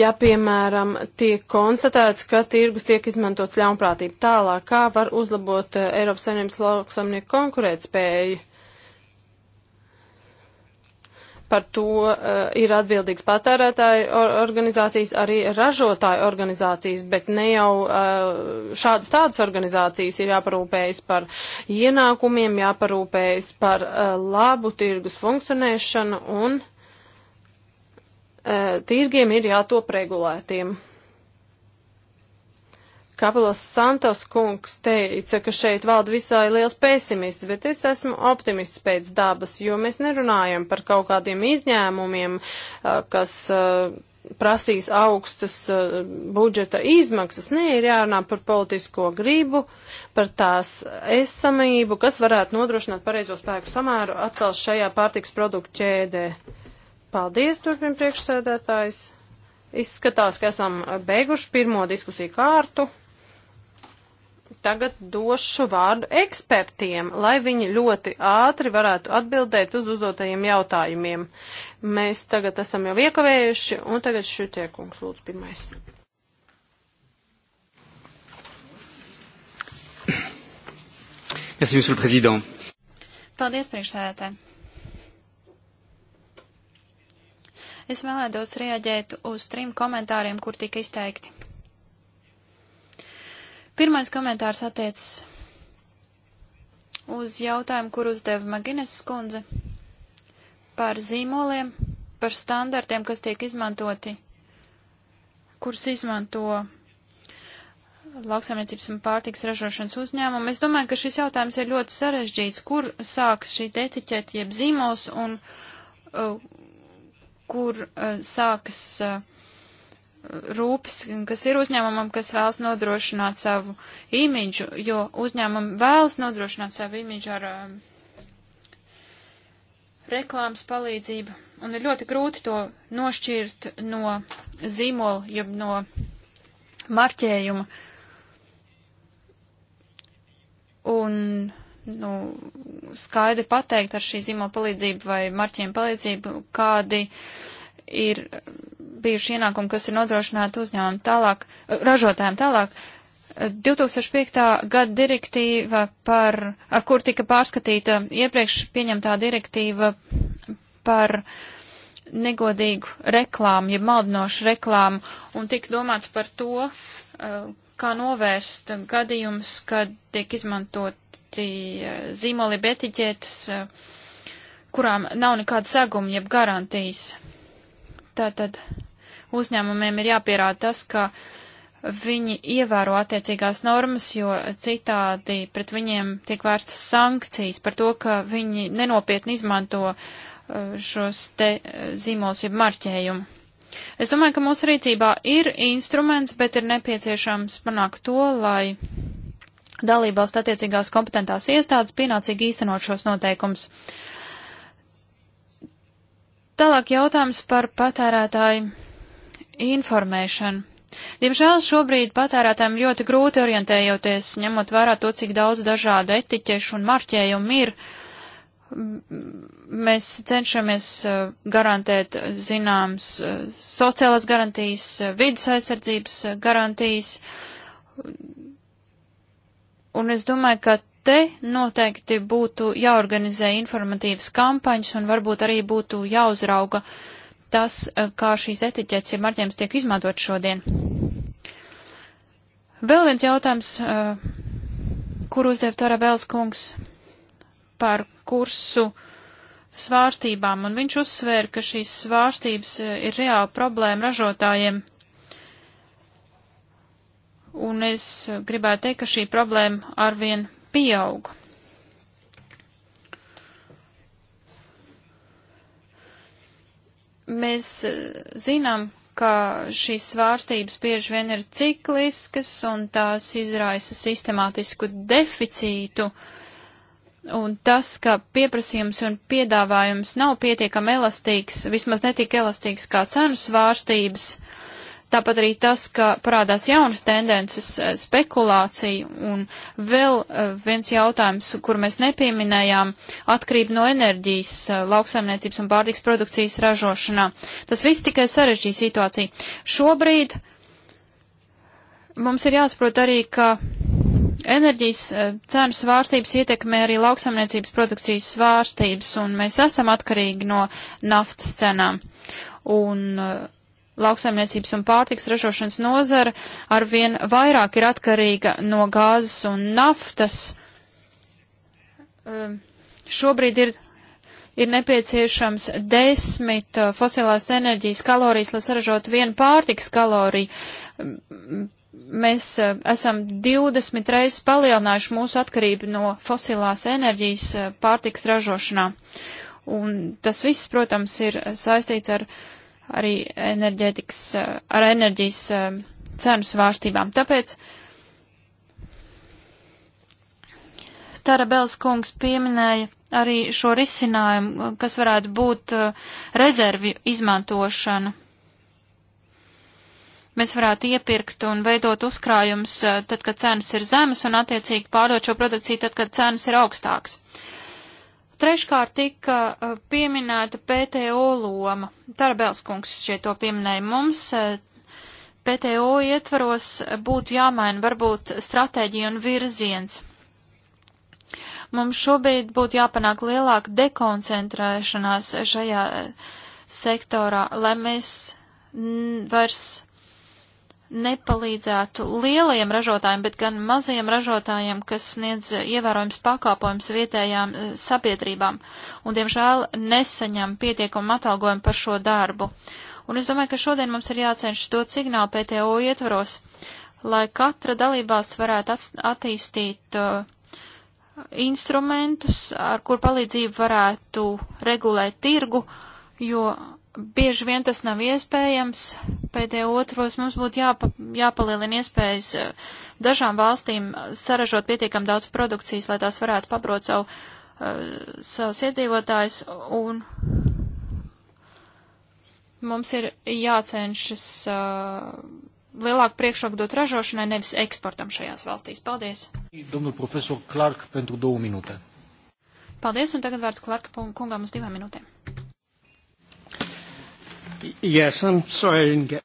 ja, piemēram, tiek konstatēts, ka tirgus tiek izmantots ļaunprātīgi tālāk, kā var uzlabot eh, Eiropas saimnības lauksamnieku konkurētspēju. Par to uh, ir atbildīgs patērētāju or organizācijas, arī ražotāju organizācijas, bet ne jau uh, šādas tādas organizācijas ir jāparūpējas par ienākumiem, jāparūpējas par uh, labu tirgus funkcionēšanu un uh, Eh, tirgiem ir jātop regulētiem. Kapelos Santos kungs teica, ka šeit valda visai liels pesimists, bet es esmu optimists pēc dabas, jo mēs nerunājam par kaut kādiem izņēmumiem, eh, kas eh, prasīs augstas budžeta izmaksas. Nē, ir jārunā par politisko gribu, par tās esamību, kas varētu nodrošināt pareizo spēku samēru atkal šajā pārtiks produktu ķēdē. Paldies, turpina priekšsēdētājs. Izskatās, ka esam beiguši pirmo diskusiju kārtu. Tagad došu vārdu ekspertiem, lai viņi ļoti ātri varētu atbildēt uz uzdotajiem jautājumiem. Mēs tagad esam jau iekavējuši, un tagad šutie kungs lūdzu pirmais. Merci, Paldies, priekšsēdētāji. Es vēlētos reaģēt uz trim komentāriem, kur tika izteikti. Pirmais komentārs attiecas uz jautājumu, kur uzdeva Magines skundze par zīmoliem, par standartiem, kas tiek izmantoti, kurus izmanto lauksaimniecības un pārtiks ražošanas uzņēmumu. Es domāju, ka šis jautājums ir ļoti sarežģīts, kur sākas šī etiķeta jeb zīmols un uh, kur uh, sākas uh, rūpes, kas ir uzņēmumam, kas vēlas nodrošināt savu imidžu, jo uzņēmumam vēlas nodrošināt savu imidžu ar um, reklāmas palīdzību, un ir ļoti grūti to nošķirt no zīmola, jeb no marķējuma. Un nu, skaidri pateikt ar šī zīmola palīdzību vai marķiem palīdzību, kādi ir bijuši ienākumi, kas ir nodrošināti uzņēmumu tālāk, ražotājiem tālāk. 2005. gada direktīva, par, ar kur tika pārskatīta iepriekš pieņemtā direktīva par negodīgu reklāmu, jeb ja maldinošu reklāmu, un tika domāts par to, uh, kā novērst gadījumus, kad tiek izmantoti eh, zīmoli betiķētas, eh, kurām nav nekāda seguma jeb garantijas. Tātad uzņēmumiem ir jāpierāda tas, ka viņi ievēro attiecīgās normas, jo citādi pret viņiem tiek vērstas sankcijas par to, ka viņi nenopietni izmanto eh, šos te zīmolus jeb marķējumu. Es domāju, ka mūsu rīcībā ir instruments, bet ir nepieciešams panākt to, lai dalībvalsts attiecīgās kompetentās iestādes pienācīgi īstenot šos noteikumus. Tālāk jautājums par patērētāju informēšanu. Diemžēl šobrīd patērētājiem ļoti grūti orientējoties, ņemot vērā to, cik daudz dažādu etiķešu un marķējumu ir. Uh, mēs cenšamies uh, garantēt zināms uh, sociālās garantijas, uh, vidas aizsardzības garantijas, un es domāju, ka te noteikti būtu jāorganizē informatīvas kampaņas un varbūt arī būtu jāuzrauga tas, kā šīs etiķetes, ja marķējums tiek izmantot šodien. Vēl viens jautājums, kur uzdev Tara Vēls kungs par kursu svārstībām, un viņš uzsvēra, ka šīs svārstības e, ir reāla problēma ražotājiem. Un es gribētu teikt, ka šī problēma arvien pieaug. Mēs e, zinām, ka šīs svārstības bieži vien ir cikliskas un tās izraisa sistemātisku deficītu uh, Un tas, ka pieprasījums un piedāvājums nav pietiekami elastīgs, vismaz netik elastīgs kā cenu svārstības, tāpat arī tas, ka parādās jaunas tendences eh, spekulācija un vēl eh, viens jautājums, kur mēs nepieminējām, atkarība no enerģijas eh, lauksaimniecības un pārtiks produkcijas ražošanā. Tas viss tikai sarežģīja situāciju. Šobrīd mums ir jāsaprot arī, ka Enerģijas eh, cenu svārstības ietekmē arī lauksamniecības produkcijas svārstības, un mēs esam atkarīgi no naftas cenām. Un eh, lauksaimniecības un pārtiks ražošanas nozara arvien vairāk ir atkarīga no gāzes un naftas. Eh, šobrīd ir, ir nepieciešams desmit fosilās enerģijas kalorijas, lai saražotu vienu pārtiks kaloriju mēs uh, esam 20 reizes palielinājuši mūsu atkarību no fosilās enerģijas uh, pārtiks ražošanā. Un tas viss, protams, ir saistīts ar arī enerģētikas, uh, ar enerģijas cenu svārstībām. Tāpēc Tara Bels kungs pieminēja arī šo risinājumu, kas varētu būt rezervi izmantošana mēs varētu iepirkt un veidot uzkrājumus eh, tad, kad cenas ir zemes un attiecīgi pārdot šo produkciju tad, kad cenas ir augstāks. Treškārt tika eh, pieminēta PTO loma. Tarbelskungs šeit to pieminēja mums. Eh, PTO ietvaros būtu jāmaina varbūt stratēģija un virziens. Mums šobrīd būtu jāpanāk lielāka dekoncentrēšanās šajā sektorā, lai mēs vairs nepalīdzētu lielajiem ražotājiem, bet gan mazajiem ražotājiem, kas sniedz ievērojams pakāpojums vietējām eh, sabiedrībām un, diemžēl, nesaņem pietiekumu atalgojumu par šo darbu. Un es domāju, ka šodien mums ir jācenšas dot signālu PTO ietvaros, lai katra dalībvalsts varētu attīstīt uh, instrumentus, ar kur palīdzību varētu regulēt tirgu, jo bieži vien tas nav iespējams. Pēdējo otros mums būtu jāpa, jāpalielina iespējas eh, dažām valstīm saražot pietiekam daudz produkcijas, lai tās varētu pabrot savu, eh, savus iedzīvotājus. Un mums ir jācenšas eh, lielāku priekšroku dot ražošanai, nevis eksportam šajās valstīs. Paldies! Domnul profesor Clark, pentru două minūte. Paldies, un tagad vārds Clarka kungam uz divām minūtēm. Yes, I'm sorry I didn't get.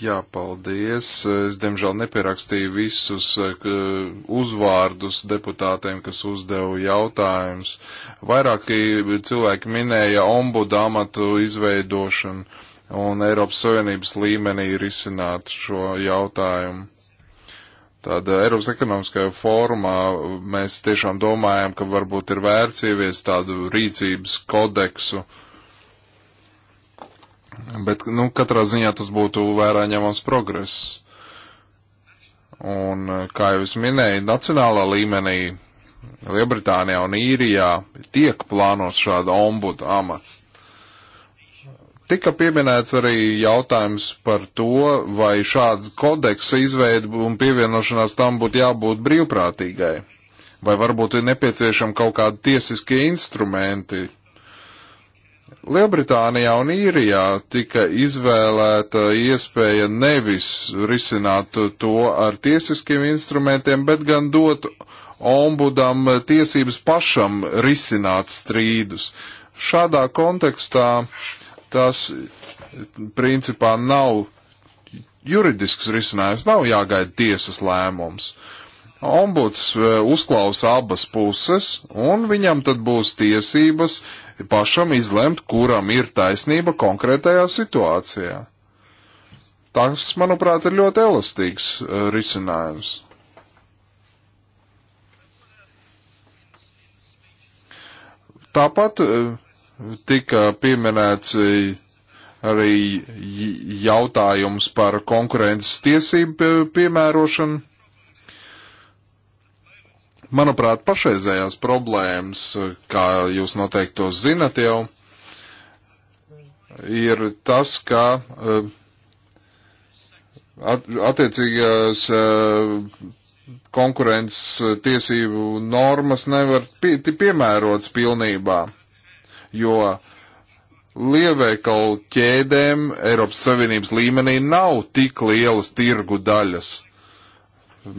Jā, paldies. Es, diemžēl, nepierakstīju visus eh, uzvārdus deputātiem, kas uzdeva jautājumus. Vairāki cilvēki minēja ombudu amatu izveidošanu un Eiropas Savienības līmenī risināt šo jautājumu. Tāda eh, Eiropas ekonomiskajā fórumā mēs tiešām domājam, ka varbūt ir vērts ieviest tādu rīcības kodeksu, uh, Bet, nu, katrā ziņā tas būtu vērā ņemams progress. Un, kā jau es minēju, nacionālā līmenī Lielbritānijā un Īrijā tiek plānots šāda ombuda amats. Tika pieminēts arī jautājums par to, vai šāds kodeksa izveida un pievienošanās tam būtu jābūt brīvprātīgai, vai varbūt ir nepieciešama kaut kāda tiesiskie instrumenti, Lielbritānijā un Īrijā tika izvēlēta iespēja nevis risināt to ar tiesiskiem instrumentiem, bet gan dot ombudam tiesības pašam risināt strīdus. Šādā kontekstā tas principā nav juridisks risinājums, nav jāgaida tiesas lēmums. Ombuds eh, uzklausa abas puses, un viņam tad būs tiesības uh, pašam izlemt, kuram ir taisnība konkrētajā situācijā. Tas, manuprāt, ir ļoti elastīgs e, risinājums. Tāpat e, tika pieminēts e, arī jautājums par konkurences tiesību piemērošanu. Manuprāt, pašreizējās problēmas, kā jūs noteikti to zinat jau, ir tas, ka eh, attiecīgās eh, konkurences tiesību normas nevar piemērots pilnībā, jo lielveikalu ķēdēm Eiropas Savienības līmenī nav tik lielas tirgu daļas.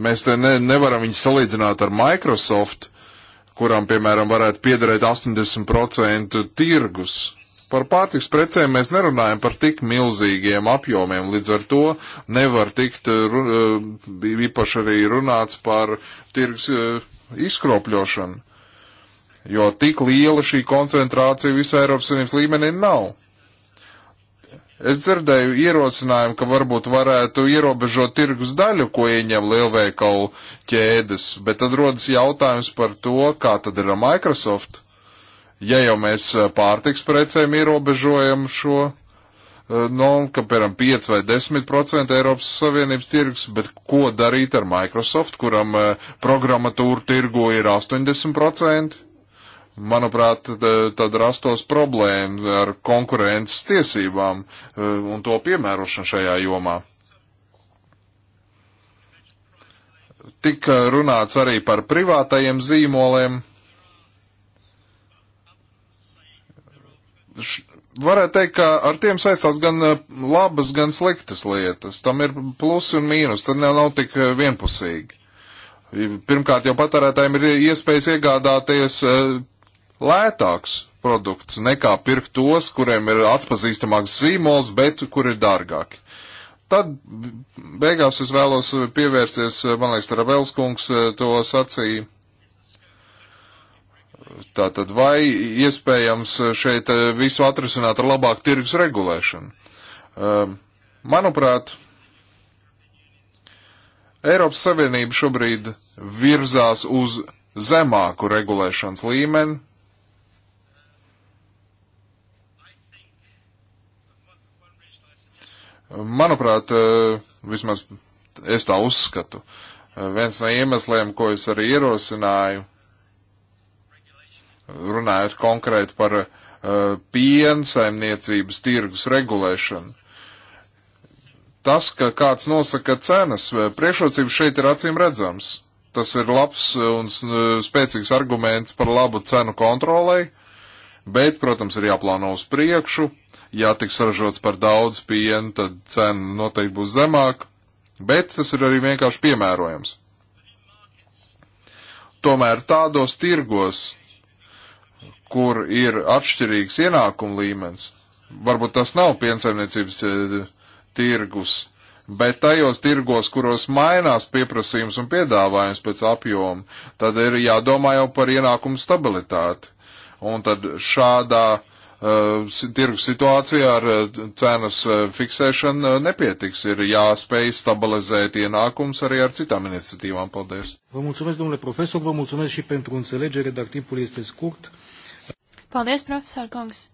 Mēs te ne, nevaram viņus salīdzināt ar Microsoft, kuram, piemēram, varētu piederēt 80% tirgus. Par pārtiks precēm mēs nerunājam par tik milzīgiem apjomiem, līdz ar to nevar tikt eh, eh, īpaši arī runāts par tirgus eh, izkropļošanu, jo tik liela šī koncentrācija visā Eiropas Savienības līmenī nav. Es dzirdēju ierosinājumu, ka varbūt varētu ierobežot tirgus daļu, ko ieņem lielveikalu ķēdes, bet tad rodas jautājums par to, kā tad ir ar Microsoft. Ja jau mēs pārtiks precēm ierobežojam šo, nu, ka, piemēram, 5 vai 10% Eiropas Savienības tirgus, bet ko darīt ar Microsoft, kuram programmatūra tirgo ir 80%? manuprāt, tad rastos problēma ar konkurences tiesībām eh, un to piemērošanu šajā jomā. Tika runāts arī par privātajiem zīmoliem. varētu teikt, ka ar tiem saistās gan eh, labas, gan sliktas lietas. Tam ir plusi un mīnus, tad nav, nav tik eh, vienpusīgi. Pirmkārt, jau patērētājiem ir iespējas iegādāties lētāks produkts nekā pirkt tos, kuriem ir atpazīstamāks zīmols, bet kur ir dārgāki. Tad beigās es vēlos pievērsties, man liekas, Tarabels kungs eh, to sacīja. Tātad vai iespējams šeit eh, visu atrisināt ar labāku tirgus regulēšanu? Ehm, manuprāt, Eiropas Savienība šobrīd virzās uz zemāku regulēšanas līmeni, Manuprāt, eh, vismaz es tā uzskatu. Eh, viens no iemesliem, ko es arī ierosināju, runājot konkrēti par eh, piensaimniecības tirgus regulēšanu, tas, ka kāds nosaka cenas, priekšrocības šeit ir acīm redzams. Tas ir labs un spēcīgs arguments par labu cenu kontrolei Bet, protams, ir jāplāno uz priekšu. Ja tiks saražots par daudz piena, tad cena noteikti būs zemāka. Bet tas ir arī vienkārši piemērojams. Tomēr tādos tirgos, kur ir atšķirīgs ienākuma līmenis, varbūt tas nav piensaimniecības e, tirgus, bet tajos tirgos, kuros mainās pieprasījums un piedāvājums pēc apjoma, tad ir jādomā jau par ienākumu stabilitāti. Un tad šādā uh, tirgus situācijā ar eh, cenas eh, fiksēšanu nepietiks. Ir jāspēj stabilizēt ienākums arī ar citām iniciatīvām. Paldies! Vă mulțumesc, domnule profesor, vă mulțumesc și pentru înțelegere, dar timpul este scurt. Paldies, profesor Kungs!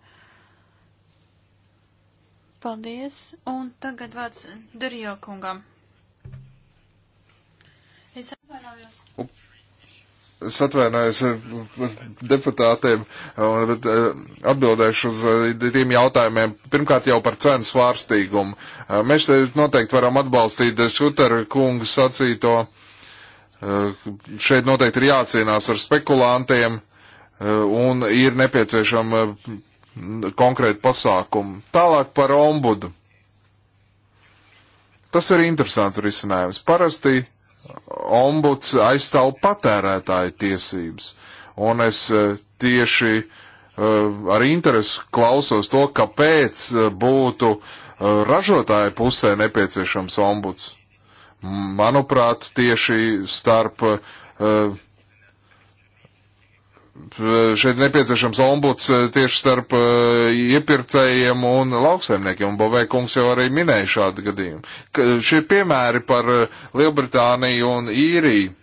Paldies, un tagad vārds Durijo kungam. Es atvainojos. Es atvainojos eh, deputātiem, eh, bet eh, atbildēšu uz tiem jautājumiem. Pirmkārt jau par cenu svārstīgumu. Mēs noteikti varam atbalstīt Šutera kungu sacīto. Šeit noteikti ir jācīnās ar spekulantiem un ir nepieciešama mm, konkrēta pasākuma. Tālāk par ombudu. Tas ir interesants risinājums. Parasti uh, ombuds aizstāv patērētāju tiesības. Un es e, tieši e, ar interesi klausos to, kāpēc e, būtu ražotāju pusē nepieciešams ombuds. Manuprāt, tieši starp uh, šeit nepieciešams ombuds eh, tieši starp eh, iepirkējiem un lauksaimniekiem, un Bovēkungs jau arī minēja šādu gadījumu. Ka šie piemēri par eh, Lielbritāniju un Īriju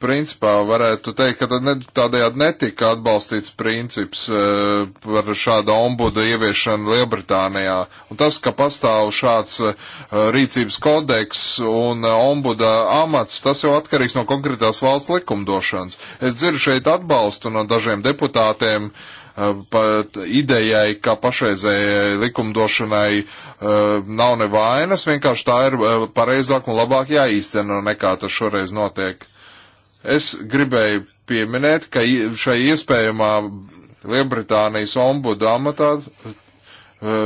principā varētu teikt, ka tad ne, tādējādi netika atbalstīts princips uh, par šādu ombuda ieviešanu Lielbritānijā. Un tas, ka pastāv šāds uh, rīcības kodeks un uh, ombuda amats, tas jau atkarīgs no konkrētās valsts likumdošanas. Es dzirdu šeit atbalstu no dažiem deputātiem pat idejai, ka pašreizējai likumdošanai nav nevainas, vienkārši tā ir pareizāk un labāk jāīsteno nekā tas šoreiz notiek. Es gribēju pieminēt, ka šai iespējamā Lielbritānijas ombuda amatā e,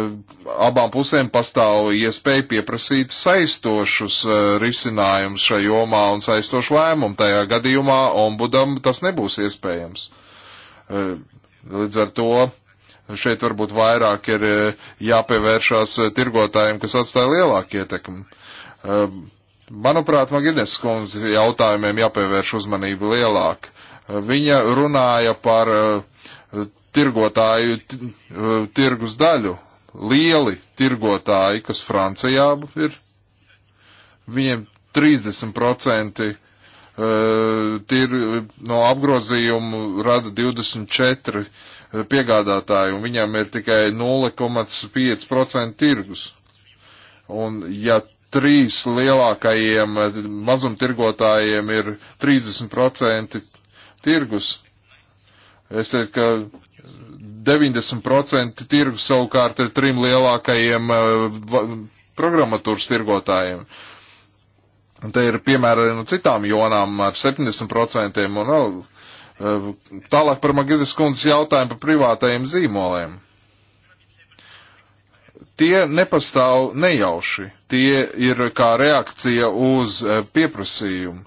abām pusēm pastāv iespēja pieprasīt saistošus e, risinājumus šai jomā un saistošu lēmumu. Tajā gadījumā ombudam tas nebūs iespējams. E, līdz ar to šeit varbūt vairāk ir jāpievēršās tirgotājiem, kas atstāja lielāku ietekmi. Manuprāt, Magines kundzes jautājumiem jāpievērš uzmanība lielāk. Viņa runāja par uh, tirgotāju uh, tirgus daļu. Lieli tirgotāji, kas Francijā ir, viņiem 30% uh, eh, tir, no apgrozījumu rada 24 piegādātāji, un viņam ir tikai 0,5% tirgus. Un ja trīs lielākajiem eh, mazumtirgotājiem ir 30% tirgus. Es teiktu, ka 90% tirgus savukārt ir trim lielākajiem eh, programmatūras tirgotājiem. Un te ir piemēra no citām jonām ar 70% un vēl eh, tālāk par Magridas kundzes jautājumu par privātajiem zīmoliem. Tie nepastāv nejauši, tie ir kā reakcija uz eh, pieprasījumu,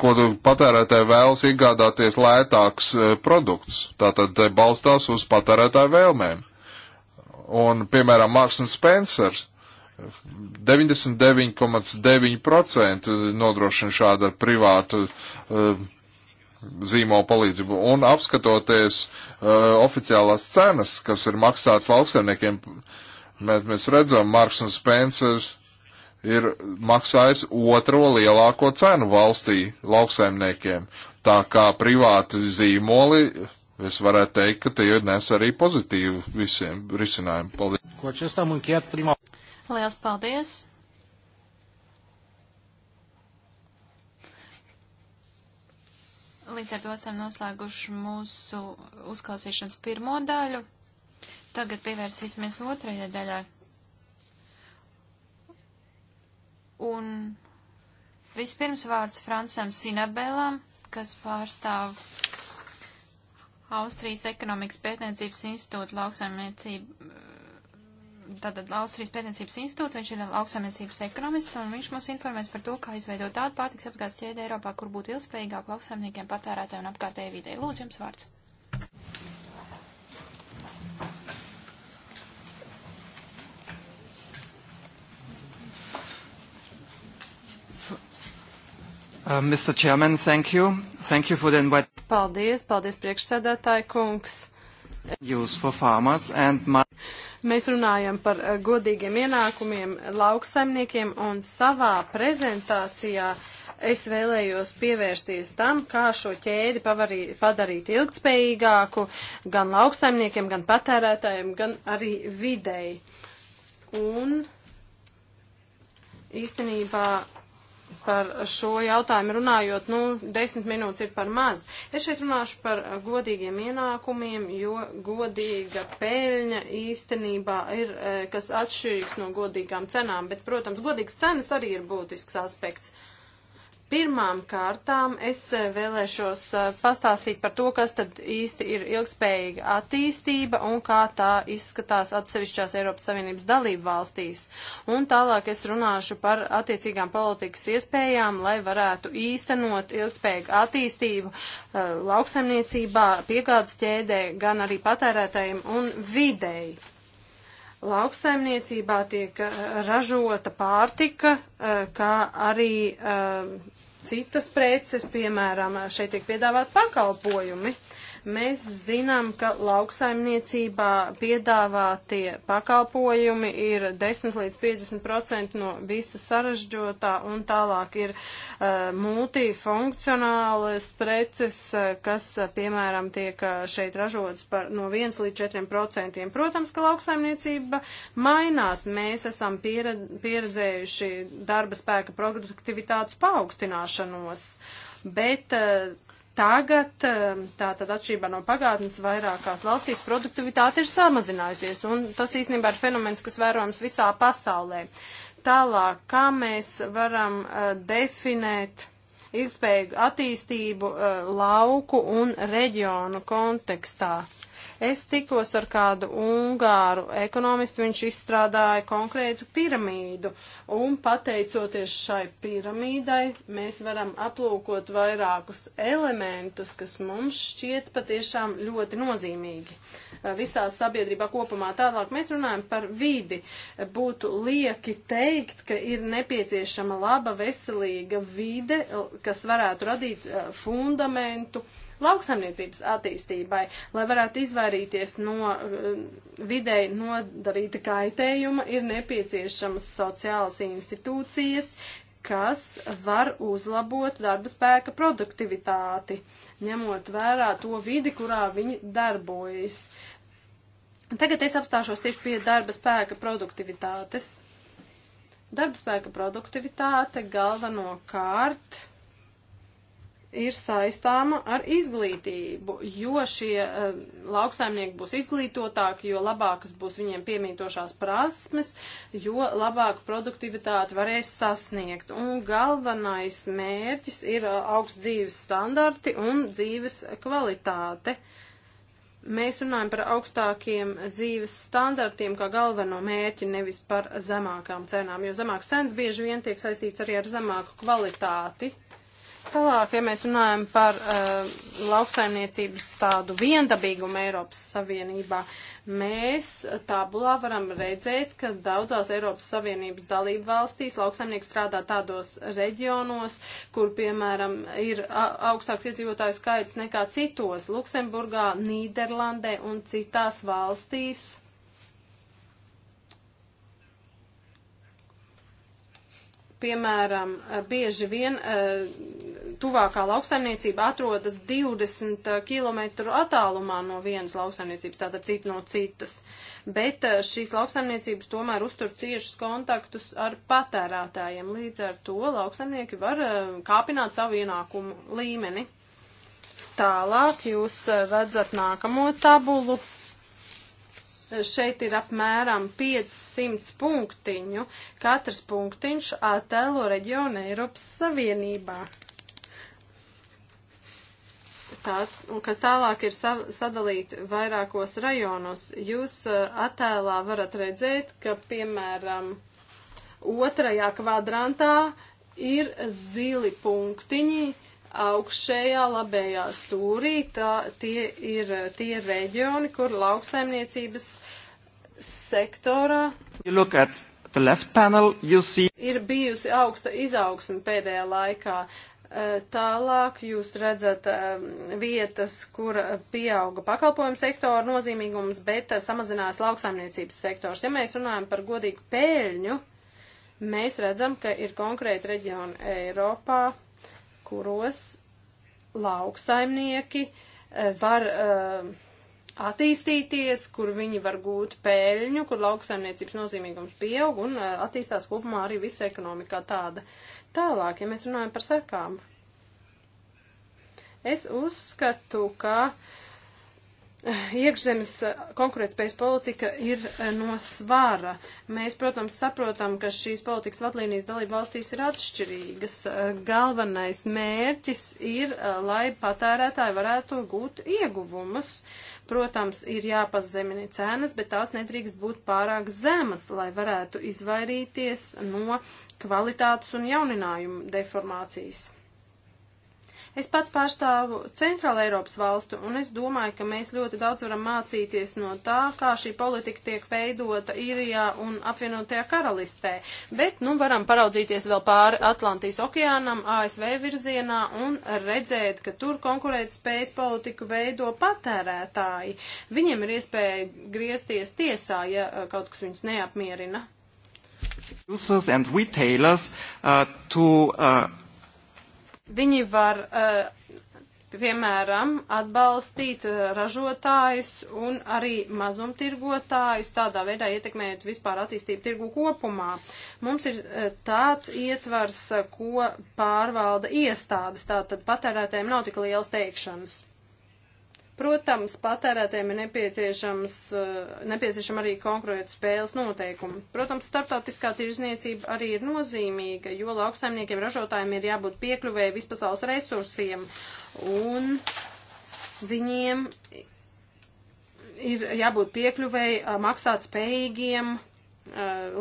ko patērētāji vēlas iegādāties lētāks eh, produkts. Tātad balstās uz patērētāju vēlmēm. Un, piemēram, Marks un Spencers 99,9% nodrošina šādu privātu uh, zīmola palīdzību. Un apskatoties uh, oficiālās cenas, kas ir maksāts lauksaimniekiem, mēs, mēs redzam, Marks un Spencer ir maksājis otro lielāko cenu valstī lauksaimniekiem. Tā kā privāti zīmoli, es varētu teikt, ka tie nes arī pozitīvu visiem risinājumu. Paldies! Liels paldies! Līdz ar to esam noslēguši mūsu uzklausīšanas pirmo daļu. Tagad pievērsīsimies otrajai daļai. Un vispirms vārds Francam Sinabelam, kas pārstāv Austrijas ekonomikas pētniecības institūta lauksaimniecību tātad Austrijas pētniecības institūta, viņš ir lauksaimniecības ekonomists, un viņš mums informēs par to, kā izveidot tādu pārtiks apgādes ķēdi Eiropā, kur būtu ilgspējīgāk lauksaimniekiem, patērētājiem un apkārtējai vidē. Lūdzu, jums vārds. Uh, Mr. Chairman, thank you. Thank you for the invite. Paldies, paldies priekšsēdētāji kungs. Mēs runājam par eh, godīgiem ienākumiem lauksaimniekiem un savā prezentācijā es vēlējos pievērsties tam, kā šo ķēdi pavarī, padarīt ilgtspējīgāku gan lauksaimniekiem, gan patērētājiem, gan arī videi. Un īstenībā par šo jautājumu runājot, nu, desmit minūtes ir par maz. Es šeit runāšu par godīgiem ienākumiem, jo godīga peļņa īstenībā ir, eh, kas atšķirīgs no godīgām cenām, bet, protams, godīgas cenas arī ir būtisks aspekts. Uh, Pirmām kārtām es eh, vēlēšos eh, pastāstīt par to, kas tad īsti ir ilgspējīga attīstība un kā tā izskatās atsevišķās Eiropas Savienības dalību valstīs. Un tālāk es runāšu par attiecīgām politikas iespējām, lai varētu īstenot ilgspējīgu attīstību eh, lauksaimniecībā, piegādes ķēdē, gan arī patērētājiem un videi lauksaimniecībā tiek ražota pārtika, kā arī citas preces, piemēram, šeit tiek piedāvāt pakalpojumi. Mēs zinām, ka lauksaimniecībā piedāvātie pakalpojumi ir 10 līdz 50% no visa sarežģotā un tālāk ir uh, multifunkcionālas preces, uh, kas, uh, piemēram, tiek uh, šeit ražotas par no 1 līdz 4%. Protams, ka lauksaimniecība mainās. Mēs esam pieredzējuši darba spēka produktivitātes paaugstināšanos, bet uh, tagad, ehm, tātad atšķirībā no pagātnes, vairākās valstīs produktivitāte ir samazinājusies, un tas īstenībā ir fenomens, kas vērojams visā pasaulē. Tālāk, kā mēs varam uh, definēt ilgspējīgu attīstību uh, lauku un reģionu kontekstā? Es tikos ar kādu ungāru ekonomistu, viņš izstrādāja konkrētu piramīdu, un pateicoties šai piramīdai, mēs varam aplūkot vairākus elementus, kas mums šķiet patiešām ļoti nozīmīgi visā sabiedrībā kopumā. Tālāk mēs runājam par vidi. Būtu lieki teikt, ka ir nepieciešama laba veselīga vide, kas varētu radīt fundamentu uh, lauksaimniecības attīstībai, lai varētu izvairīties no eh, videi nodarīta kaitējuma, ir nepieciešamas sociālas institūcijas, kas var uzlabot darba spēka produktivitāti, ņemot vērā to vidi, kurā viņi darbojas. Tagad es apstāšos tieši pie darba spēka produktivitātes. Darba spēka produktivitāte galvenokārt ir saistāma ar izglītību, jo šie uh, lauksaimnieki būs izglītotāki, jo labākas būs viņiem piemītošās prasmes, jo labāku produktivitāti varēs sasniegt. Un galvenais mērķis ir uh, augsts dzīves standarti un dzīves kvalitāte. Mēs runājam par augstākiem dzīves standartiem kā galveno mērķi, nevis par zemākām cenām, jo zemāks cenas bieži vien tiek saistīts arī ar zemāku kvalitāti. Tālāk, ja mēs runājam par uh, lauksaimniecības tādu viendabīgumu Eiropas Savienībā, mēs tabulā varam redzēt, ka daudzās Eiropas Savienības dalību valstīs lauksaimnieki strādā tādos reģionos, kur, piemēram, ir augstāks iedzīvotāju skaits nekā citos - Luksemburgā, Nīderlandē un citās valstīs Piemēram, bieži vien eh, tuvākā lauksaimniecība atrodas 20 eh, km attālumā no vienas lauksaimniecības, tātad cita no citas. Bet eh, šīs lauksaimniecības tomēr uztur ciešus kontaktus ar patērētājiem. Līdz ar to lauksaimnieki var kāpināt savu ienākumu līmeni. Tālāk jūs redzat nākamo tabulu šeit ir apmēram 500 punktiņu. Katrs punktiņš attēlo reģionu Eiropas Savienībā. Tā, kas tālāk ir sa sadalīti vairākos rajonos. Jūs eh, attēlā varat redzēt, ka, piemēram, otrajā kvadrantā ir zili punktiņi, uh, augšējā labējā stūrī. Tā, tie ir tie reģioni, kur lauksaimniecības sektorā panel, see... ir bijusi augsta izaugsme pēdējā laikā. Eh, tālāk jūs redzat eh, vietas, kur pieauga pakalpojumu sektora nozīmīgums, bet eh, samazinās lauksaimniecības sektors. Ja mēs runājam par godīgu pēļņu, mēs redzam, ka ir konkrēti reģioni Eiropā, kuros lauksaimnieki eh, var uh, attīstīties, kur viņi var gūt pēļņu, kur lauksaimniecības nozīmīgums pieaug un uh, attīstās kopumā arī visa ekonomikā tāda. Tālāk, ja mēs runājam par sekām, es uzskatu, ka uh, Iekšzemes konkurētspējas politika ir eh, no svāra. Mēs, protams, saprotam, ka šīs politikas vadlīnijas dalību valstīs ir atšķirīgas. Eh, galvenais mērķis ir, eh, lai patērētāji varētu gūt ieguvumus. Protams, ir jāpazemina cenas, bet tās nedrīkst būt pārāk zemas, lai varētu izvairīties no kvalitātes un jauninājumu deformācijas. Es pats pārstāvu Centrāla Eiropas valstu, un es domāju, ka mēs ļoti daudz varam mācīties no tā, kā šī politika tiek veidota Īrijā un apvienotajā karalistē. Bet, nu, varam paraudzīties vēl pāri Atlantijas okeānam, ASV virzienā un redzēt, ka tur konkurēt spējas politiku veido patērētāji. Viņiem ir iespēja griezties tiesā, ja uh, kaut kas viņus neapmierina. Users and retailers uh, to uh, Viņi var, eh, piemēram, atbalstīt eh, ražotājus un arī mazumtirgotājus, tādā veidā ietekmējot vispār attīstību tirgu kopumā. Mums ir eh, tāds ietvars, ko pārvalda iestādes, tātad patērētēm nav tik liels teikšanas. Protams, patērētiem ir nepieciešams, eh, nepieciešama arī konkrēta spēles noteikumi. Protams, starptautiskā tirzniecība arī ir nozīmīga, jo lauksaimniekiem ražotājiem ir jābūt piekļuvēji vispasaules resursiem, un viņiem ir jābūt piekļuvēji eh, maksāt spējīgiem, eh,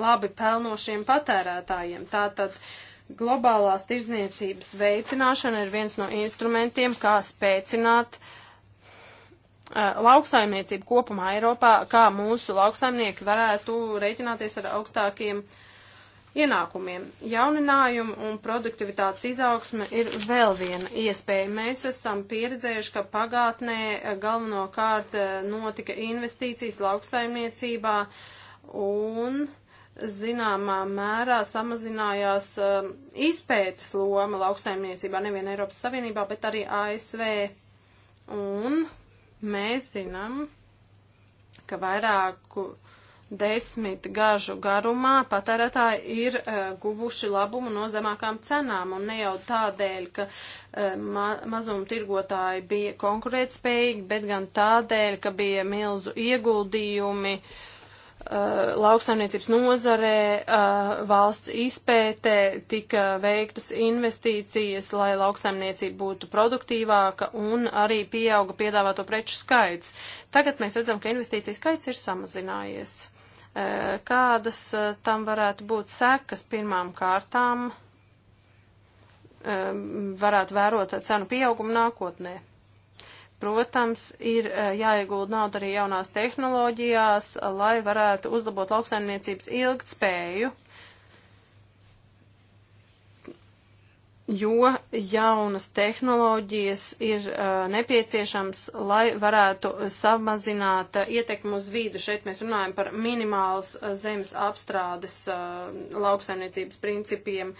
labi pelnošiem patērētājiem. Tātad, globālās tirzniecības veicināšana ir viens no instrumentiem, kā spēcināt uh, Uh, lauksaimniecību kopumā Eiropā, kā mūsu lauksaimnieki varētu reiķināties ar augstākiem ienākumiem. Jauninājumu un produktivitātes izaugsme ir vēl viena iespēja. Mēs esam pieredzējuši, ka pagātnē uh, galvenokārt uh, notika investīcijas lauksaimniecībā un zināmā mērā samazinājās um, izpētes loma lauksaimniecībā nevien Eiropas Savienībā, bet arī ASV. Un Mēs zinām, ka vairāku desmit gažu garumā patērētāji ir uh, guvuši labumu no zemākām cenām, un ne jau tādēļ, ka uh, ma mazumtirgotāji bija konkurētspējīgi, bet gan tādēļ, ka bija milzu ieguldījumi uh, Uh, lauksaimniecības nozarē, uh, valsts izpētē tika veiktas investīcijas, lai lauksaimniecība būtu produktīvāka un arī pieauga piedāvāto preču skaits. Tagad mēs redzam, ka investīciju skaits ir samazinājies. Uh, kādas uh, tam varētu būt sekas pirmām kārtām? Um, varētu vērot cenu pieaugumu nākotnē. Protams, ir e, jāiegulda nauda arī jaunās tehnoloģijās, lai varētu uzlabot lauksaimniecības ilgtspēju. jo jaunas tehnoloģijas ir uh, nepieciešams, lai varētu samazināt uh, ietekmu uz vīdu. Šeit mēs runājam par minimālas uh, zemes apstrādes uh, lauksaimniecības principiem.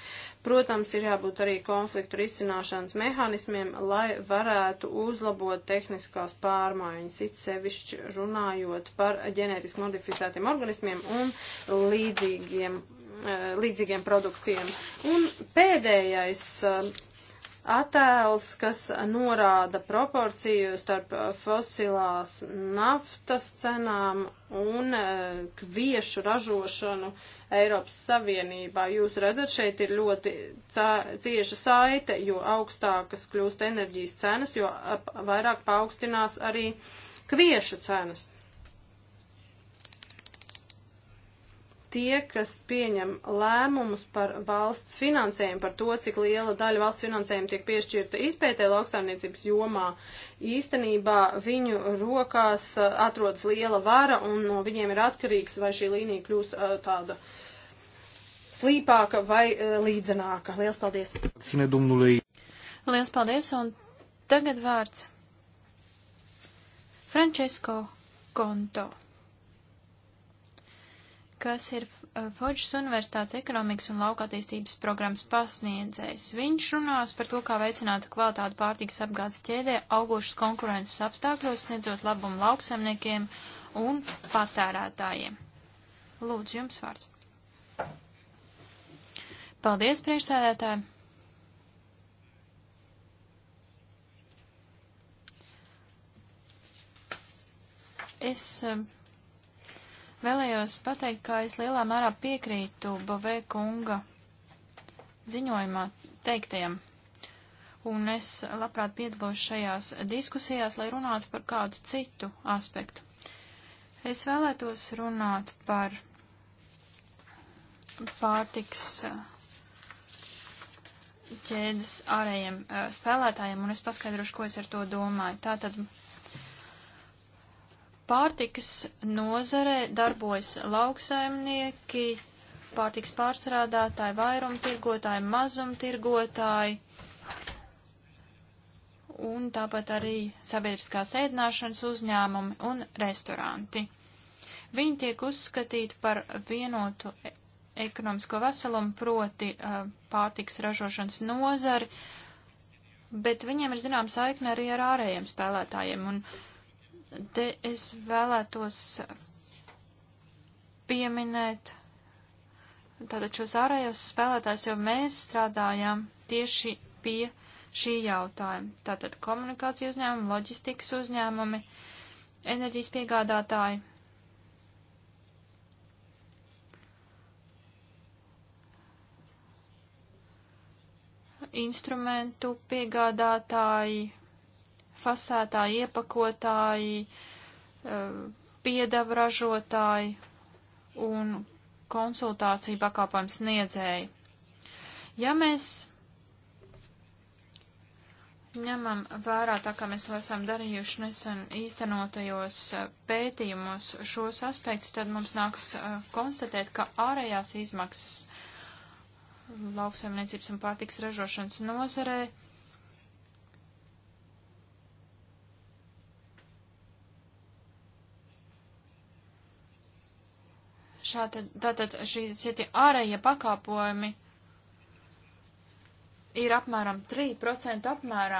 Protams, ir jābūt arī konfliktu risināšanas mehānismiem, lai varētu uzlabot tehniskās pārmaiņas, it sevišķi runājot par ģenētiski modificētiem organismiem un līdzīgiem Eh, līdzīgiem produktiem. Un pēdējais eh, attēls, kas norāda proporciju starp eh, fosilās naftas cenām un kviešu ražošanu Eiropas Savienībā. Jūs redzat, šeit ir ļoti cieša saite, jo augstākas kļūst enerģijas cenas, jo vairāk paaugstinās arī kviešu cenas. tie, kas pieņem lēmumus par valsts finansējumu, par to, cik liela daļa valsts finansējuma tiek piešķirta izpētē lauksaimniecības jomā, īstenībā viņu rokās atrodas liela vara un no viņiem ir atkarīgs, vai šī līnija kļūs tāda slīpāka vai līdzenāka. Lielas paldies! Lielas paldies un tagad vārds Francesco Conto kas ir eh, Fodžas Universitātes ekonomikas un lauka attīstības programmas pasniedzējs. Viņš runās par to, kā veicināt kvalitāti pārtikas apgādes ķēdē, augošas konkurences apstākļos, sniedzot labumu lauksaimniekiem un patērētājiem. Lūdzu, jums vārds. Paldies, priekšsēdētāji! Es eh, Vēlējos pateikt, ka es lielā mērā piekrītu Bavē kunga ziņojumā teiktajam. Un es labprāt piedalos šajās diskusijās, lai runātu par kādu citu aspektu. Es vēlētos runāt par pārtiks uh, ķēdes ārējiem uh, spēlētājiem, un es paskaidrošu, ko es ar to domāju. Tātad Pārtikas nozarē darbojas lauksaimnieki, pārtiks pārstrādātāji, vairumtirgotāji, mazumtirgotāji un tāpat arī sabiedriskās ēdināšanas uzņēmumi un restoranti. Viņi tiek uzskatīti par vienotu e- ekonomisko veselumu, proti uh, pārtiks ražošanas nozari, bet viņiem ir zinām saikne arī ar ārējiem spēlētājiem, un Te es vēlētos pieminēt tātad šos ārējos spēlētājs, jo mēs strādājām tieši pie šī jautājuma. Tātad komunikācija uzņēmumi, loģistikas uzņēmumi, enerģijas piegādātāji. instrumentu piegādātāji, fasētāji, iepakotāji, eh, piedevu ražotāji un konsultāciju pakalpojumu sniedzēji. Ja mēs ņemam vērā, tā kā mēs to esam darījuši nesen īstenotajos eh, pētījumos šos aspektus, tad mums nāks uh, konstatēt, ka ārējās izmaksas lauksaimniecības un pārtiks ražošanas nozarē uh, Šātad, tātad šie, šie tie ārējie pakāpojumi ir apmēram 3% apmērā.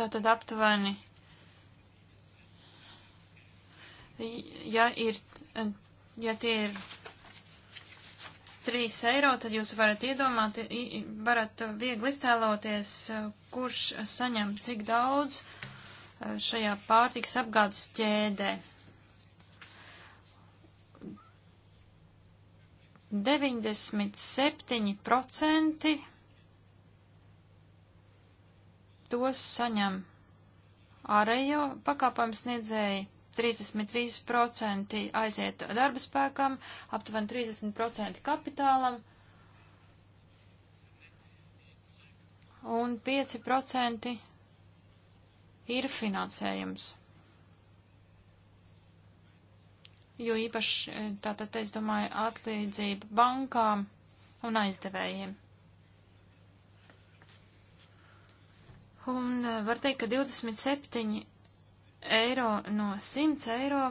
Tātad aptuveni, ja ir, ja tie ir 3 eiro, tad jūs varat iedomāt, varat viegli iztēloties, kurš saņem cik daudz. Uh, šajā pārtiks apgādes ķēdē. 97% tos saņem ārējo pakāpojumu sniedzēji, 33% aiziet darba spēkam, aptuveni 30% kapitālam un 5% ir finansējums. Jo īpaši, eh, tātad, es domāju, atlīdzība bankām un aizdevējiem. Un eh, var teikt, ka 27 eiro no 100 eiro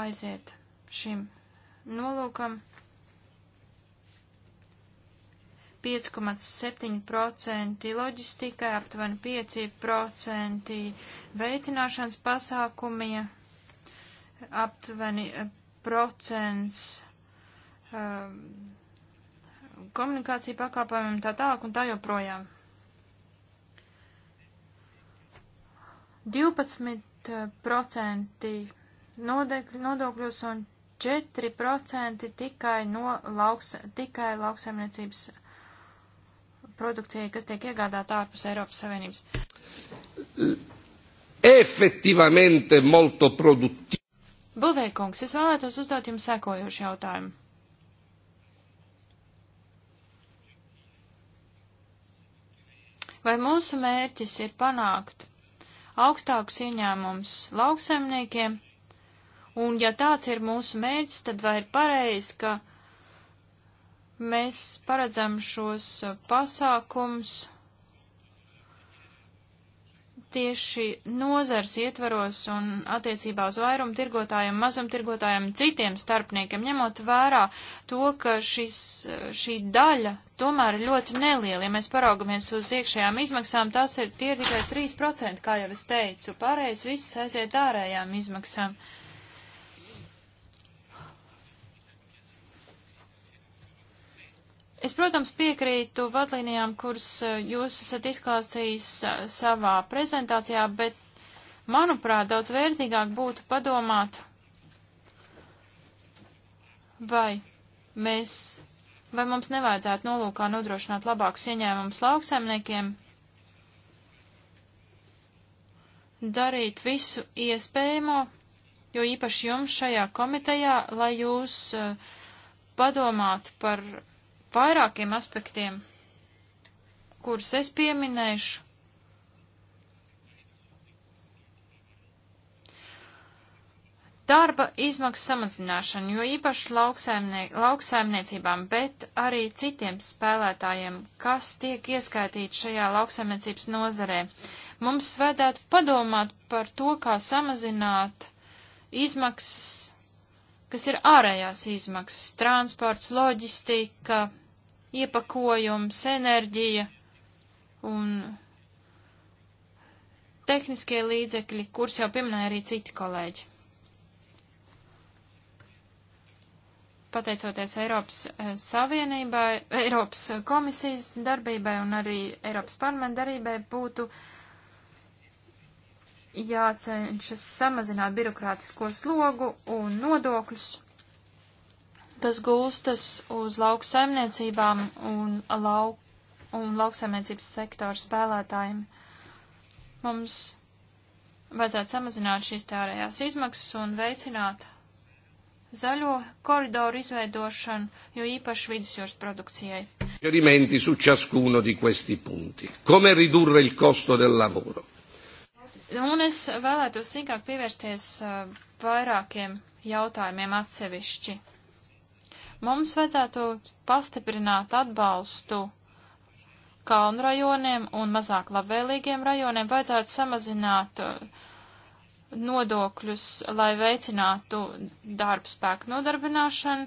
aiziet šim nolūkam. 5,7% loģistikai, aptuveni 5% veicināšanas pasākumiem, aptuveni eh, procents um, komunikācija pakāpojumiem tā tālāk un tā joprojām. 12% nodekļu, nodokļos un 4% tikai no lauks, tikai lauksaimniecības produkcijai, kas tiek iegādāta ārpus Eiropas Savienības. Efektivamente molto produktīvi. Buvēkungs, es vēlētos uzdot jums sekojošu jautājumu. Vai mūsu mērķis ir panākt augstākus ieņēmumus lauksaimniekiem? Un ja tāds ir mūsu mērķis, tad vai ir pareizi, ka Mēs paredzam šos uh, pasākums tieši nozars ietvaros un attiecībā uz vairumu tirgotājiem, mazumtirgotājiem, citiem starpniekiem, ņemot vērā to, ka šis, uh, šī daļa tomēr ir ļoti neliela. Ja mēs paraugamies uz iekšējām izmaksām, tas ir tie tikai 3%, kā jau es teicu, pārējais viss aiziet ārējām izmaksām. Uh, Es, protams, piekrītu vadlīnijām, kuras eh, jūs esat izklāstījis eh, savā prezentācijā, bet, manuprāt, daudz vērtīgāk būtu padomāt, vai mēs, vai mums nevajadzētu nolūkā nodrošināt labākus ieņēmumus lauksaimniekiem, darīt visu iespējamo, jo īpaši jums šajā komitejā, lai jūs eh, padomātu par vairākiem aspektiem, kurus es pieminēšu. Darba izmaksu samazināšana, jo īpaši lauksaimnie, lauksaimniecībām, bet arī citiem spēlētājiem, kas tiek ieskaitīti šajā lauksaimniecības nozarē. Mums vajadzētu padomāt par to, kā samazināt izmaksas kas ir ārējās izmaksas - transports, loģistika, iepakojums, enerģija un tehniskie līdzekļi, kurus jau pieminēja arī citi kolēģi. Pateicoties Eiropas eh, Savienībai, Eiropas eh, komisijas darbībai un arī Eiropas parlamenta darbībai, būtu uh, jācenšas samazināt birokrātisko slogu un nodokļus, kas gūstas uz lauksaimniecībām un, lau, un lauksaimniecības sektora spēlētājiem. Mums vajadzētu samazināt šīs tērējās izmaksas un veicināt zaļo koridoru izveidošanu, jo īpaši vidusjūras produkcijai. Suggerimenti su ciascuno di questi punti. Come ridurre il costo del lavoro? Un es vēlētos sīkāk pievērsties uh, vairākiem jautājumiem atsevišķi. Mums vajadzētu pastiprināt atbalstu kalnu rajoniem un mazāk labvēlīgiem rajoniem, vajadzētu samazināt uh, nodokļus, lai veicinātu darbspēku nodarbināšanu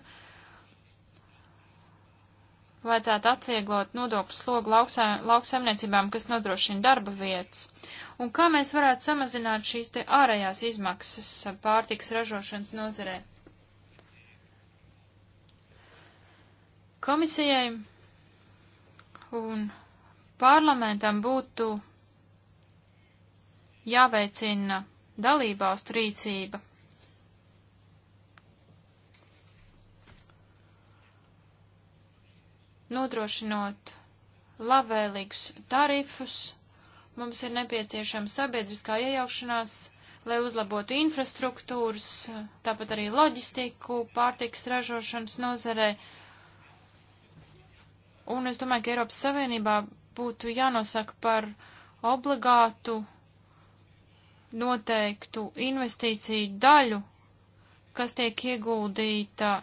vajadzētu atvieglot nodokļu slogu lauksaimniecībām, kas nodrošina darba vietas, un kā mēs varētu samazināt šīs te ārējās izmaksas pārtiks ražošanas nozarē. Komisijai un parlamentam būtu jāveicina dalībvalstu rīcība nodrošinot labvēlīgus tarifus, mums ir nepieciešama sabiedriskā iejaukšanās, lai uzlabotu infrastruktūras, tāpat arī loģistiku, pārtikas ražošanas nozarē. Un es domāju, ka Eiropas Savienībā būtu jānosaka par obligātu noteiktu investīciju daļu, kas tiek ieguldīta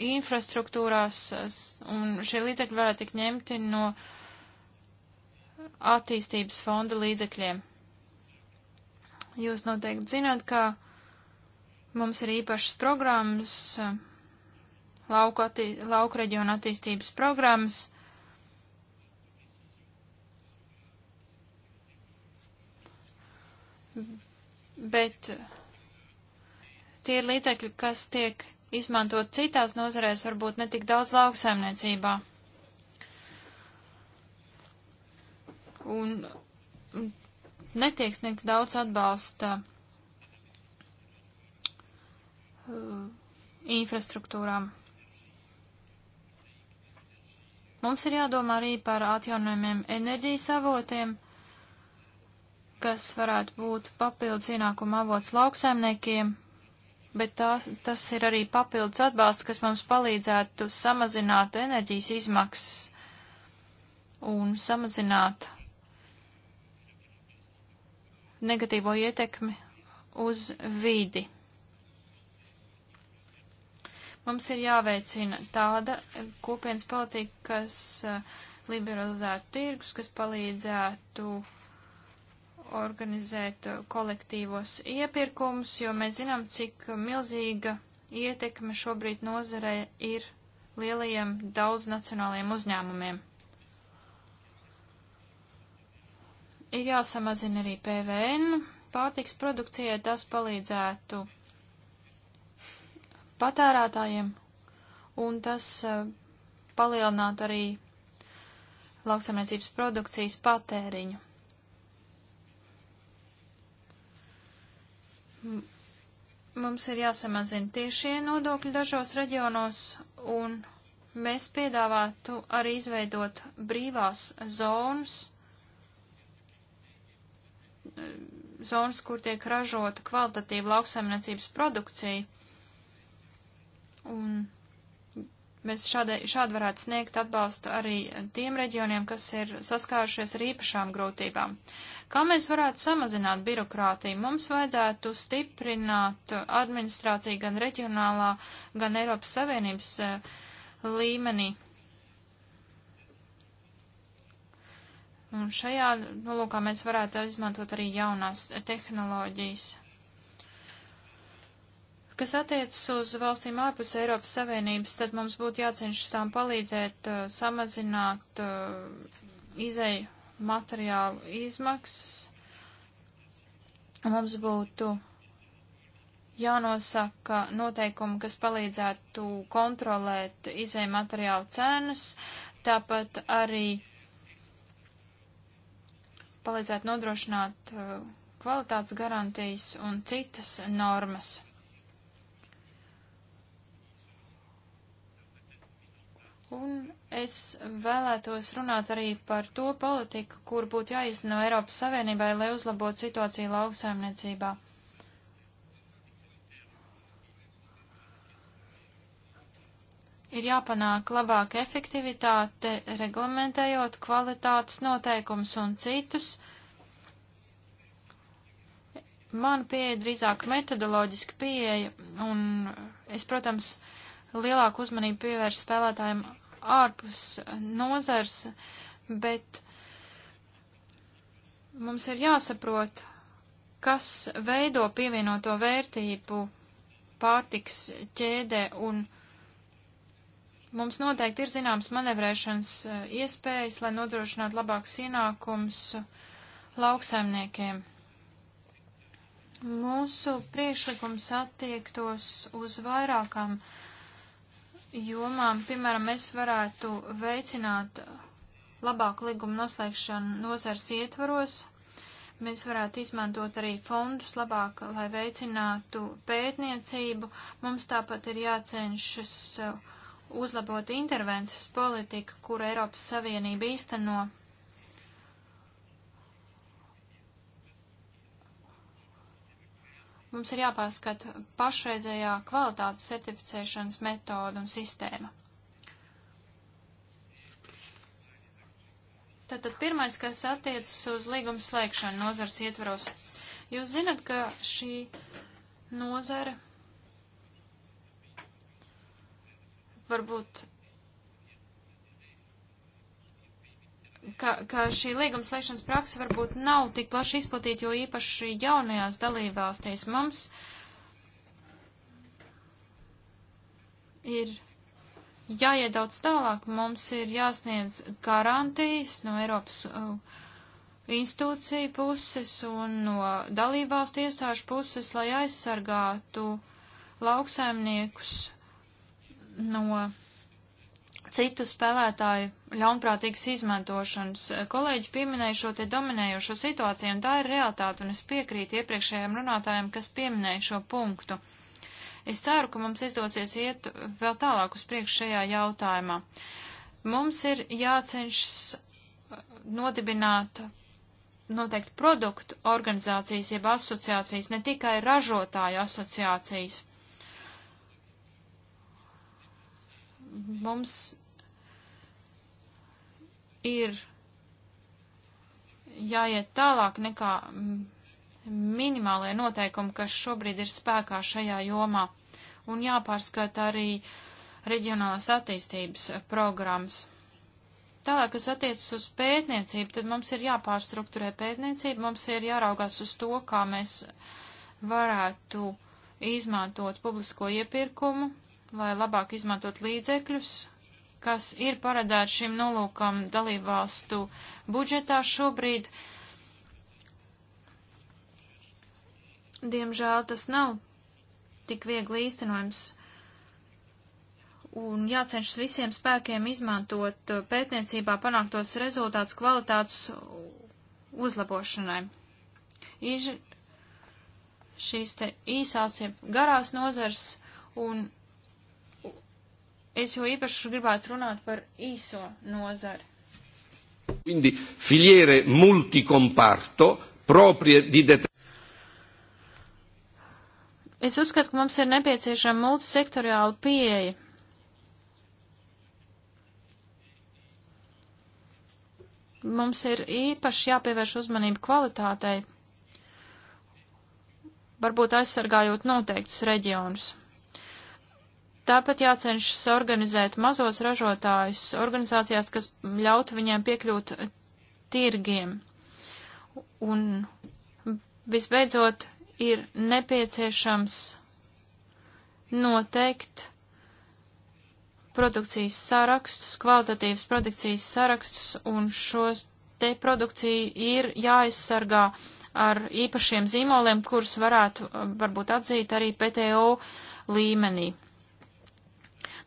infrastruktūrās, un šie līdzekļi varētu tikt ņemti no attīstības fonda līdzekļiem. Jūs noteikti zināt, ka mums ir īpašas programmas, lauku, attī, lauku reģionu attīstības programmas. Bet tie ir līdzekļi, kas tiek izmantot citās nozarēs, varbūt netik daudz lauksaimniecībā. Un netiek sniegts daudz atbalsta uh, infrastruktūrām. Mums ir jādomā arī par atjaunojumiem enerģijas avotiem, kas varētu būt papildus ienākuma avots lauksaimniekiem, bet tā, tas ir arī papildus atbalsts, kas mums palīdzētu samazināt enerģijas izmaksas un samazināt negatīvo ietekmi uz vidi. Mums ir jāveicina tāda kopienas politika, kas eh, liberalizētu tirgus, kas palīdzētu uh, organizēt uh, kolektīvos iepirkumus, jo mēs zinām, cik milzīga ietekme šobrīd nozarē ir lielajiem daudznacionālajiem uzņēmumiem. Ir jāsamazina arī PVN pārtiks produkcijai, tas palīdzētu patērētājiem, un tas uh, palielinātu arī lauksamniecības produkcijas patēriņu. Mums ir jāsamazina tiešie nodokļi dažos reģionos, un mēs piedāvātu arī izveidot brīvās zonas, zonas, kur tiek ražota kvalitatīva lauksaimniecības produkcija. Un Mēs šādai, šādi varētu sniegt atbalstu arī tiem reģioniem, kas ir saskārušies ar īpašām grūtībām. Kā mēs varētu samazināt birokrātiju? Mums vajadzētu stiprināt administrāciju gan reģionālā, gan Eiropas Savienības eh, līmenī. Un šajā nolūkā mēs varētu izmantot arī jaunās tehnoloģijas. Kas attiecas uz valstīm ārpus Eiropas Savienības, tad mums būtu jācenšas tām palīdzēt uh, samazināt uh, izēju materiālu izmaksas. Mums būtu jānosaka noteikumi, kas palīdzētu kontrolēt izēju materiālu cenas, tāpat arī palīdzētu nodrošināt uh, kvalitātes garantijas un citas normas. Un es vēlētos runāt arī par to politiku, kur būtu jāizteno Eiropas Savienībai, lai uzlabotu situāciju lauksaimniecībā. Ir jāpanāk labāka efektivitāte, reglamentējot kvalitātes noteikums un citus. Man pieeja drīzāk metodoloģiski pieeja, un es, protams, lielāku uzmanību pievēršu spēlētājiem ārpus nozars, bet mums ir jāsaprot, kas veido pievienoto vērtību pārtiks ķēdē, un mums noteikti ir zināms manevrēšanas eh, iespējas, lai nodrošinātu labākus ienākums lauksaimniekiem. Mūsu priekšlikums attiektos uz vairākām uh, jomām, piemēram, mēs varētu veicināt labāku līgumu noslēgšanu nozars ietvaros. Mēs varētu izmantot arī fondus labāk, lai veicinātu pētniecību. Mums tāpat ir jācenšas uh, uzlabot intervences politiku, kuru Eiropas Savienība īsteno Mums ir jāpāskata pašreizējā kvalitātes certificēšanas metoda un sistēma. Tātad pirmais, kas attiecas uz līguma slēgšanu nozars ietvaros. Jūs zinat, ka šī nozara varbūt ka, ka šī līguma slēgšanas praksa varbūt nav tik plaši izplatīta, jo īpaši jaunajās dalībvalstīs mums ir jāiedauc tālāk, mums ir jāsniedz garantijas no Eiropas uh, institūciju puses un no dalībvalstu iestāžu puses, lai aizsargātu lauksaimniekus no citu spēlētāju ļaunprātīgas izmantošanas. Kolēģi pieminēja šo te dominējošo situāciju, un tā ir realitāte, un es piekrītu iepriekšējiem runātājiem, kas pieminēja šo punktu. Es ceru, ka mums izdosies iet vēl tālāk uz priekšu šajā jautājumā. Mums ir jācenšas uh, nodibināt noteikti produktu organizācijas, jeb asociācijas, ne tikai ražotāju asociācijas. Mums ir jāiet tālāk nekā minimālie noteikumi, kas šobrīd ir spēkā šajā jomā, un jāpārskata arī reģionālās attīstības programmas. Tālāk, kas attiecas uz pētniecību, tad mums ir jāpārstrukturē pētniecība, mums ir jāraugās uz to, kā mēs varētu izmantot publisko iepirkumu, lai labāk izmantot līdzekļus, kas ir paredzēts šim nolūkam dalībvalstu budžetā šobrīd. Diemžēl tas nav tik viegli īstenojams un jācenšas visiem spēkiem izmantot pētniecībā panāktos rezultātus kvalitātes uzlabošanai. Ir šīs te īsās, ja garās nozars, un es jau īpaši gribētu runāt par īso nozari. Quindi filiere multicomparto proprie di determinazione. Es uzskatu, ka mums ir nepieciešama multisektoriāla pieeja. Mums ir īpaši jāpievērš uzmanība kvalitātei, varbūt aizsargājot noteiktus reģionus. Tāpat jācenšas organizēt mazos ražotājus organizācijās, kas ļautu viņiem piekļūt tirgiem. Un visbeidzot ir nepieciešams noteikt produkcijas sarakstus, kvalitatīvas produkcijas sarakstus, un šo te produkciju ir jāaizsargā ar īpašiem zīmoliem, kurus varētu varbūt atzīt arī PTO līmenī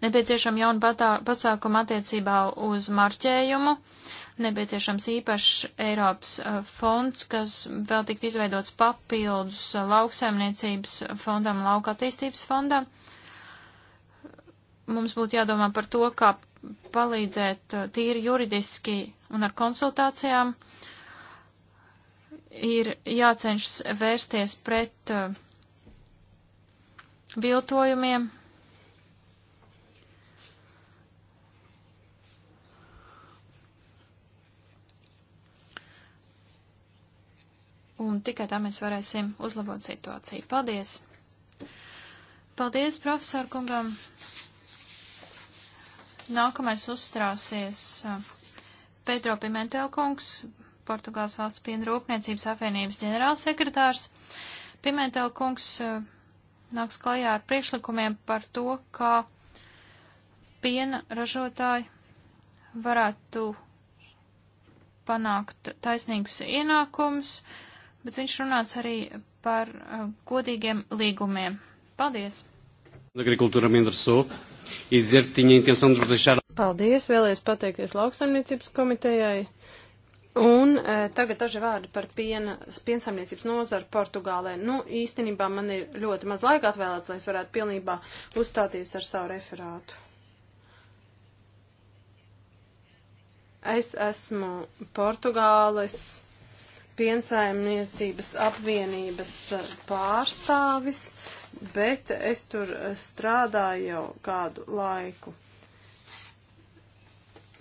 nepieciešama jauna patā, pasākuma attiecībā uz marķējumu, nepieciešams īpašs Eiropas uh, fonds, kas vēl tiktu izveidots papildus uh, lauksaimniecības fondam, lauka attīstības fondam. Mums būtu jādomā par to, kā palīdzēt uh, tīri juridiski un ar konsultācijām. Ir jācenšas vērsties pret uh, viltojumiem, un tikai tā mēs varēsim uzlabot situāciju. Paldies! Paldies, profesoru kungam! Nākamais uzstrāsies Pedro Pimentel kungs, Portugāles valsts piena rūpniecības apvienības ģenerālsekretārs. Pimentel kungs nāks klajā ar priekšlikumiem par to, kā piena ražotāji varētu panākt taisnīgus ienākumus, uh, bet viņš runāts arī par uh, godīgiem līgumiem. Paldies! Agrikultūra Mindrasu ir e dizer, ka viņa intenção de deixar. Paldies, vēlējos pateikties lauksaimniecības komitejai. Un e, tagad daži vārdi par piena, piensaimniecības nozaru Portugālē. Nu, īstenībā man ir ļoti maz laika atvēlēts, lai es varētu pilnībā uzstāties ar savu referātu. Es esmu Portugāles piensaimniecības apvienības eh, pārstāvis, bet es tur eh, strādāju jau kādu laiku.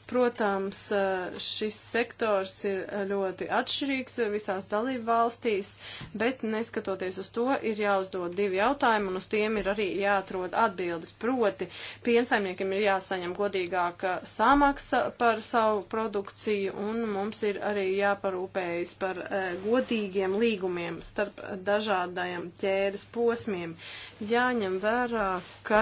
Protams, eh, šis sektors ir eh, ļoti atšķirīgs visās dalību valstīs, bet neskatoties uz to, ir jāuzdod divi jautājumi un uz tiem ir arī jāatrod atbildes. Proti, piensaimniekiem ir jāsaņem godīgāka samaksa par savu produkciju un mums ir arī jāparūpējas par eh, godīgiem līgumiem starp dažādajiem ķēdes posmiem. Jāņem vērā, ka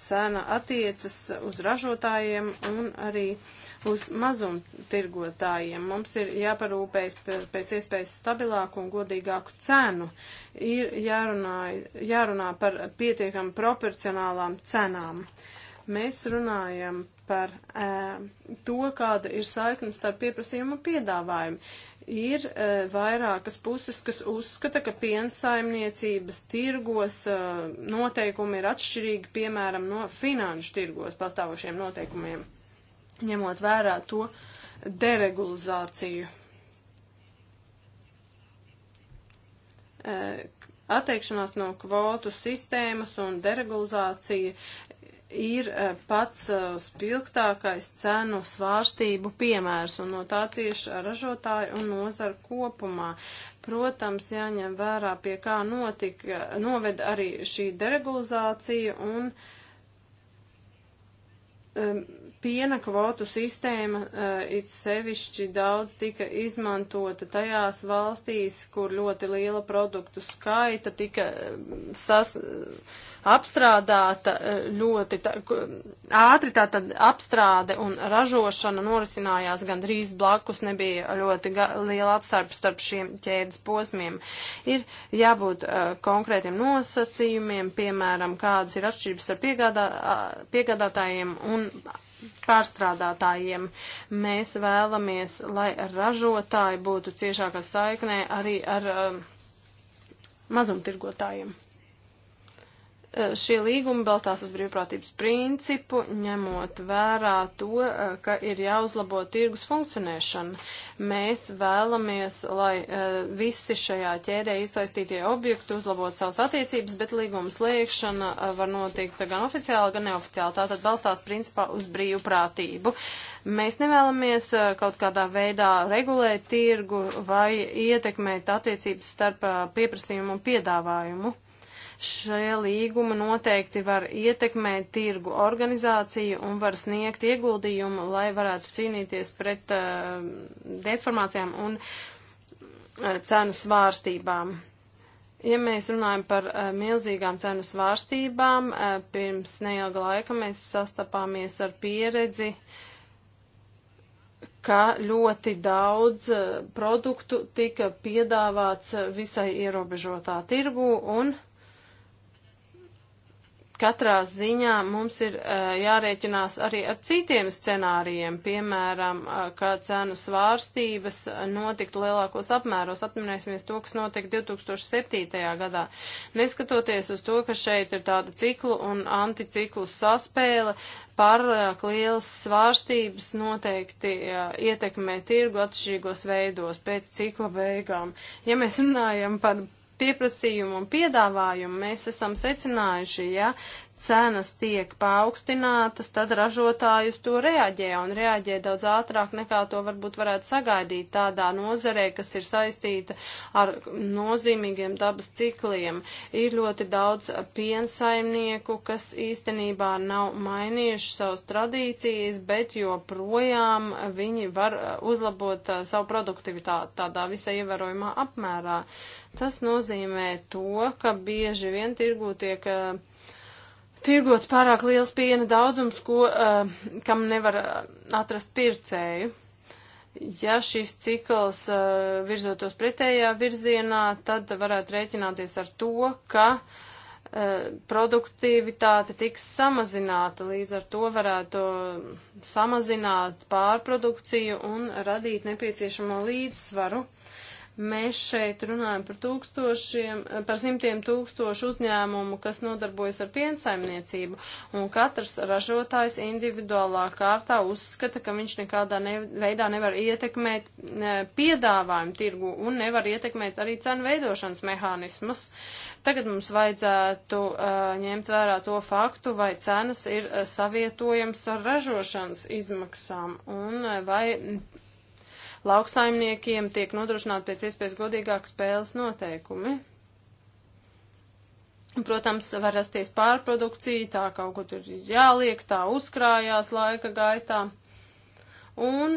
cena attiecas uz ražotājiem un arī uh, uz mazumtirgotājiem. Mums ir jāparūpējas pēc iespējas stabilāku un godīgāku cenu. Ir jārunā, jārunā par pietiekam proporcionālām cenām. Mēs runājam par e, to, kāda ir saikne starp pieprasījumu un piedāvājumu ir e, vairākas puses, kas uzskata, ka piensaimniecības tirgos e, noteikumi ir atšķirīgi, piemēram, no finanšu tirgos pastāvošiem noteikumiem ņemot vērā to deregulizāciju. Atteikšanās no kvotu sistēmas un deregulizācija ir pats spilgtākais cenu svārstību piemērs, un no tā cieši ražotāji un nozara kopumā. Protams, jāņem vērā, pie kā notika, noved arī šī deregulizācija, un um, piena kvotu sistēma uh, it sevišķi daudz tika izmantota tajās valstīs, kur ļoti liela produktu skaita tika eh, sas, apstrādāta eh, ļoti tā, ātri, tātad apstrāde un ražošana norisinājās gan drīz blakus, nebija ļoti ga, liela atstarpa starp šiem ķēdes posmiem. Ir jābūt uh, konkrētiem nosacījumiem, piemēram, kādas ir atšķirības ar piegādā, uh, piegādātājiem un pārstrādātājiem. Mēs vēlamies, lai ražotāji būtu ciešākā saiknē arī ar um, mazumtirgotājiem šie līgumi balstās uz brīvprātības principu, ņemot vērā to, eh, ka ir jāuzlabo tirgus funkcionēšana. Mēs vēlamies, lai eh, visi šajā ķēdē izsaistītie objekti uzlabot savas attiecības, bet līguma slēgšana eh, var notikt gan oficiāli, gan neoficiāli. Tātad balstās principā uz brīvprātību. Mēs nevēlamies kaut kādā veidā regulēt tirgu vai ietekmēt attiecības starp pieprasījumu un piedāvājumu. Šie līgumi noteikti var ietekmēt tirgu organizāciju un var sniegt ieguldījumu, lai varētu cīnīties pret uh, deformācijām un uh, cenu svārstībām. Ja mēs runājam par uh, milzīgām cenu svārstībām, uh, pirms neilga laika mēs sastapāmies ar pieredzi, ka ļoti daudz uh, produktu tika piedāvāts visai ierobežotā tirgū un katrā ziņā mums ir uh, jārēķinās arī ar citiem scenārijiem, piemēram, uh, kā cenu svārstības notiktu lielākos apmēros. Atminēsimies to, kas notika 2007. gadā. Neskatoties uz to, ka šeit ir tāda ciklu un anticiklu saspēle, pārāk lielas svārstības noteikti uh, ietekmē tirgu atšķirīgos veidos pēc cikla beigām. Ja mēs runājam par pieprasījumu un piedāvājumu mēs esam secinājuši, ja cenas tiek paaugstinātas, tad ražotāji uz to reaģē un reaģē daudz ātrāk nekā to varbūt varētu sagaidīt tādā nozarē, kas ir saistīta ar nozīmīgiem dabas cikliem. Ir ļoti daudz piensaimnieku, kas īstenībā nav mainījuši savas tradīcijas, bet joprojām viņi var uzlabot uh, savu produktivitāti tādā visai ievērojumā apmērā. Tas nozīmē to, ka bieži vien tirgū tiek uh, eh, tirgots pārāk liels piena daudzums, ko, uh, kam nevar eh, atrast pircēju. Ja šis cikls uh, virzotos pretējā virzienā, tad varētu rēķināties ar to, ka produktivitāte tiks samazināta, līdz ar to varētu samazināt pārprodukciju un radīt nepieciešamo līdzsvaru. Mēs šeit runājam par tūkstošiem, par simtiem tūkstošu uzņēmumu, kas nodarbojas ar piensaimniecību, un katrs ražotājs individuālā kārtā uzskata, ka viņš nekādā ne, veidā nevar ietekmēt ne, piedāvājumu tirgu un nevar ietekmēt arī cenu veidošanas mehānismus. Tagad mums vajadzētu uh, ņemt vērā to faktu, vai cenas ir uh, savietojams ar ražošanas izmaksām un uh, vai lauksaimniekiem tiek nodrošināt pēc iespējas godīgāk spēles noteikumi. Protams, var rasties pārprodukcija, tā kaut kur tur ir jāliek, tā uzkrājās laika gaitā. Un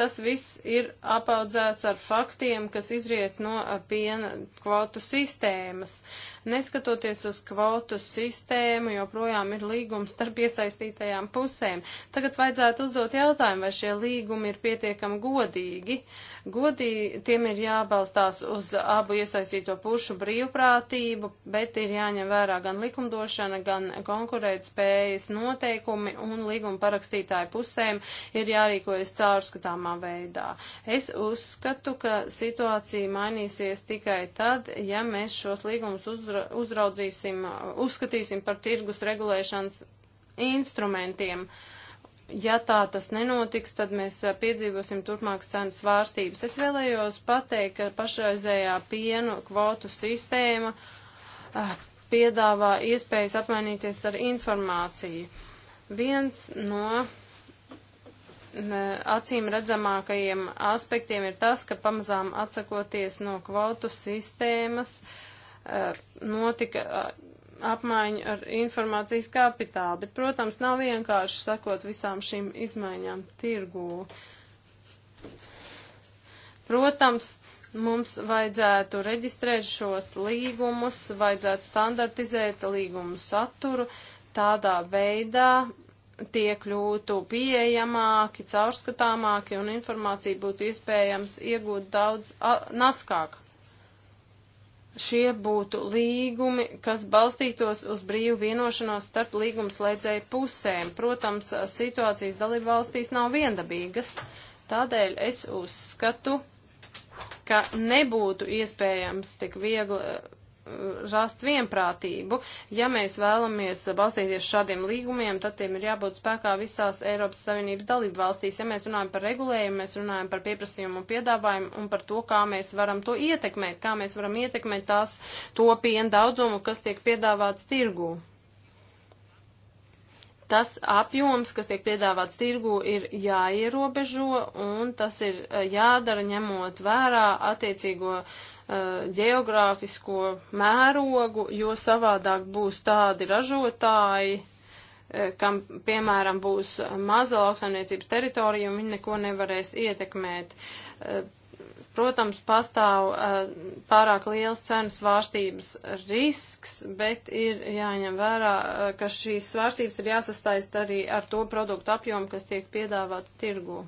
tas viss ir apaudzēts ar faktiem, kas izriet no piena kvotu sistēmas. Neskatoties uz kvotu sistēmu, joprojām ir līgums starp iesaistītajām pusēm. Tagad vajadzētu uzdot jautājumu, vai šie līgumi ir pietiekami godīgi. Godī, tiem ir jābalstās uz abu iesaistīto pušu brīvprātību, bet ir jāņem vērā gan likumdošana, gan konkurētspējas noteikumi un līguma parakstītāju pusēm ir jārīkojas caurskatāmā veidā. Es uzskatu, ka situācija mainīsies tikai tad, ja mēs šos līgumus uz, uzra, uzraudzīsim, uh, uzskatīsim par tirgus regulēšanas instrumentiem. Ja tā tas nenotiks, tad mēs uh, piedzīvosim turpmākas cenu svārstības. Es vēlējos pateikt, ka pašreizējā pienu kvotu sistēma uh, piedāvā iespējas apmainīties ar informāciju. Viens no acīm redzamākajiem aspektiem ir tas, ka pamazām atsakoties no kvotu sistēmas, uh, Eh, notika eh, apmaiņa ar informācijas kapitālu, bet, protams, nav vienkārši sakot visām šīm izmaiņām tirgū. Protams, mums vajadzētu reģistrēt šos līgumus, vajadzētu standartizēt līgumu saturu tādā veidā, tie kļūtu pieejamāki, caurskatāmāki un informācija būtu iespējams iegūt daudz naskāk šie būtu līgumi, kas balstītos uz brīvu vienošanos starp līgumslēdzēju pusēm. Protams, situācijas dalību valstīs nav viendabīgas, tādēļ es uzskatu, ka nebūtu iespējams tik viegli rast vienprātību. Ja mēs vēlamies balstīties šādiem līgumiem, tad tiem ir jābūt spēkā visās Eiropas Savienības dalību valstīs. Ja mēs runājam par regulējumu, mēs runājam par pieprasījumu un piedāvājumu un par to, kā mēs varam to ietekmēt, kā mēs varam ietekmēt tās to piena daudzumu, kas tiek piedāvāts tirgū tas apjoms, kas tiek piedāvāts tirgu, ir jāierobežo un tas ir eh, jādara ņemot vērā attiecīgo uh, geogrāfisko mērogu, jo savādāk būs tādi ražotāji, eh, kam, piemēram, būs maza lauksaimniecības teritorija un viņi neko nevarēs ietekmēt. Uh, Protams, pastāv uh, pārāk liels cenu svārstības risks, bet ir jāņem vērā, uh, ka šīs svārstības ir jāsastaist arī ar to produktu apjomu, kas tiek piedāvāts tirgū.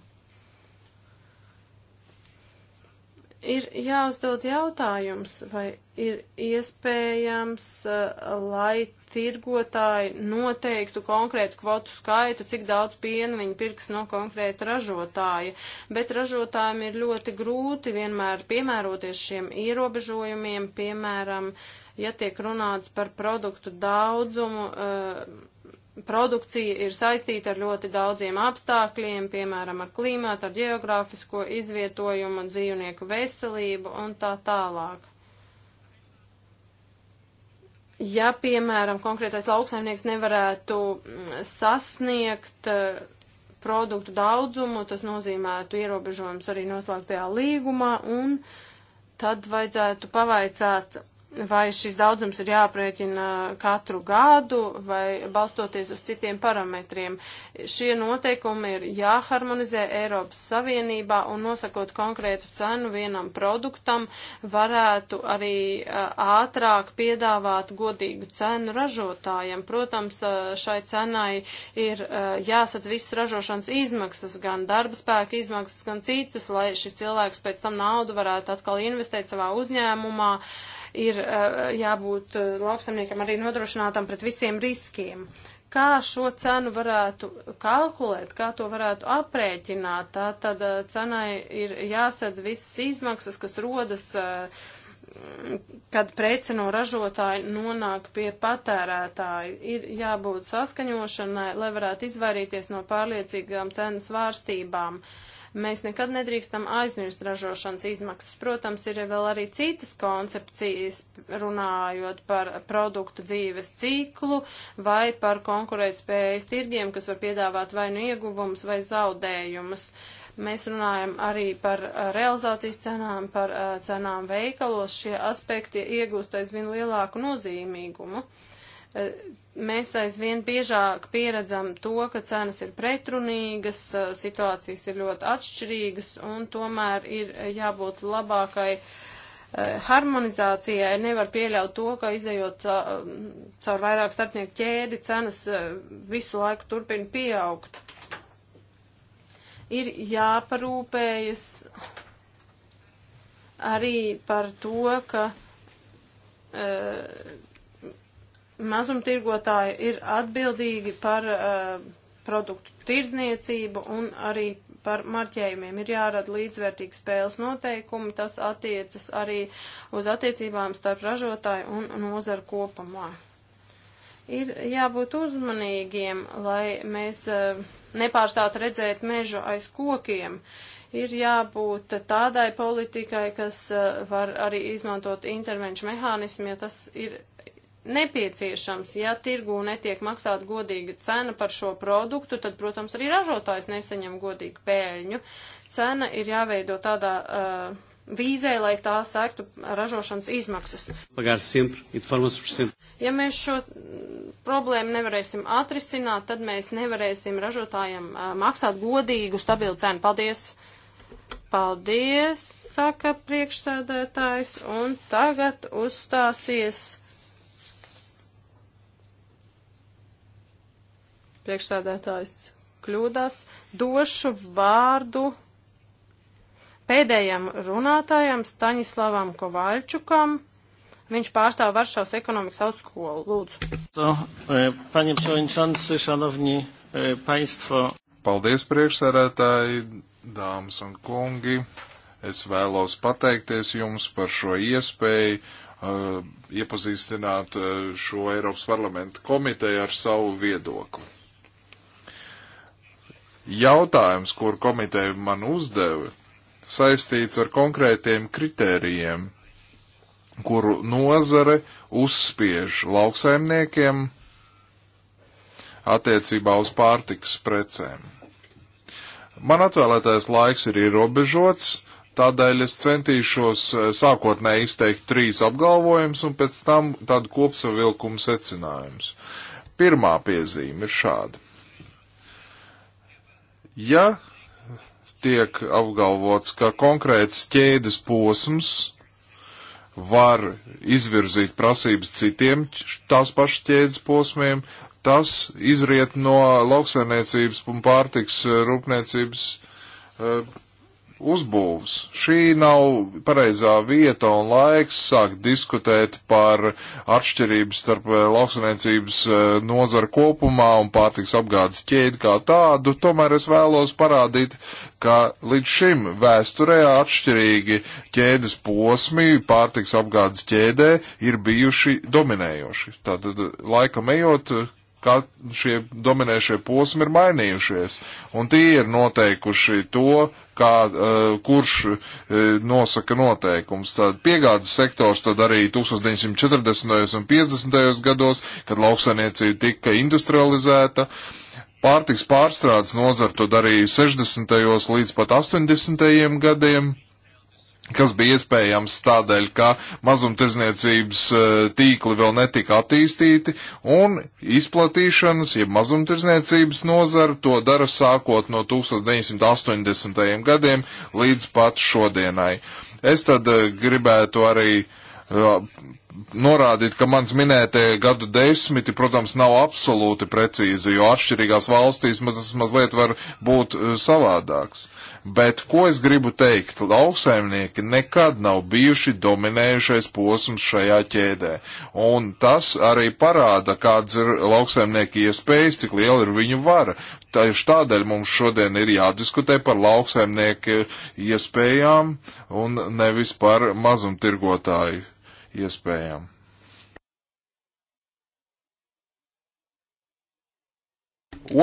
ir jāuzdod jautājums, vai ir iespējams, uh, lai tirgotāji noteiktu konkrētu kvotu skaitu, cik daudz piena viņi pirks no konkrēta ražotāja. Bet ražotājiem ir ļoti grūti vienmēr piemēroties šiem ierobežojumiem, piemēram, ja tiek runāts par produktu daudzumu. Uh, produkcija ir saistīta ar ļoti daudziem apstākļiem, piemēram, ar klimātu, ar geogrāfisko izvietojumu, dzīvnieku veselību un tā tālāk. Ja, piemēram, konkrētais lauksaimnieks nevarētu mm, sasniegt eh, produktu daudzumu, tas nozīmētu ierobežojums arī noslēgtajā līgumā, un tad vajadzētu pavaicāt vai šis daudzums ir jāprēķina katru gadu vai balstoties uz citiem parametriem. Šie noteikumi ir jāharmonizē Eiropas Savienībā un nosakot konkrētu cenu vienam produktam, varētu arī ātrāk piedāvāt godīgu cenu ražotājiem. Protams, šai cenai ir jāsadz visas ražošanas izmaksas, gan darba spēka izmaksas, gan citas, lai šis cilvēks pēc tam naudu varētu atkal investēt savā uzņēmumā. Uh, ir eh, jābūt eh, lauksaimniekam arī nodrošinātam pret visiem riskiem. Kā šo cenu varētu kalkulēt, kā to varētu aprēķināt, tā tad eh, cenai ir jāsadz visas izmaksas, kas rodas uh, kad prece no ražotāja nonāk pie patērētāju, ir jābūt saskaņošanai, lai varētu izvairīties no pārliecīgām cenu svārstībām. Uh, Mēs nekad nedrīkstam aizmirst ražošanas izmaksas. Protams, ir vēl arī citas koncepcijas, runājot par produktu dzīves ciklu vai par konkurētspējas tirgiem, kas var piedāvāt vai nu ieguvumus vai zaudējumus. Mēs runājam arī par uh, realizācijas cenām, par uh, cenām veikalos. Šie aspekti iegūst aizvien lielāku nozīmīgumu. Uh, Eh, mēs aizvien biežāk pieredzam to, ka cenas ir pretrunīgas, eh, situācijas ir ļoti atšķirīgas un tomēr ir eh, jābūt labākai harmonizācijai. Nevar pieļaut to, ka izējot mm, caur vairāk starpnieku ķēdi, cenas visu laiku turpina pieaugt. Ir jāparūpējas arī par to, ka mazumtirgotāji ir atbildīgi par uh, produktu tirdzniecību un arī par marķējumiem. Ir jārada līdzvērtīgi spēles noteikumi, tas attiecas arī uz attiecībām starp ražotāju un nozaru kopumā. Ir jābūt uzmanīgiem, lai mēs uh, nepārstātu redzēt mežu aiz kokiem. Ir jābūt tādai politikai, kas uh, var arī izmantot intervenču mehānismu, ja tas ir nepieciešams. Ja tirgū netiek maksāta godīga cena par šo produktu, tad, protams, arī ražotājs nesaņem godīgu pēļņu. Cena ir jāveido tādā uh, vīzē, lai tā sektu ražošanas izmaksas. E ja mēs šo mm, problēmu nevarēsim atrisināt, tad mēs nevarēsim ražotājiem uh, maksāt godīgu, stabilu cenu. Paldies! Paldies, saka priekšsēdētājs, un tagad uzstāsies priekšsēdētājs kļūdās. Došu vārdu pēdējam runātājam Staņislavam Kovaļčukam. Viņš pārstāv Varšavas ekonomikas augstskolu. Lūdzu. To, e, paņem šoņšansu, šanovņi, e, paņstvo. Paldies, priekšsēdētāji, dāmas un kungi. Es vēlos pateikties jums par šo iespēju uh, iepazīstināt uh, šo Eiropas parlamenta komiteju ar savu viedokli. Jautājums, kur komiteja man uzdeva, saistīts ar konkrētiem kritērijiem, kuru nozare uzspiež lauksaimniekiem attiecībā uz pārtikas precēm. Man atvēlētais laiks ir ierobežots, tādēļ es centīšos eh, sākotnēji izteikt trīs apgalvojumus un pēc tam tādu kopsavilkumu secinājumus. Pirmā piezīme ir šāda. Ja tiek apgalvots, ka konkrēts ķēdes posms var izvirzīt prasības citiem tās pašas ķēdes posmiem, tas izriet no lauksainiecības un pārtiks eh, rūpniecības uh, uzbūvs. Šī nav pareizā vieta un laiks sākt diskutēt par atšķirības starp eh, lauksaimniecības eh, nozaru kopumā un pārtiks apgādes ķēdi kā tādu. Tomēr es vēlos parādīt, ka līdz šim vēsturē atšķirīgi ķēdes posmi pārtiks apgādes ķēdē ir bijuši dominējoši. Tātad laika ejot ka šie dominējušie posmi ir mainījušies, un tie ir noteikuši to, kā, uh, kurš uh, nosaka noteikums. Tad piegādes sektors tad arī 1940. un 50. gados, kad lauksainiecība tika industrializēta, pārtiks pārstrādes nozara to darīja 60. līdz pat 80. gadiem kas bija iespējams tādēļ, ka mazumtirdzniecības e, tīkli vēl netika attīstīti, un izplatīšanas, ja mazumtirdzniecības nozara to dara sākot no 1980. gadiem līdz pat šodienai. Es tad e, gribētu arī e, norādīt, ka mans minētie gadu desmiti, protams, nav absolūti precīzi, jo atšķirīgās valstīs tas mazliet var būt eh, savādāks. Bet ko es gribu teikt? Lauksaimnieki nekad nav bijuši dominējušais posms šajā ķēdē. Un tas arī parāda, kāds ir lauksaimnieki iespējas, cik liela ir viņu vara. Tieši tādēļ mums šodien ir jādiskutē par lauksaimnieku iespējām un nevis par mazumtirgotāju iespējām.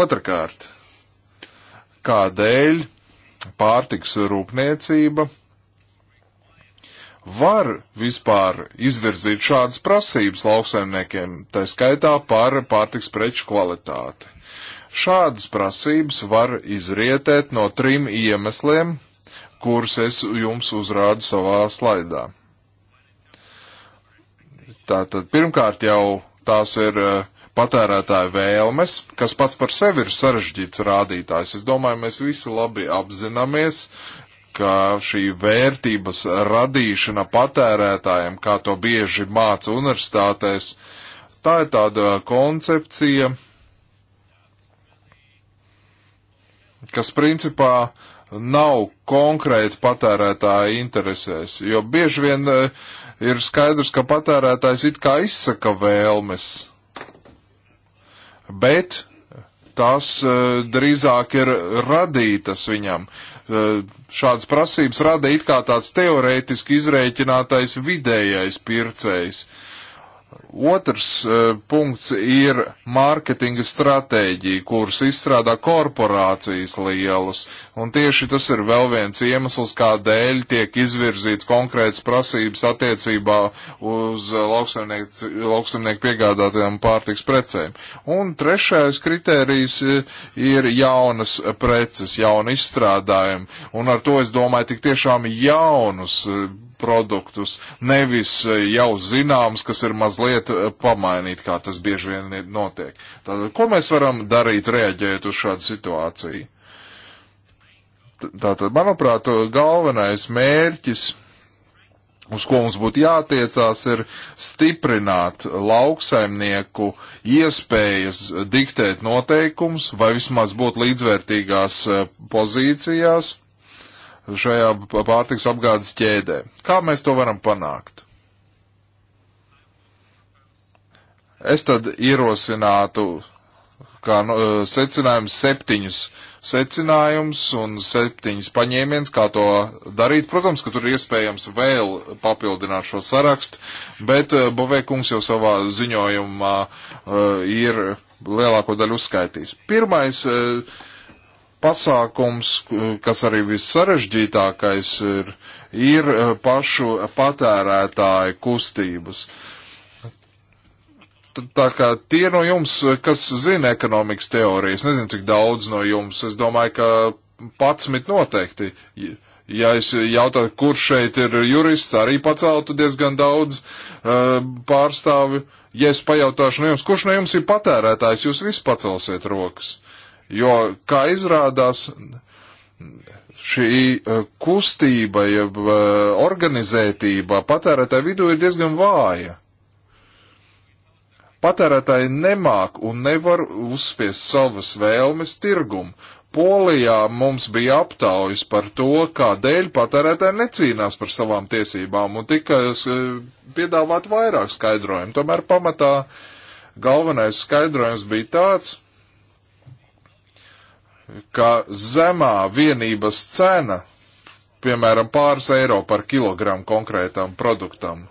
Otrakārt, kādēļ pārtiks rūpniecība var vispār izvirzīt šādas prasības lauksaimniekiem, tā skaitā par pārtiks preču kvalitāti. Šādas prasības var izrietēt no trim iemesliem, kurus es jums uzrādu savā slaidā. Tātad pirmkārt jau tās ir eh, patērētāja vēlmes, kas pats par sevi ir sarežģīts rādītājs. Es domāju, mēs visi labi apzināmies, ka šī vērtības radīšana patērētājiem, kā to bieži māca universitātēs, tā ir tāda koncepcija, kas principā nav konkrēti patērētāja interesēs, jo bieži vien uh, ir skaidrs, ka patērētājs it kā izsaka vēlmes, bet tās uh, drīzāk ir radītas viņam. Uh, šādas prasības rada it kā tāds teorētiski izrēķinātais vidējais pircējs. Uh, Otrs uh, punkts ir mārketinga stratēģija, kuras izstrādā korporācijas lielas, un tieši tas ir vēl viens iemesls, kādēļ tiek izvirzīts konkrēts prasības attiecībā uz lauksaimnieku piegādātajām pārtiks precēm. Un trešais kriterijs e, ir jaunas preces, jauna izstrādājuma, un ar to es domāju tik tiešām jaunus e, produktus, nevis e, jau zināms, kas ir mazliet e, pamainīt, kā tas bieži vien notiek. Tātad, ko mēs varam darīt, reaģēt uz šādu situāciju? Tātad, manuprāt, galvenais mērķis, uz ko mums būtu jātiecās, ir stiprināt lauksaimnieku iespējas diktēt noteikums vai vismaz būt līdzvērtīgās e, pozīcijās šajā pārtiks apgādes ķēdē. Kā mēs to varam panākt? Es tad ierosinātu kā nu, eh, secinājums septiņus secinājumus un septiņus paņēmienus, kā to darīt. Protams, ka tur iespējams vēl papildināt šo sarakstu, bet eh, Bovēkungs jau savā ziņojumā uh, ir lielāko daļu uzskaitījis. Pirmais uh, pasākums, kas arī vissarežģītākais ir, ir eh, pašu patērētāju kustības. Tā kā tie no jums, kas zina ekonomikas teorijas, nezinu, cik daudz no jums, es domāju, ka patsmit noteikti. Ja es jautātu, kurš šeit ir jurists, arī paceltu diezgan daudz uh, pārstāvi. Ja es pajautāšu no jums, kurš no jums ir patērētājs, jūs visi pacelsiet rokas. Uh, Jo, kā izrādās, šī e, kustība, jeb e, organizētība patērētāju vidū ir diezgan vāja. Patērētāji nemāk un nevar uzspiest savas vēlmes tirgumu. Polijā mums bija aptaujas par to, kādēļ patērētāji necīnās par savām tiesībām un tika e, piedāvāt vairāk skaidrojumu. Tomēr pamatā galvenais skaidrojums bija tāds, ka zemā vienības cena, piemēram, pāris eiro par kilogramu konkrētam produktam,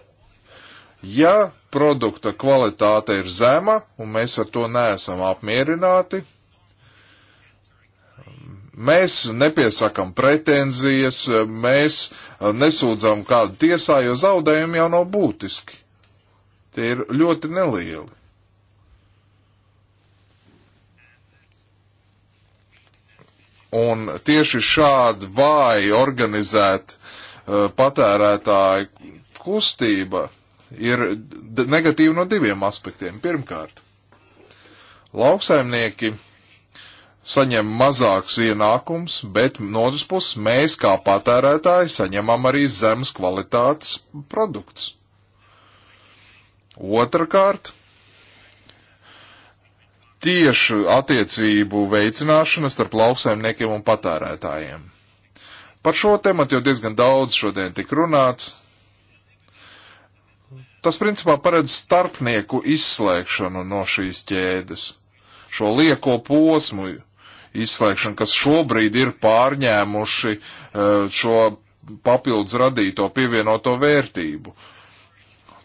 ja produkta kvalitāte ir zema un mēs ar to neesam apmierināti, mēs nepiesakam pretenzijas, mēs nesūdzam kādu tiesā, jo zaudējumi jau nav būtiski. Tie ir ļoti nelieli. Un tieši šādi vāji organizēt uh, patērētāju kustība ir negatīva no diviem aspektiem. Pirmkārt, lauksaimnieki saņem mazākus ienākums, bet no otras puses mēs kā patērētāji saņemam arī zemes kvalitātes produktus. Otrakārt, tiešu attiecību veicināšana starp lauksaimniekiem un patērētājiem. Par šo tematu jau diezgan daudz šodien tik runāts. Tas principā paredz starpnieku izslēgšanu no šīs ķēdes, šo lieko posmu izslēgšanu, kas šobrīd ir pārņēmuši eh, šo papildus radīto pievienoto vērtību. Uh,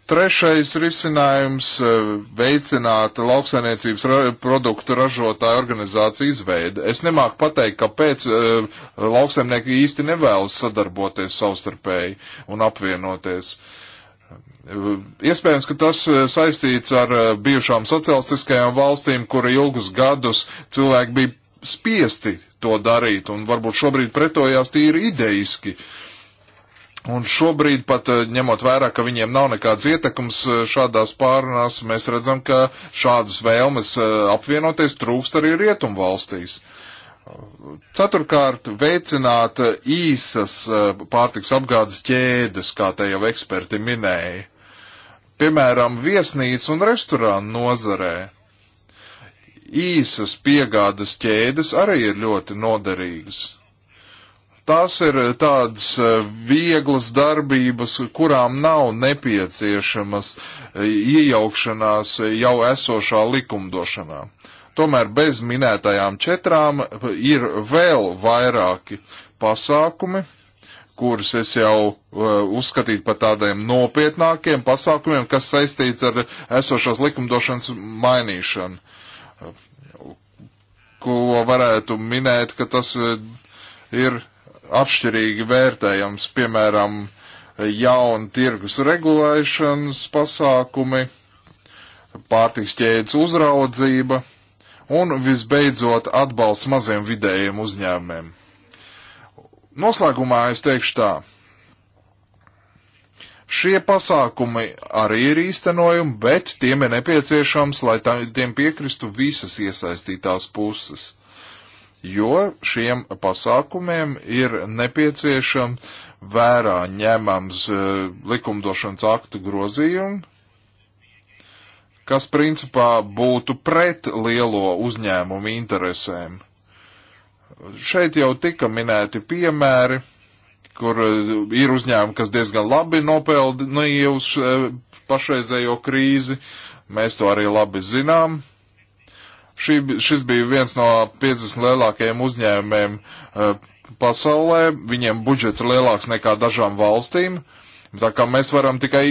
Trešais risinājums e, - veicināt lauksainiecības ra produktu ražotāju organizāciju izveidi. Es nemāku pateikt, kāpēc uh, lauksaimnieki īsti nevēlas sadarboties savstarpēji un apvienoties. Uh, iespējams, ka tas e, saistīts ar uh, bijušām socialistiskajām valstīm, kur ilgus gadus cilvēki bija spiesti to darīt, un varbūt šobrīd pretojās tīri ideiski. Uh, Un šobrīd, pat eh, ņemot vērā, ka viņiem nav nekāds ietekums eh, šādās pārunās, mēs redzam, ka šādas vēlmes eh, apvienoties trūkst arī rietumu valstīs. Ceturkārt, veicināt īsas pārtiks apgādes ķēdes, kā te jau eksperti minēja. Piemēram, viesnīca un restorāna nozarē. Īsas piegādes ķēdes arī ir ļoti noderīgas Tās ir eh, tādas eh, vieglas darbības, kurām nav nepieciešamas eh, iejaukšanās jau esošā likumdošanā. Tomēr bez minētajām četrām ir vēl vairāki pasākumi, kurus es jau uh, uzskatītu par tādiem nopietnākiem pasākumiem, kas saistīts ar esošās likumdošanas mainīšanu. Ko varētu minēt, ka tas ir atšķirīgi vērtējams, piemēram, jauna tirgus regulēšanas pasākumi, pārtiks ķēdes uzraudzība un visbeidzot atbalsts maziem vidējiem uzņēmumiem. Noslēgumā es teikšu tā. Šie pasākumi arī ir īstenojumi, bet tiem ir nepieciešams, lai tā, tiem piekristu visas iesaistītās puses jo šiem pasākumiem ir nepieciešams vērā ņemams e, likumdošanas aktu grozījumi, kas principā būtu pret lielo uzņēmumu interesēm. Šeit jau tika minēti piemēri, kur e, ir uzņēmumi, kas diezgan labi nopelnīja nu, uz e, pašreizējo krīzi. Mēs to arī labi zinām. Šī, šis bija viens no 50 lielākajiem uzņēmumiem eh, pasaulē. Viņiem budžets ir lielāks nekā dažām valstīm. Tā kā mēs varam tikai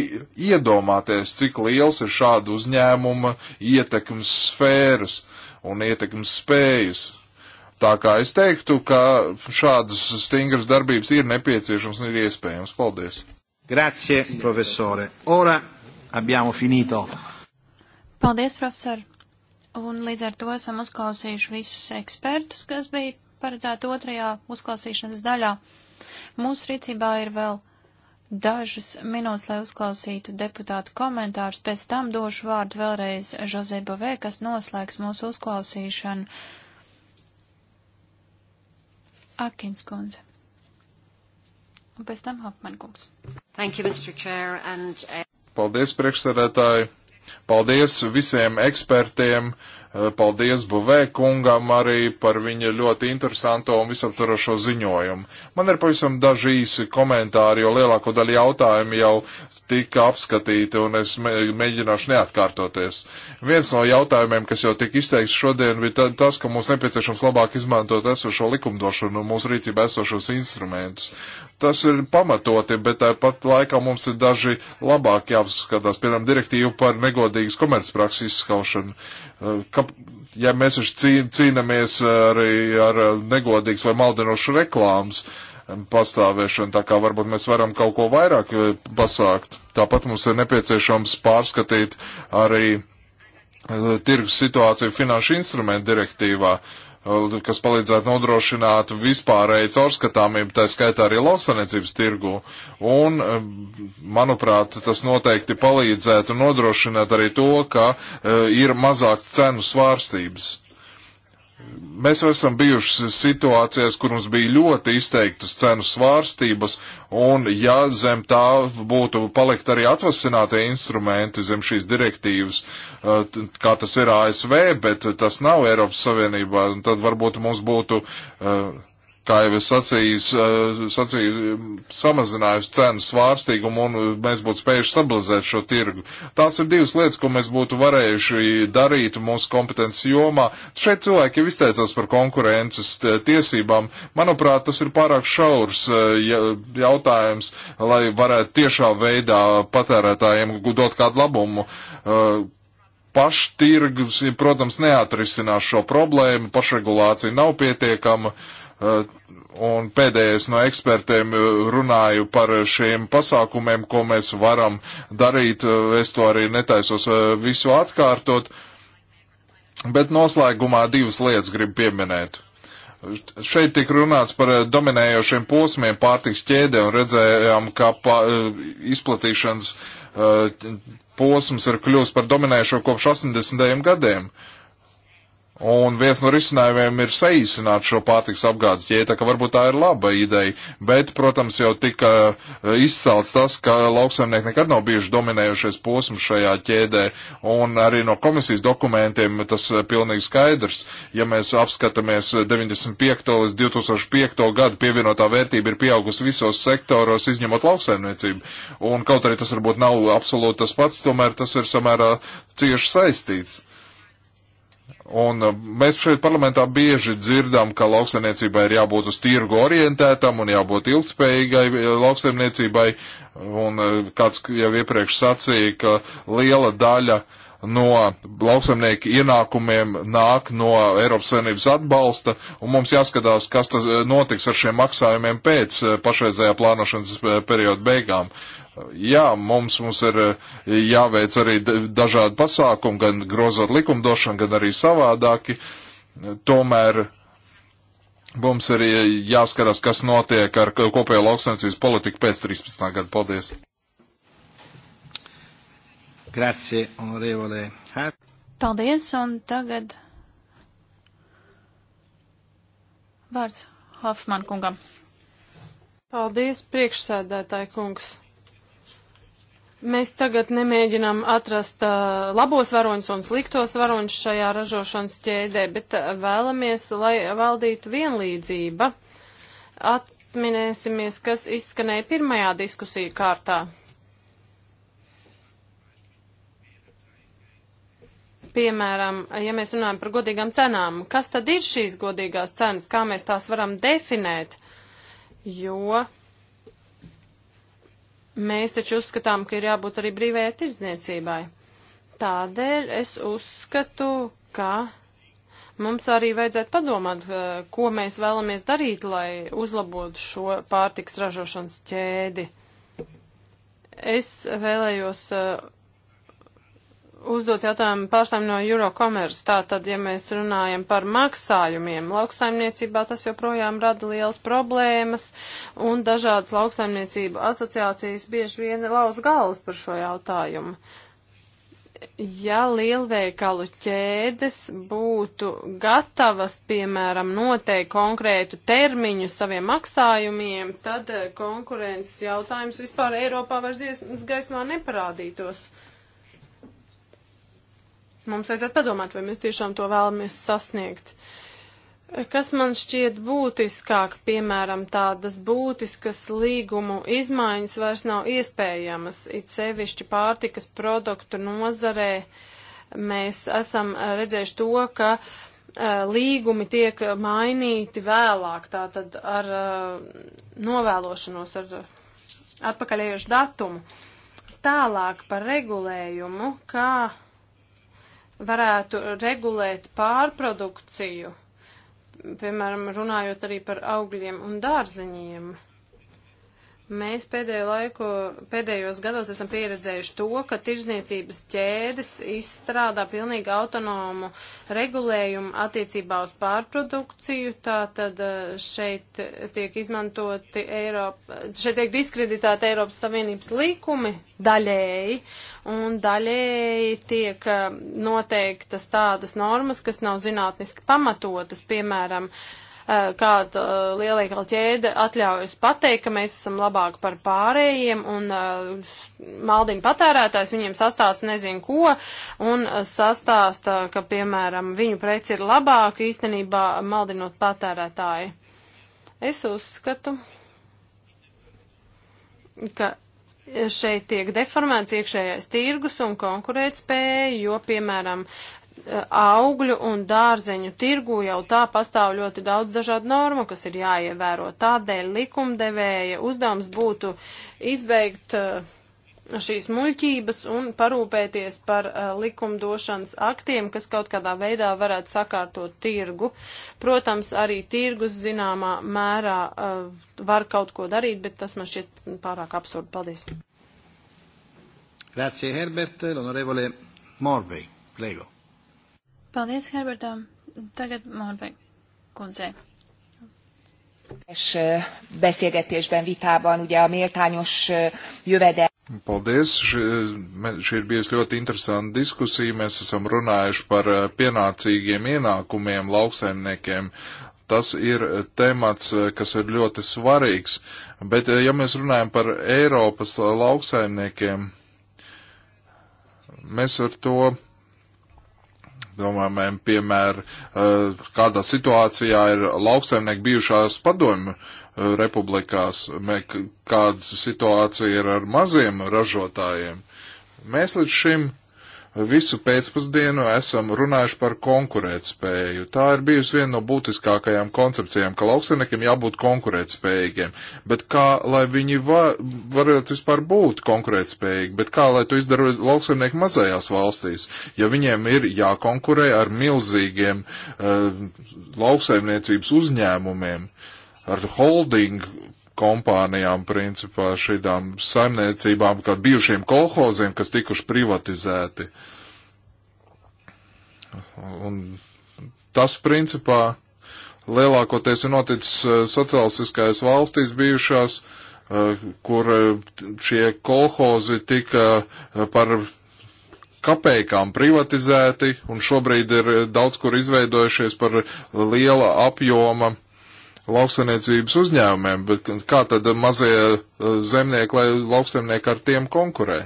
iedomāties, cik liels ir šāda uzņēmuma ietekmes sfēras un ietekmes spējas. Tā kā es teiktu, ka šādas stingras darbības ir nepieciešams un ir iespējams. Paldies! Grazie, profesore. Ora abbiamo finito. Paldies, profesor. Un līdz ar to esam uzklausījuši visus ekspertus, kas bija paredzēti otrajā uzklausīšanas daļā. Mūsu rīcībā ir vēl dažas minūtes, lai uzklausītu deputātu komentārus. Pēc tam došu vārdu vēlreiz Jose Bovē, kas noslēgs mūsu uzklausīšanu. Akins kundze. Un pēc tam Hapmankungs. Uh, Paldies, priekšsarētāji! Paldies visiem ekspertiem, Eh, paldies Buvē kungam arī par viņa ļoti interesanto un visaptvarošo ziņojumu. Man ir pavisam daži īsi komentāri, jo lielāko daļu jautājumu jau tika apskatīti un es mēģināšu neatkārtoties. Viens no jautājumiem, kas jau tika izteikts šodien, bija tas, ka mums nepieciešams labāk izmantot esošo likumdošanu un mūsu rīcībā esošos instrumentus. Tas ir pamatoti, bet tāpat laikā mums ir daži labāk jāapskatās, piemēram, direktīvu par negodīgas komercprakses izskaušanu. Uh, Eh, ka, ja mēs cīnāmies eh, arī ar eh, negodīgas vai maldinošu reklāmas pastāvēšanu, tā kā varbūt mēs varam kaut ko vairāk pasākt. Tāpat mums ir nepieciešams pārskatīt arī tirgus situāciju finanšu instrumentu direktīvā. Uh, kas palīdzētu nodrošināt vispārēju caurskatāmību, tā skaitā arī lauksaimniecības tirgu. Un, eh, manuprāt, tas noteikti palīdzētu nodrošināt arī to, ka eh, ir mazāk cenu svārstības. Mēs jau esam bijuši situācijās, kur mums bija ļoti izteiktas cenu svārstības, un ja zem tā būtu palikt arī atvasinātie instrumenti zem šīs direktīvas, uh, kā tas ir ASV, bet tas nav Eiropas Savienībā, tad varbūt mums būtu uh, kā jau es sacīju, eh, sacīju samazinājusi cenu svārstīgumu un mēs būtu spējuši stabilizēt šo tirgu. Tās ir divas lietas, ko mēs būtu varējuši darīt mūsu kompetences jomā. Šeit cilvēki jau izteicās par konkurences eh, tiesībām. Manuprāt, tas ir pārāk šaurs eh, jautājums, lai varētu tiešā veidā patērētājiem dot kādu labumu paštirgus, protams, neatrisinās šo problēmu, pašregulācija nav pietiekama. Uh, Eh, un pēdējais no ekspertiem eh, runāju par šiem pasākumiem, ko mēs varam darīt. Eh, es to arī netaisos visu atkārtot. Bet noslēgumā divas lietas gribu pieminēt. Šeit tik runāts par dominējošiem posmiem pārtiks ķēdē un redzējām, ka pa, izplatīšanas posms ir kļūst par dominējošo kopš 80. gadiem. Uh, Un viens no risinājumiem ir saīsināt šo pārtiks apgādes ķēdi, tā ka varbūt tā ir laba ideja, bet, protams, jau tika eh, izcelts tas, ka lauksaimnieki nekad nav bijuši dominējušais posms šajā ķēdē, un arī no komisijas dokumentiem tas eh, pilnīgi skaidrs. Ja mēs apskatāmies 95. Eh, līdz 2005. gadu pievienotā vērtība ir pieaugusi visos sektoros, izņemot lauksaimniecību, un kaut arī tas varbūt nav absolūti tas pats, tomēr tas ir samērā cieši saistīts. Un uh, mēs šeit parlamentā bieži dzirdam, ka lauksaimniecībai ir jābūt uz tirgu orientētam un jābūt ilgspējīgai uh, lauksaimniecībai. Un uh, kāds jau iepriekš sacīja, ka liela daļa no lauksaimnieku ienākumiem nāk no Eiropas Savienības atbalsta, un mums jāskatās, kas tas notiks ar šiem maksājumiem pēc pašreizējā plānošanas perioda beigām. Jā, mums, mums ir eh, jāveic arī dažādi pasākumi, gan grozot likumdošanu, gan arī savādāki. Tomēr mums ir jāskarās, kas notiek ar kopējo lauksainicības politiku pēc 13. gada. Paldies! Grazie, onorevole. Paldies, un tagad vārds Hofman kungam. Paldies, priekšsēdētāji kungs. Mēs tagad nemēģinām atrast uh, labos varoņus un sliktos varoņus šajā ražošanas ķēdē, bet uh, vēlamies, lai valdītu vienlīdzība. Atminēsimies, kas izskanēja pirmajā diskusiju kārtā. Piemēram, ja mēs runājam par godīgām cenām, kas tad ir šīs godīgās cenas, kā mēs tās varam definēt? Jo Mēs taču uzskatām, ka ir jābūt arī brīvai tirdzniecībai. Tādēļ es uzskatu, ka mums arī vajadzētu padomāt, eh, ko mēs vēlamies darīt, lai uzlabotu šo pārtiks ražošanas ķēdi. Es vēlējos eh, uzdot jautājumu pārstāvjiem no Eurocommerce. Tātad, ja mēs runājam par maksājumiem, lauksaimniecībā tas joprojām rada lielas problēmas, un dažādas lauksaimniecību asociācijas bieži vien lauz galvas par šo jautājumu. Ja lielveikalu ķēdes būtu gatavas, piemēram, noteikt konkrētu termiņu saviem maksājumiem, tad eh, konkurences jautājums vispār Eiropā vairs gaismā neparādītos. Uh, Mums vajadzētu padomāt, vai mēs tiešām to vēlamies sasniegt. Kas man šķiet būtiskāk, piemēram, tādas būtiskas līgumu izmaiņas vairs nav iespējamas, it sevišķi pārtikas produktu nozarē. Mēs esam eh, redzējuši to, ka eh, līgumi tiek mainīti vēlāk, tātad ar eh, novēlošanos, ar atpakaļējušu datumu. Tālāk par regulējumu, kā varētu regulēt pārprodukciju, piemēram, runājot arī par augļiem un dārzeņiem. Uh, Mēs pēdējo laiku, pēdējos gados esam pieredzējuši to, ka tirzniecības ķēdes izstrādā pilnīgi autonomu regulējumu attiecībā uz pārprodukciju, tātad eh, šeit tiek izmantoti Eiropa, šeit tiek diskreditāti Eiropas Savienības līkumi daļēji, un daļēji tiek eh, noteiktas tādas normas, kas nav zinātniski pamatotas, piemēram, uh, Eh, kāda eh, lielveikala ķēde atļaujas pateikt, ka mēs esam labāk par pārējiem un eh, maldina patērētājs, viņiem sastāsta nezinu ko un sastāsta, ka, piemēram, viņu preci ir labāka īstenībā maldinot patērētāju. Es uzskatu, ka šeit tiek deformēts iekšējais tirgus un konkurētspēja, jo, piemēram, augļu un dārzeņu tirgu jau tā pastāv ļoti daudz dažādu normu, kas ir jāievēro. Tādēļ likumdevēja uzdevums būtu izbeigt eh, šīs muļķības un parūpēties par eh, likumdošanas aktiem, kas kaut kādā veidā varētu sakārtot tirgu. Protams, arī tirgus zināmā mērā eh, var kaut ko darīt, bet tas man šķiet pārāk absurdi. Paldies. Grazie Herbert, l'onorevole Morvei, prego. Paldies, Herbertam. Tagad Morvai kundzei. És eh, beszélgetésben, vitában ugye a méltányos eh, jövedelem. Paldies! Šī ir bijusi ļoti interesanta diskusija. Mēs esam runājuši par eh, pienācīgiem ienākumiem lauksaimniekiem. Tas ir temats, kas ir ļoti svarīgs. Bet, ja mēs runājam par Eiropas lauksaimniekiem, mēs ar to Domājam, piemēram, eh, kādā situācijā ir lauksaimnieki bijušās padomju eh, republikās, kāda situācija ir ar maziem ražotājiem. Mēs līdz šim visu pēcpusdienu esam runājuši par konkurētspēju. Tā ir bijusi viena no būtiskākajām koncepcijām, ka lauksaimniekiem jābūt konkurētspējīgiem. Bet kā, lai viņi va, varētu vispār būt konkurētspējīgi, bet kā, lai to izdara lauksaimnieki mazajās valstīs, ja viņiem ir jākonkurē ar milzīgiem uh, lauksaimniecības uzņēmumiem, ar holdingu kompānijām, principā šīdām saimniecībām, kā bijušiem kolhoziem, kas tikuši privatizēti. Un tas, principā, lielākoties ir noticis eh, socialistiskajās valstīs bijušās, eh, kur eh, šie kolhozi tika par kapējām privatizēti un šobrīd ir daudz kur izveidojušies par liela apjoma lauksaniecības uzņēmumiem, bet kā tad mazie eh, zemnieki, lai lauksemnieki ar tiem konkurē?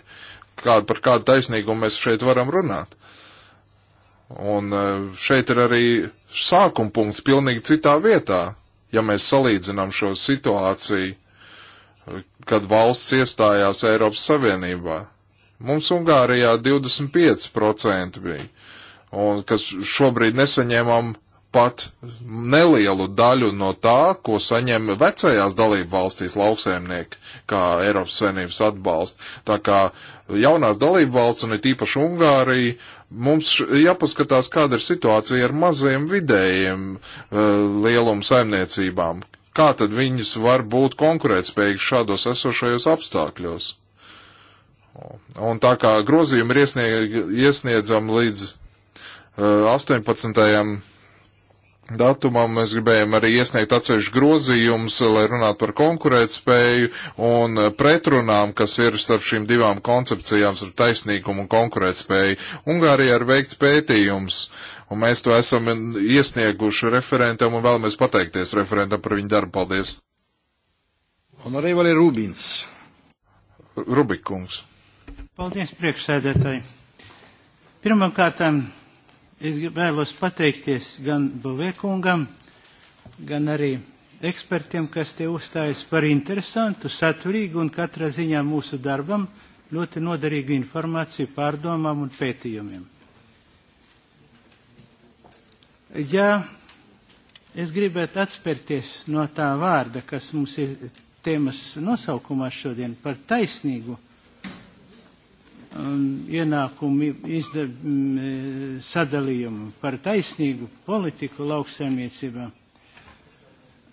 Kā, par kādu taisnīgumu mēs šeit varam runāt? Un eh, šeit ir arī sākuma punkts pilnīgi citā vietā, ja mēs salīdzinām šo situāciju, eh, kad valsts iestājās Eiropas Savienībā. Mums Ungārijā 25% bija, un kas šobrīd nesaņēmām pat nelielu daļu no tā, ko saņem vecajās dalību valstīs lauksēmnieki, kā Eiropas Savienības atbalsts. Tā kā jaunās dalību valsts un it īpaši Ungārija, mums jāpaskatās, kāda ir situācija ar maziem vidējiem eh, lielumu saimniecībām. Kā tad viņas var būt konkurētspējīgas šādos esošajos apstākļos? Un tā kā grozījumi ir iesniedzami līdz 18 eh, datumam mēs gribējām arī iesniegt atsevišķu grozījumus, lai runātu par konkurētspēju un pretrunām, kas ir starp šīm divām koncepcijām, starp taisnīgumu un konkurētspēju. Ungārija ir veikts pētījums, un mēs to esam iesnieguši referentam un vēlamies pateikties referentam par viņu darbu. Paldies! Honorevali Rubins. Rubikungs. Paldies priekšsēdētāji. Pirmkārt, Es vēlos pateikties gan Bovēkungam, gan arī ekspertiem, kas te uzstājas par interesantu, saturīgu un katrā ziņā mūsu darbam ļoti noderīgu informāciju pārdomām un pētījumiem. Ja es gribētu atspērties no tā vārda, kas mums ir tēmas nosaukumā šodien par taisnīgu um, ienākumu izdar, um, e, sadalījumu, par taisnīgu politiku lauksaimniecībā,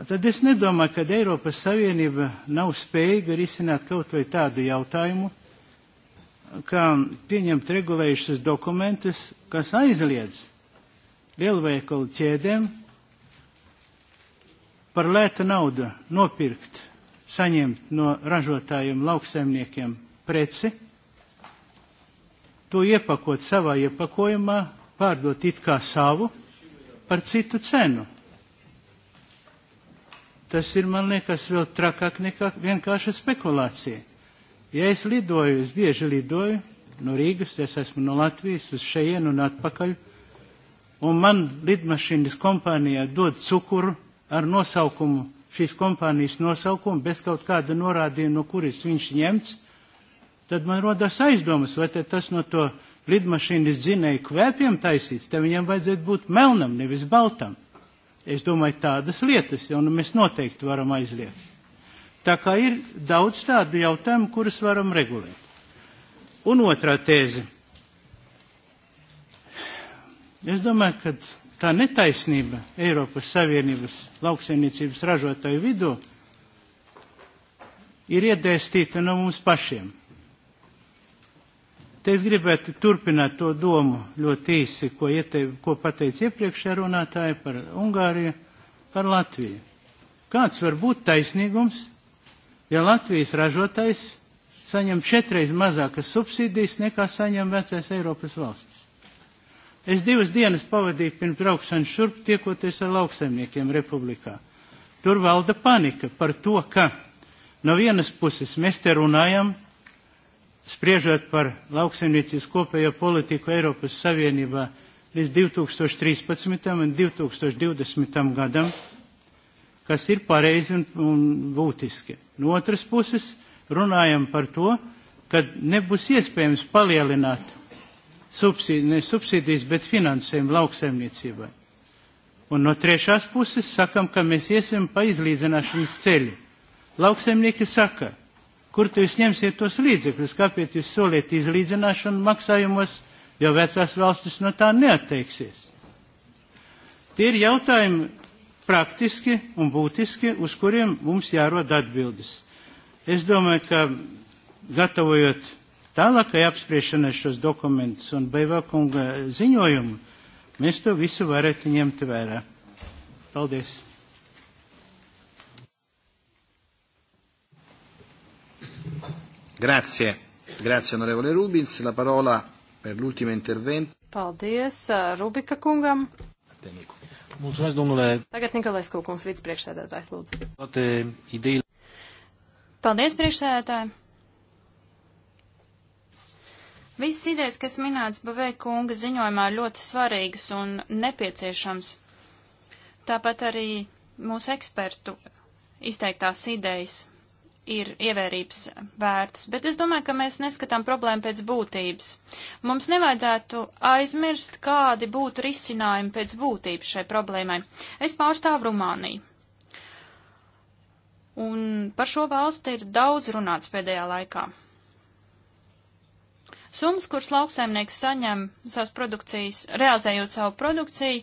tad es nedomāju, ka Eiropas Savienība nav spējīga risināt kaut vai tādu jautājumu, kā pieņemt regulējušas dokumentus, kas aizliedz lielveikalu ķēdēm par lētu naudu nopirkt, saņemt no ražotājiem, lauksaimniekiem preci – to iepakot savā iepakojumā, pārdot it kā savu par citu cenu. Tas ir, man liekas, vēl trakāk nekā vienkārša spekulācija. Ja es lidoju, es bieži lidoju no Rīgas, es esmu no Latvijas uz šejienu un atpakaļ, un man lidmašīnas kompānijā dod cukuru ar nosaukumu, šīs kompānijas nosaukumu, bez kaut kāda norādījuma, no kuras viņš ņemts, tad man rodas aizdomas, vai tas no to lidmašīnas zinēju kvēpiem taisīts, tad viņam vajadzētu būt melnam, nevis baltam. Es domāju, tādas lietas jau nu, mēs noteikti varam aizliegt. Tā kā ir daudz tādu jautājumu, kurus varam regulēt. Un otrā tēze. Es domāju, ka tā netaisnība Eiropas Savienības lauksaimniecības ražotāju vidū ir iedēstīta no mums pašiem. Te es gribētu turpināt to domu ļoti īsi, ko, iete, ko pateica iepriekšējā runātāja par Ungāriju, par Latviju. Kāds var būt taisnīgums, ja Latvijas ražotājs saņem četreiz mazākas subsīdijas nekā saņem vecais Eiropas valsts? Es divas dienas pavadīju pirms braukšanas šurp, tiekoties ar lauksaimniekiem republikā. Tur valda panika par to, ka no vienas puses mēs te runājam spriežot par lauksaimniecības kopējo politiku Eiropas Savienībā līdz 2013. un 2020. gadam, kas ir pareizi un, un būtiski. No otras puses, runājam par to, ka nebūs iespējams palielināt subsīdijas, ne subsīdijas, bet finansējumu lauksaimniecībai. Un no trešās puses sakam, ka mēs iesim pa izlīdzināšanas ceļu. Lauksaimnieki saka, Kur jūs ņemsiet tos līdzekļus? Kāpēc jūs soliet izlīdzināšanu maksājumos, jo vecās valstis no tā neatteiksies? Tie ir jautājumi praktiski un būtiski, uz kuriem mums jārod atbildes. Es domāju, ka gatavojot tālākai apspriešanai šos dokumentus un Baivakunga ziņojumu, mēs to visu varētu ņemt vērā. Paldies! Grazie. Grazie, onorevole Rubins. La parola per l'ultimo intervento. Paldies uh, Rubika kungam. Mulțumesc, domnule. Tagad Nikolais Kūkungs, vicepriekšsēdētājs, lūdzu. Toate ideile. Paldies, priekšsēdētāji. Visas idejas, kas minētas Bavē kunga ziņojumā, ir ļoti svarīgas un nepieciešams. Tāpat arī mūsu ekspertu izteiktās idejas ir ievērības vērts, bet es domāju, ka mēs neskatām problēmu pēc būtības. Mums nevajadzētu aizmirst, kādi būtu risinājumi pēc būtības šai problēmai. Es pārstāvu Rumāniju. Un par šo valsti ir daudz runāts pēdējā laikā. Sums, kuras lauksaimnieks saņem savas produkcijas, realizējot savu produkciju,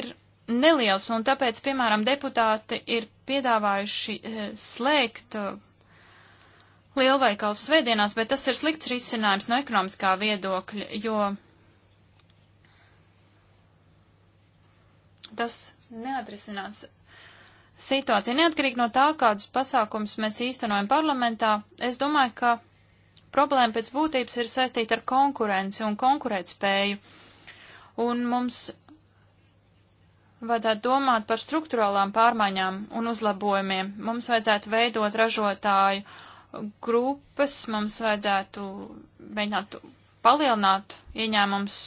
ir neliels, un tāpēc, piemēram, deputāti ir piedāvājuši eh, slēgt eh, lielveikals svētdienās, bet tas ir slikts risinājums no ekonomiskā viedokļa, jo tas neatrisinās situāciju. Neatkarīgi no tā, kādus pasākums mēs īstenojam parlamentā, es domāju, ka problēma pēc būtības ir saistīta ar konkurenci un konkurētspēju. Un mums vajadzētu domāt par struktūrālām pārmaiņām un uzlabojumiem. Mums vajadzētu veidot ražotāju grupas, mums vajadzētu mēģināt palielināt ieņēmums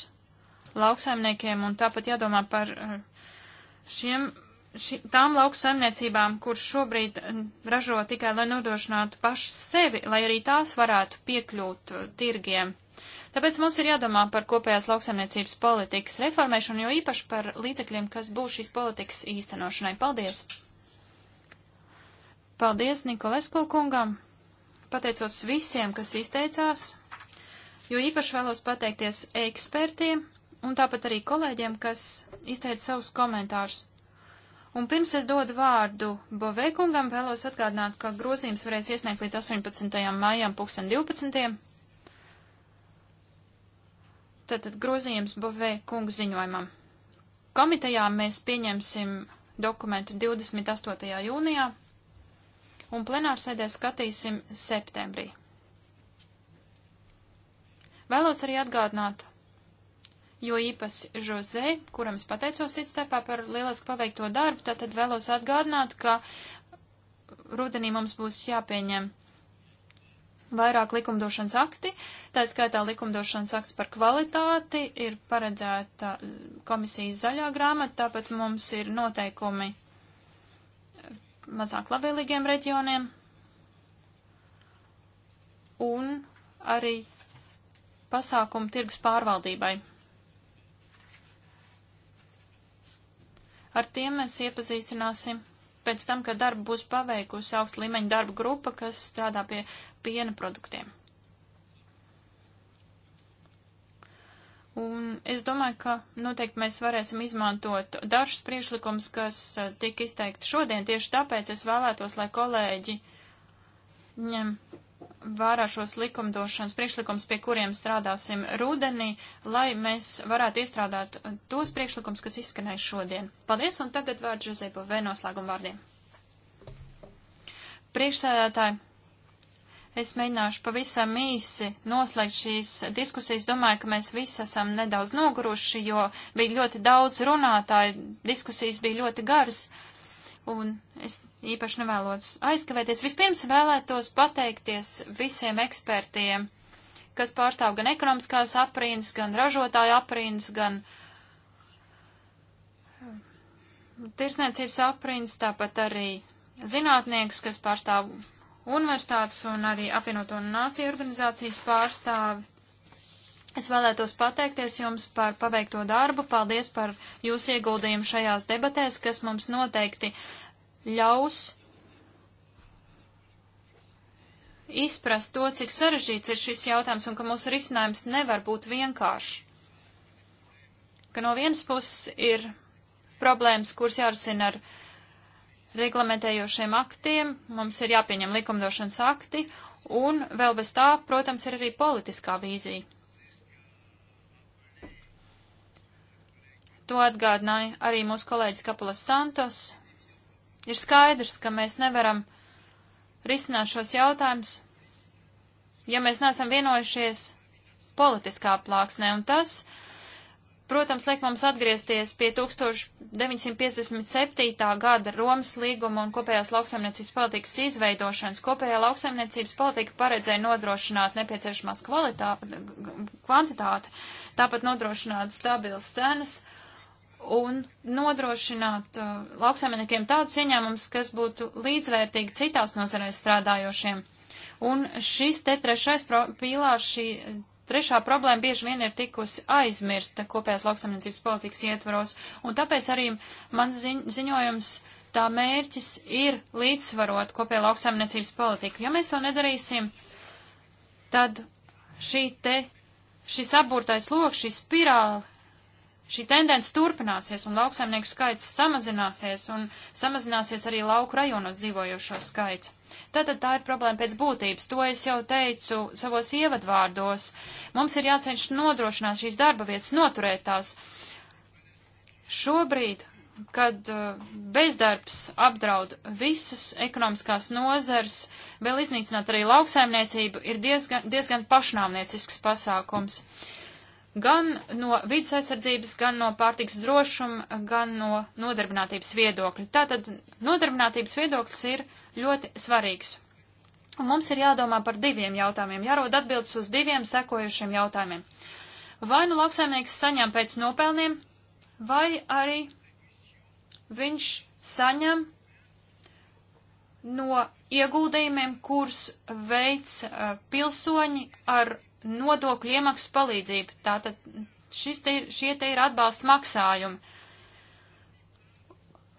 lauksaimniekiem un tāpat jādomā par eh, šiem, ši, tām lauksaimniecībām, kur šobrīd eh, ražo tikai, lai nodrošinātu paši sevi, lai arī tās varētu piekļūt eh, tirgiem. Tāpēc mums ir jādomā par kopējās lauksaimniecības politikas reformēšanu, jo īpaši par līdzekļiem, kas būs šīs politikas īstenošanai. Paldies! Paldies Nikolesko kungam! Pateicos visiem, kas izteicās, jo īpaši vēlos pateikties ekspertiem un tāpat arī kolēģiem, kas izteica savus komentārus. Un pirms es dodu vārdu Bovekungam, vēlos atgādināt, ka grozījums varēs iesniegt līdz 18. maijam 2012. Tātad grozījums Bovē kungu ziņojumam. Komitejā mēs pieņemsim dokumentu 28. jūnijā un plenārsēdē skatīsim septembrī. Vēlos arī atgādināt, jo īpaši Žozē, kuram es pateicos citstarpā par lielisku paveikto darbu, tātad vēlos atgādināt, ka rudenī mums būs jāpieņem vairāk likumdošanas akti, tā skaitā likumdošanas akts par kvalitāti, ir paredzēta eh, komisijas zaļā grāmata, tāpat mums ir noteikumi eh, mazāk labvēlīgiem reģioniem un arī pasākumu tirgus pārvaldībai. Ar tiem mēs iepazīstināsim pēc tam, kad darbu būs paveikusi augsta līmeņa darba grupa, kas strādā pie piena produktiem. Un es domāju, ka noteikti mēs varēsim izmantot dažus priekšlikumus, kas eh, tika izteikti šodien. Tieši tāpēc es vēlētos, lai kolēģi ņem vērā šos likumdošanas priekšlikumus, pie kuriem strādāsim rudenī, lai mēs varētu iestrādāt tos priekšlikumus, kas izskanēja šodien. Paldies, un tagad vārds Žuzepa V noslēguma vārdiem. Priekšsēdētāji, Es mēģināšu pavisam īsi noslēgt šīs diskusijas. Domāju, ka mēs visi esam nedaudz noguruši, jo bija ļoti daudz runātāju, diskusijas bija ļoti garas, un es īpaši nevēlos aizkavēties. Vispirms vēlētos pateikties visiem ekspertiem, kas pārstāv gan ekonomiskās aprīnas, gan ražotāju aprīnas, gan um, tirsniecības aprīnas, tāpat arī zinātniekus, kas pārstāv universitātes un arī apvienoto nāciju organizācijas pārstāvi. Es vēlētos pateikties jums par paveikto darbu, paldies par jūsu ieguldījumu šajās debatēs, kas mums noteikti ļaus izprast to, cik sarežģīts ir šis jautājums un ka mūsu risinājums nevar būt vienkāršs. Ka no vienas puses ir problēmas, kuras jārisina ar reglamentējošiem aktiem, mums ir jāpieņem likumdošanas akti, un vēl bez tā, protams, ir arī politiskā vīzija. To atgādināja arī mūsu kolēģis Kapulas Santos. Ir skaidrs, ka mēs nevaram risināt šos jautājumus, ja mēs neesam vienojušies politiskā plāksnē, un tas protams, liek mums atgriezties pie 1957. gada Romas līguma un kopējās lauksaimniecības politikas izveidošanas. Kopējā lauksaimniecības politika paredzēja nodrošināt nepieciešamās kvalitā, kvantitāti, tāpat nodrošināt stabilas cenas un nodrošināt uh, lauksaimniekiem tādus ieņēmumus, kas būtu līdzvērtīgi citās nozarēs strādājošiem. Un šis te trešais pīlārs, šī Trešā problēma bieži vien ir tikusi aizmirsta kopējās lauksamniecības politikas ietvaros, un tāpēc arī mans ziņ ziņojums tā mērķis ir līdzsvarot kopējā lauksamniecības politiku. Ja mēs to nedarīsim, tad šī te, šis apburtais loks, šī spirāli Šī tendence turpināsies un lauksaimnieku skaits samazināsies un samazināsies arī lauku rajonos dzīvojošo skaits. Tātad tā ir problēma pēc būtības, to es jau teicu savos ievadvārdos. Mums ir jācenš nodrošināt šīs darba vietas, noturēt tās. Šobrīd, kad uh, bezdarbs apdraud visas ekonomiskās nozars, vēl iznīcināt arī lauksaimniecību, ir diezgan, diezgan pašnāvniecisks pasākums. Mm gan no vidas aizsardzības, gan no pārtiks drošuma, gan no nodarbinātības viedokļa. Tātad nodarbinātības viedoklis ir ļoti svarīgs. Un mums ir jādomā par diviem jautājumiem, jārod atbildes uz diviem sekojušiem jautājumiem. Vai nu lauksaimnieks saņem pēc nopelniem, vai arī viņš saņem no ieguldījumiem, kurus veids uh, eh, pilsoņi ar nodokļu iemaksu palīdzību. Tātad šis te ir, šie te ir atbalsta maksājumi.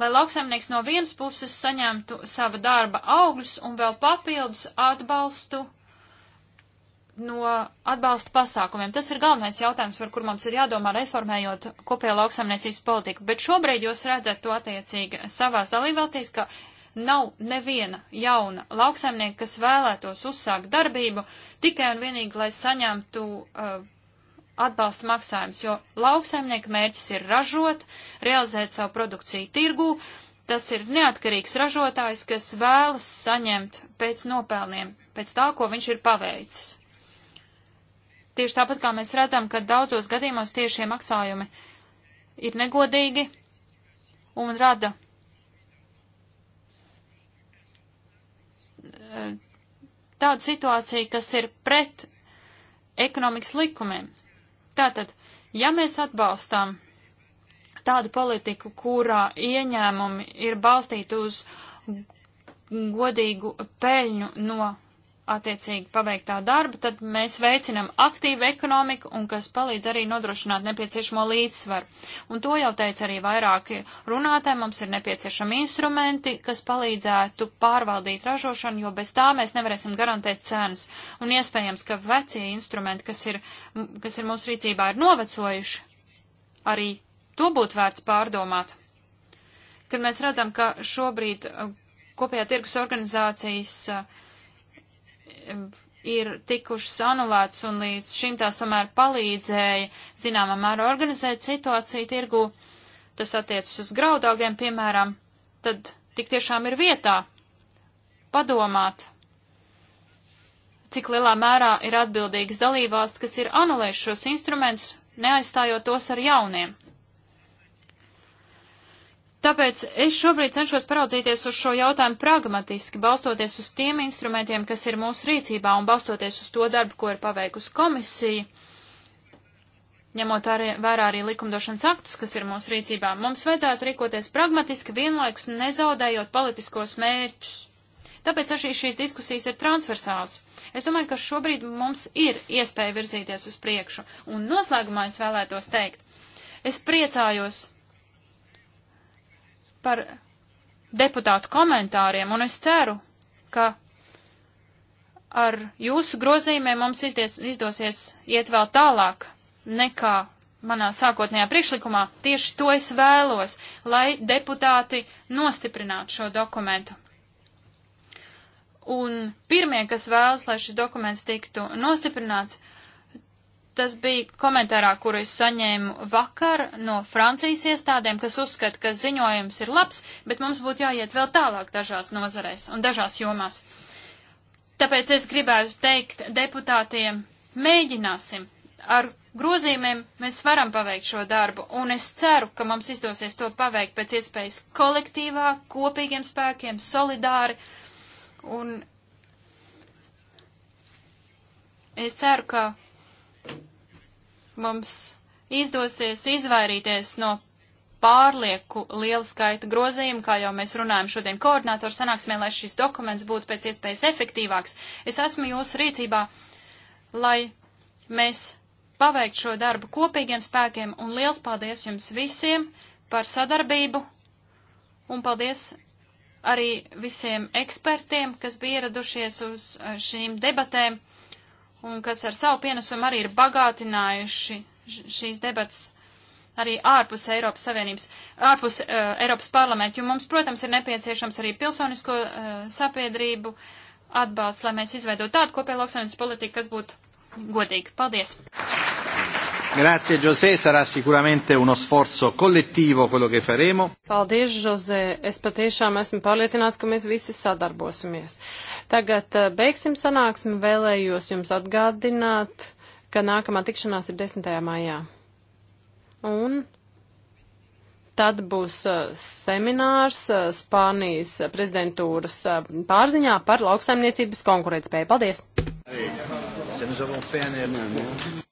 Lai lauksaimnieks no vienas puses saņemtu sava darba augļus un vēl papildus atbalstu no atbalsta pasākumiem. Tas ir galvenais jautājums, par kur mums ir jādomā reformējot kopējo lauksaimniecības politiku. Bet šobrīd jūs redzat to attiecīgi savās dalībvalstīs, ka nav neviena jauna lauksaimnieka, kas vēlētos uzsākt darbību tikai un vienīgi, lai saņemtu uh, atbalsta maksājums, jo lauksaimnieka mērķis ir ražot, realizēt savu produkciju tirgū. Tas ir neatkarīgs ražotājs, kas vēlas saņemt pēc nopelniem, pēc tā, ko viņš ir paveicis. Tieši tāpat kā mēs redzam, ka daudzos gadījumos tiešie maksājumi ir negodīgi un rada Eh, tāda situācija, kas ir pret ekonomikas likumiem. Tātad, ja mēs atbalstām tādu politiku, kurā ieņēmumi ir balstīti uz godīgu peļņu no attiecīgi paveiktā darba, tad mēs veicinam aktīvu ekonomiku un kas palīdz arī nodrošināt nepieciešamo līdzsvaru. Un to jau teica arī vairāki runātāji, mums ir nepieciešami instrumenti, kas palīdzētu pārvaldīt ražošanu, jo bez tā mēs nevarēsim garantēt cenas. Un iespējams, ka vecie instrumenti, kas ir, kas ir mūsu rīcībā, ir novecojuši. Arī to būtu vērts pārdomāt. Kad mēs redzam, ka šobrīd uh, kopējā tirgus organizācijas uh, ir tikušas anulētas un līdz šim tās tomēr palīdzēja zināmā mērā organizēt situāciju tirgu, tas attiecas uz graudaugiem, piemēram, tad tik tiešām ir vietā padomāt, cik lielā mērā ir atbildīgas dalībvalsts, kas ir anulējušas šos instrumentus, neaizstājot tos ar jauniem. Tāpēc es šobrīd cenšos paraudzīties uz šo jautājumu pragmatiski, balstoties uz tiem instrumentiem, kas ir mūsu rīcībā un balstoties uz to darbu, ko ir paveikusi komisija, ņemot arī, vērā arī likumdošanas aktus, kas ir mūsu rīcībā. Mums vajadzētu rīkoties pragmatiski, vienlaikus nezaudējot politiskos mērķus. Tāpēc arī šīs diskusijas ir transversāls. Es domāju, ka šobrīd mums ir iespēja virzīties uz priekšu. Un noslēgumā es vēlētos teikt, es priecājos par deputātu komentāriem, un es ceru, ka ar jūsu grozījumiem mums izdies, izdosies iet vēl tālāk nekā manā sākotnējā priekšlikumā. Tieši to es vēlos, lai deputāti nostiprinātu šo dokumentu. Un pirmie, kas vēlas, lai šis dokuments tiktu nostiprināts, Tas bija komentārā, kuru es saņēmu vakar no Francijas iestādēm, kas uzskata, ka ziņojums ir labs, bet mums būtu jāiet vēl tālāk dažās nozarēs un dažās jomās. Tāpēc es gribētu teikt deputātiem, mēģināsim. Ar grozījumiem mēs varam paveikt šo darbu, un es ceru, ka mums izdosies to paveikt pēc iespējas kolektīvā, kopīgiem spēkiem, solidāri. Un es ceru, ka mums izdosies izvairīties no pārlieku lielu skaitu grozījumu, kā jau mēs runājam šodien koordinātoru sanāksmē, lai šis dokuments būtu pēc iespējas efektīvāks. Es esmu jūsu rīcībā, lai mēs paveiktu šo darbu kopīgiem spēkiem, un liels paldies jums visiem par sadarbību, un paldies arī visiem ekspertiem, kas bija ieradušies uz eh, šīm debatēm un kas ar savu pienesumu arī ir bagātinājuši šīs debats arī ārpus Eiropas Savienības, ārpus uh, Eiropas parlamentu, jo mums, protams, ir nepieciešams arī pilsonisko uh, eh, sapiedrību atbalsts, lai mēs izveidotu tādu kopēju lauksaimnes politiku, kas būtu godīga. Paldies! Grazie José, sarà sicuramente uno sforzo collettivo quello che faremo. Paldies, José. Es patiešām esmu pārliecināts, ka mēs visi sadarbosimies. Tagad eh, beigsim sanāksmi. Vēlējos jums atgādināt, ka nākamā tikšanās ir 10. maijā. Un tad būs eh, seminārs eh, Spānijas prezidentūras pārziņā par lauksaimniecības konkurētspēju. Paldies! Allez,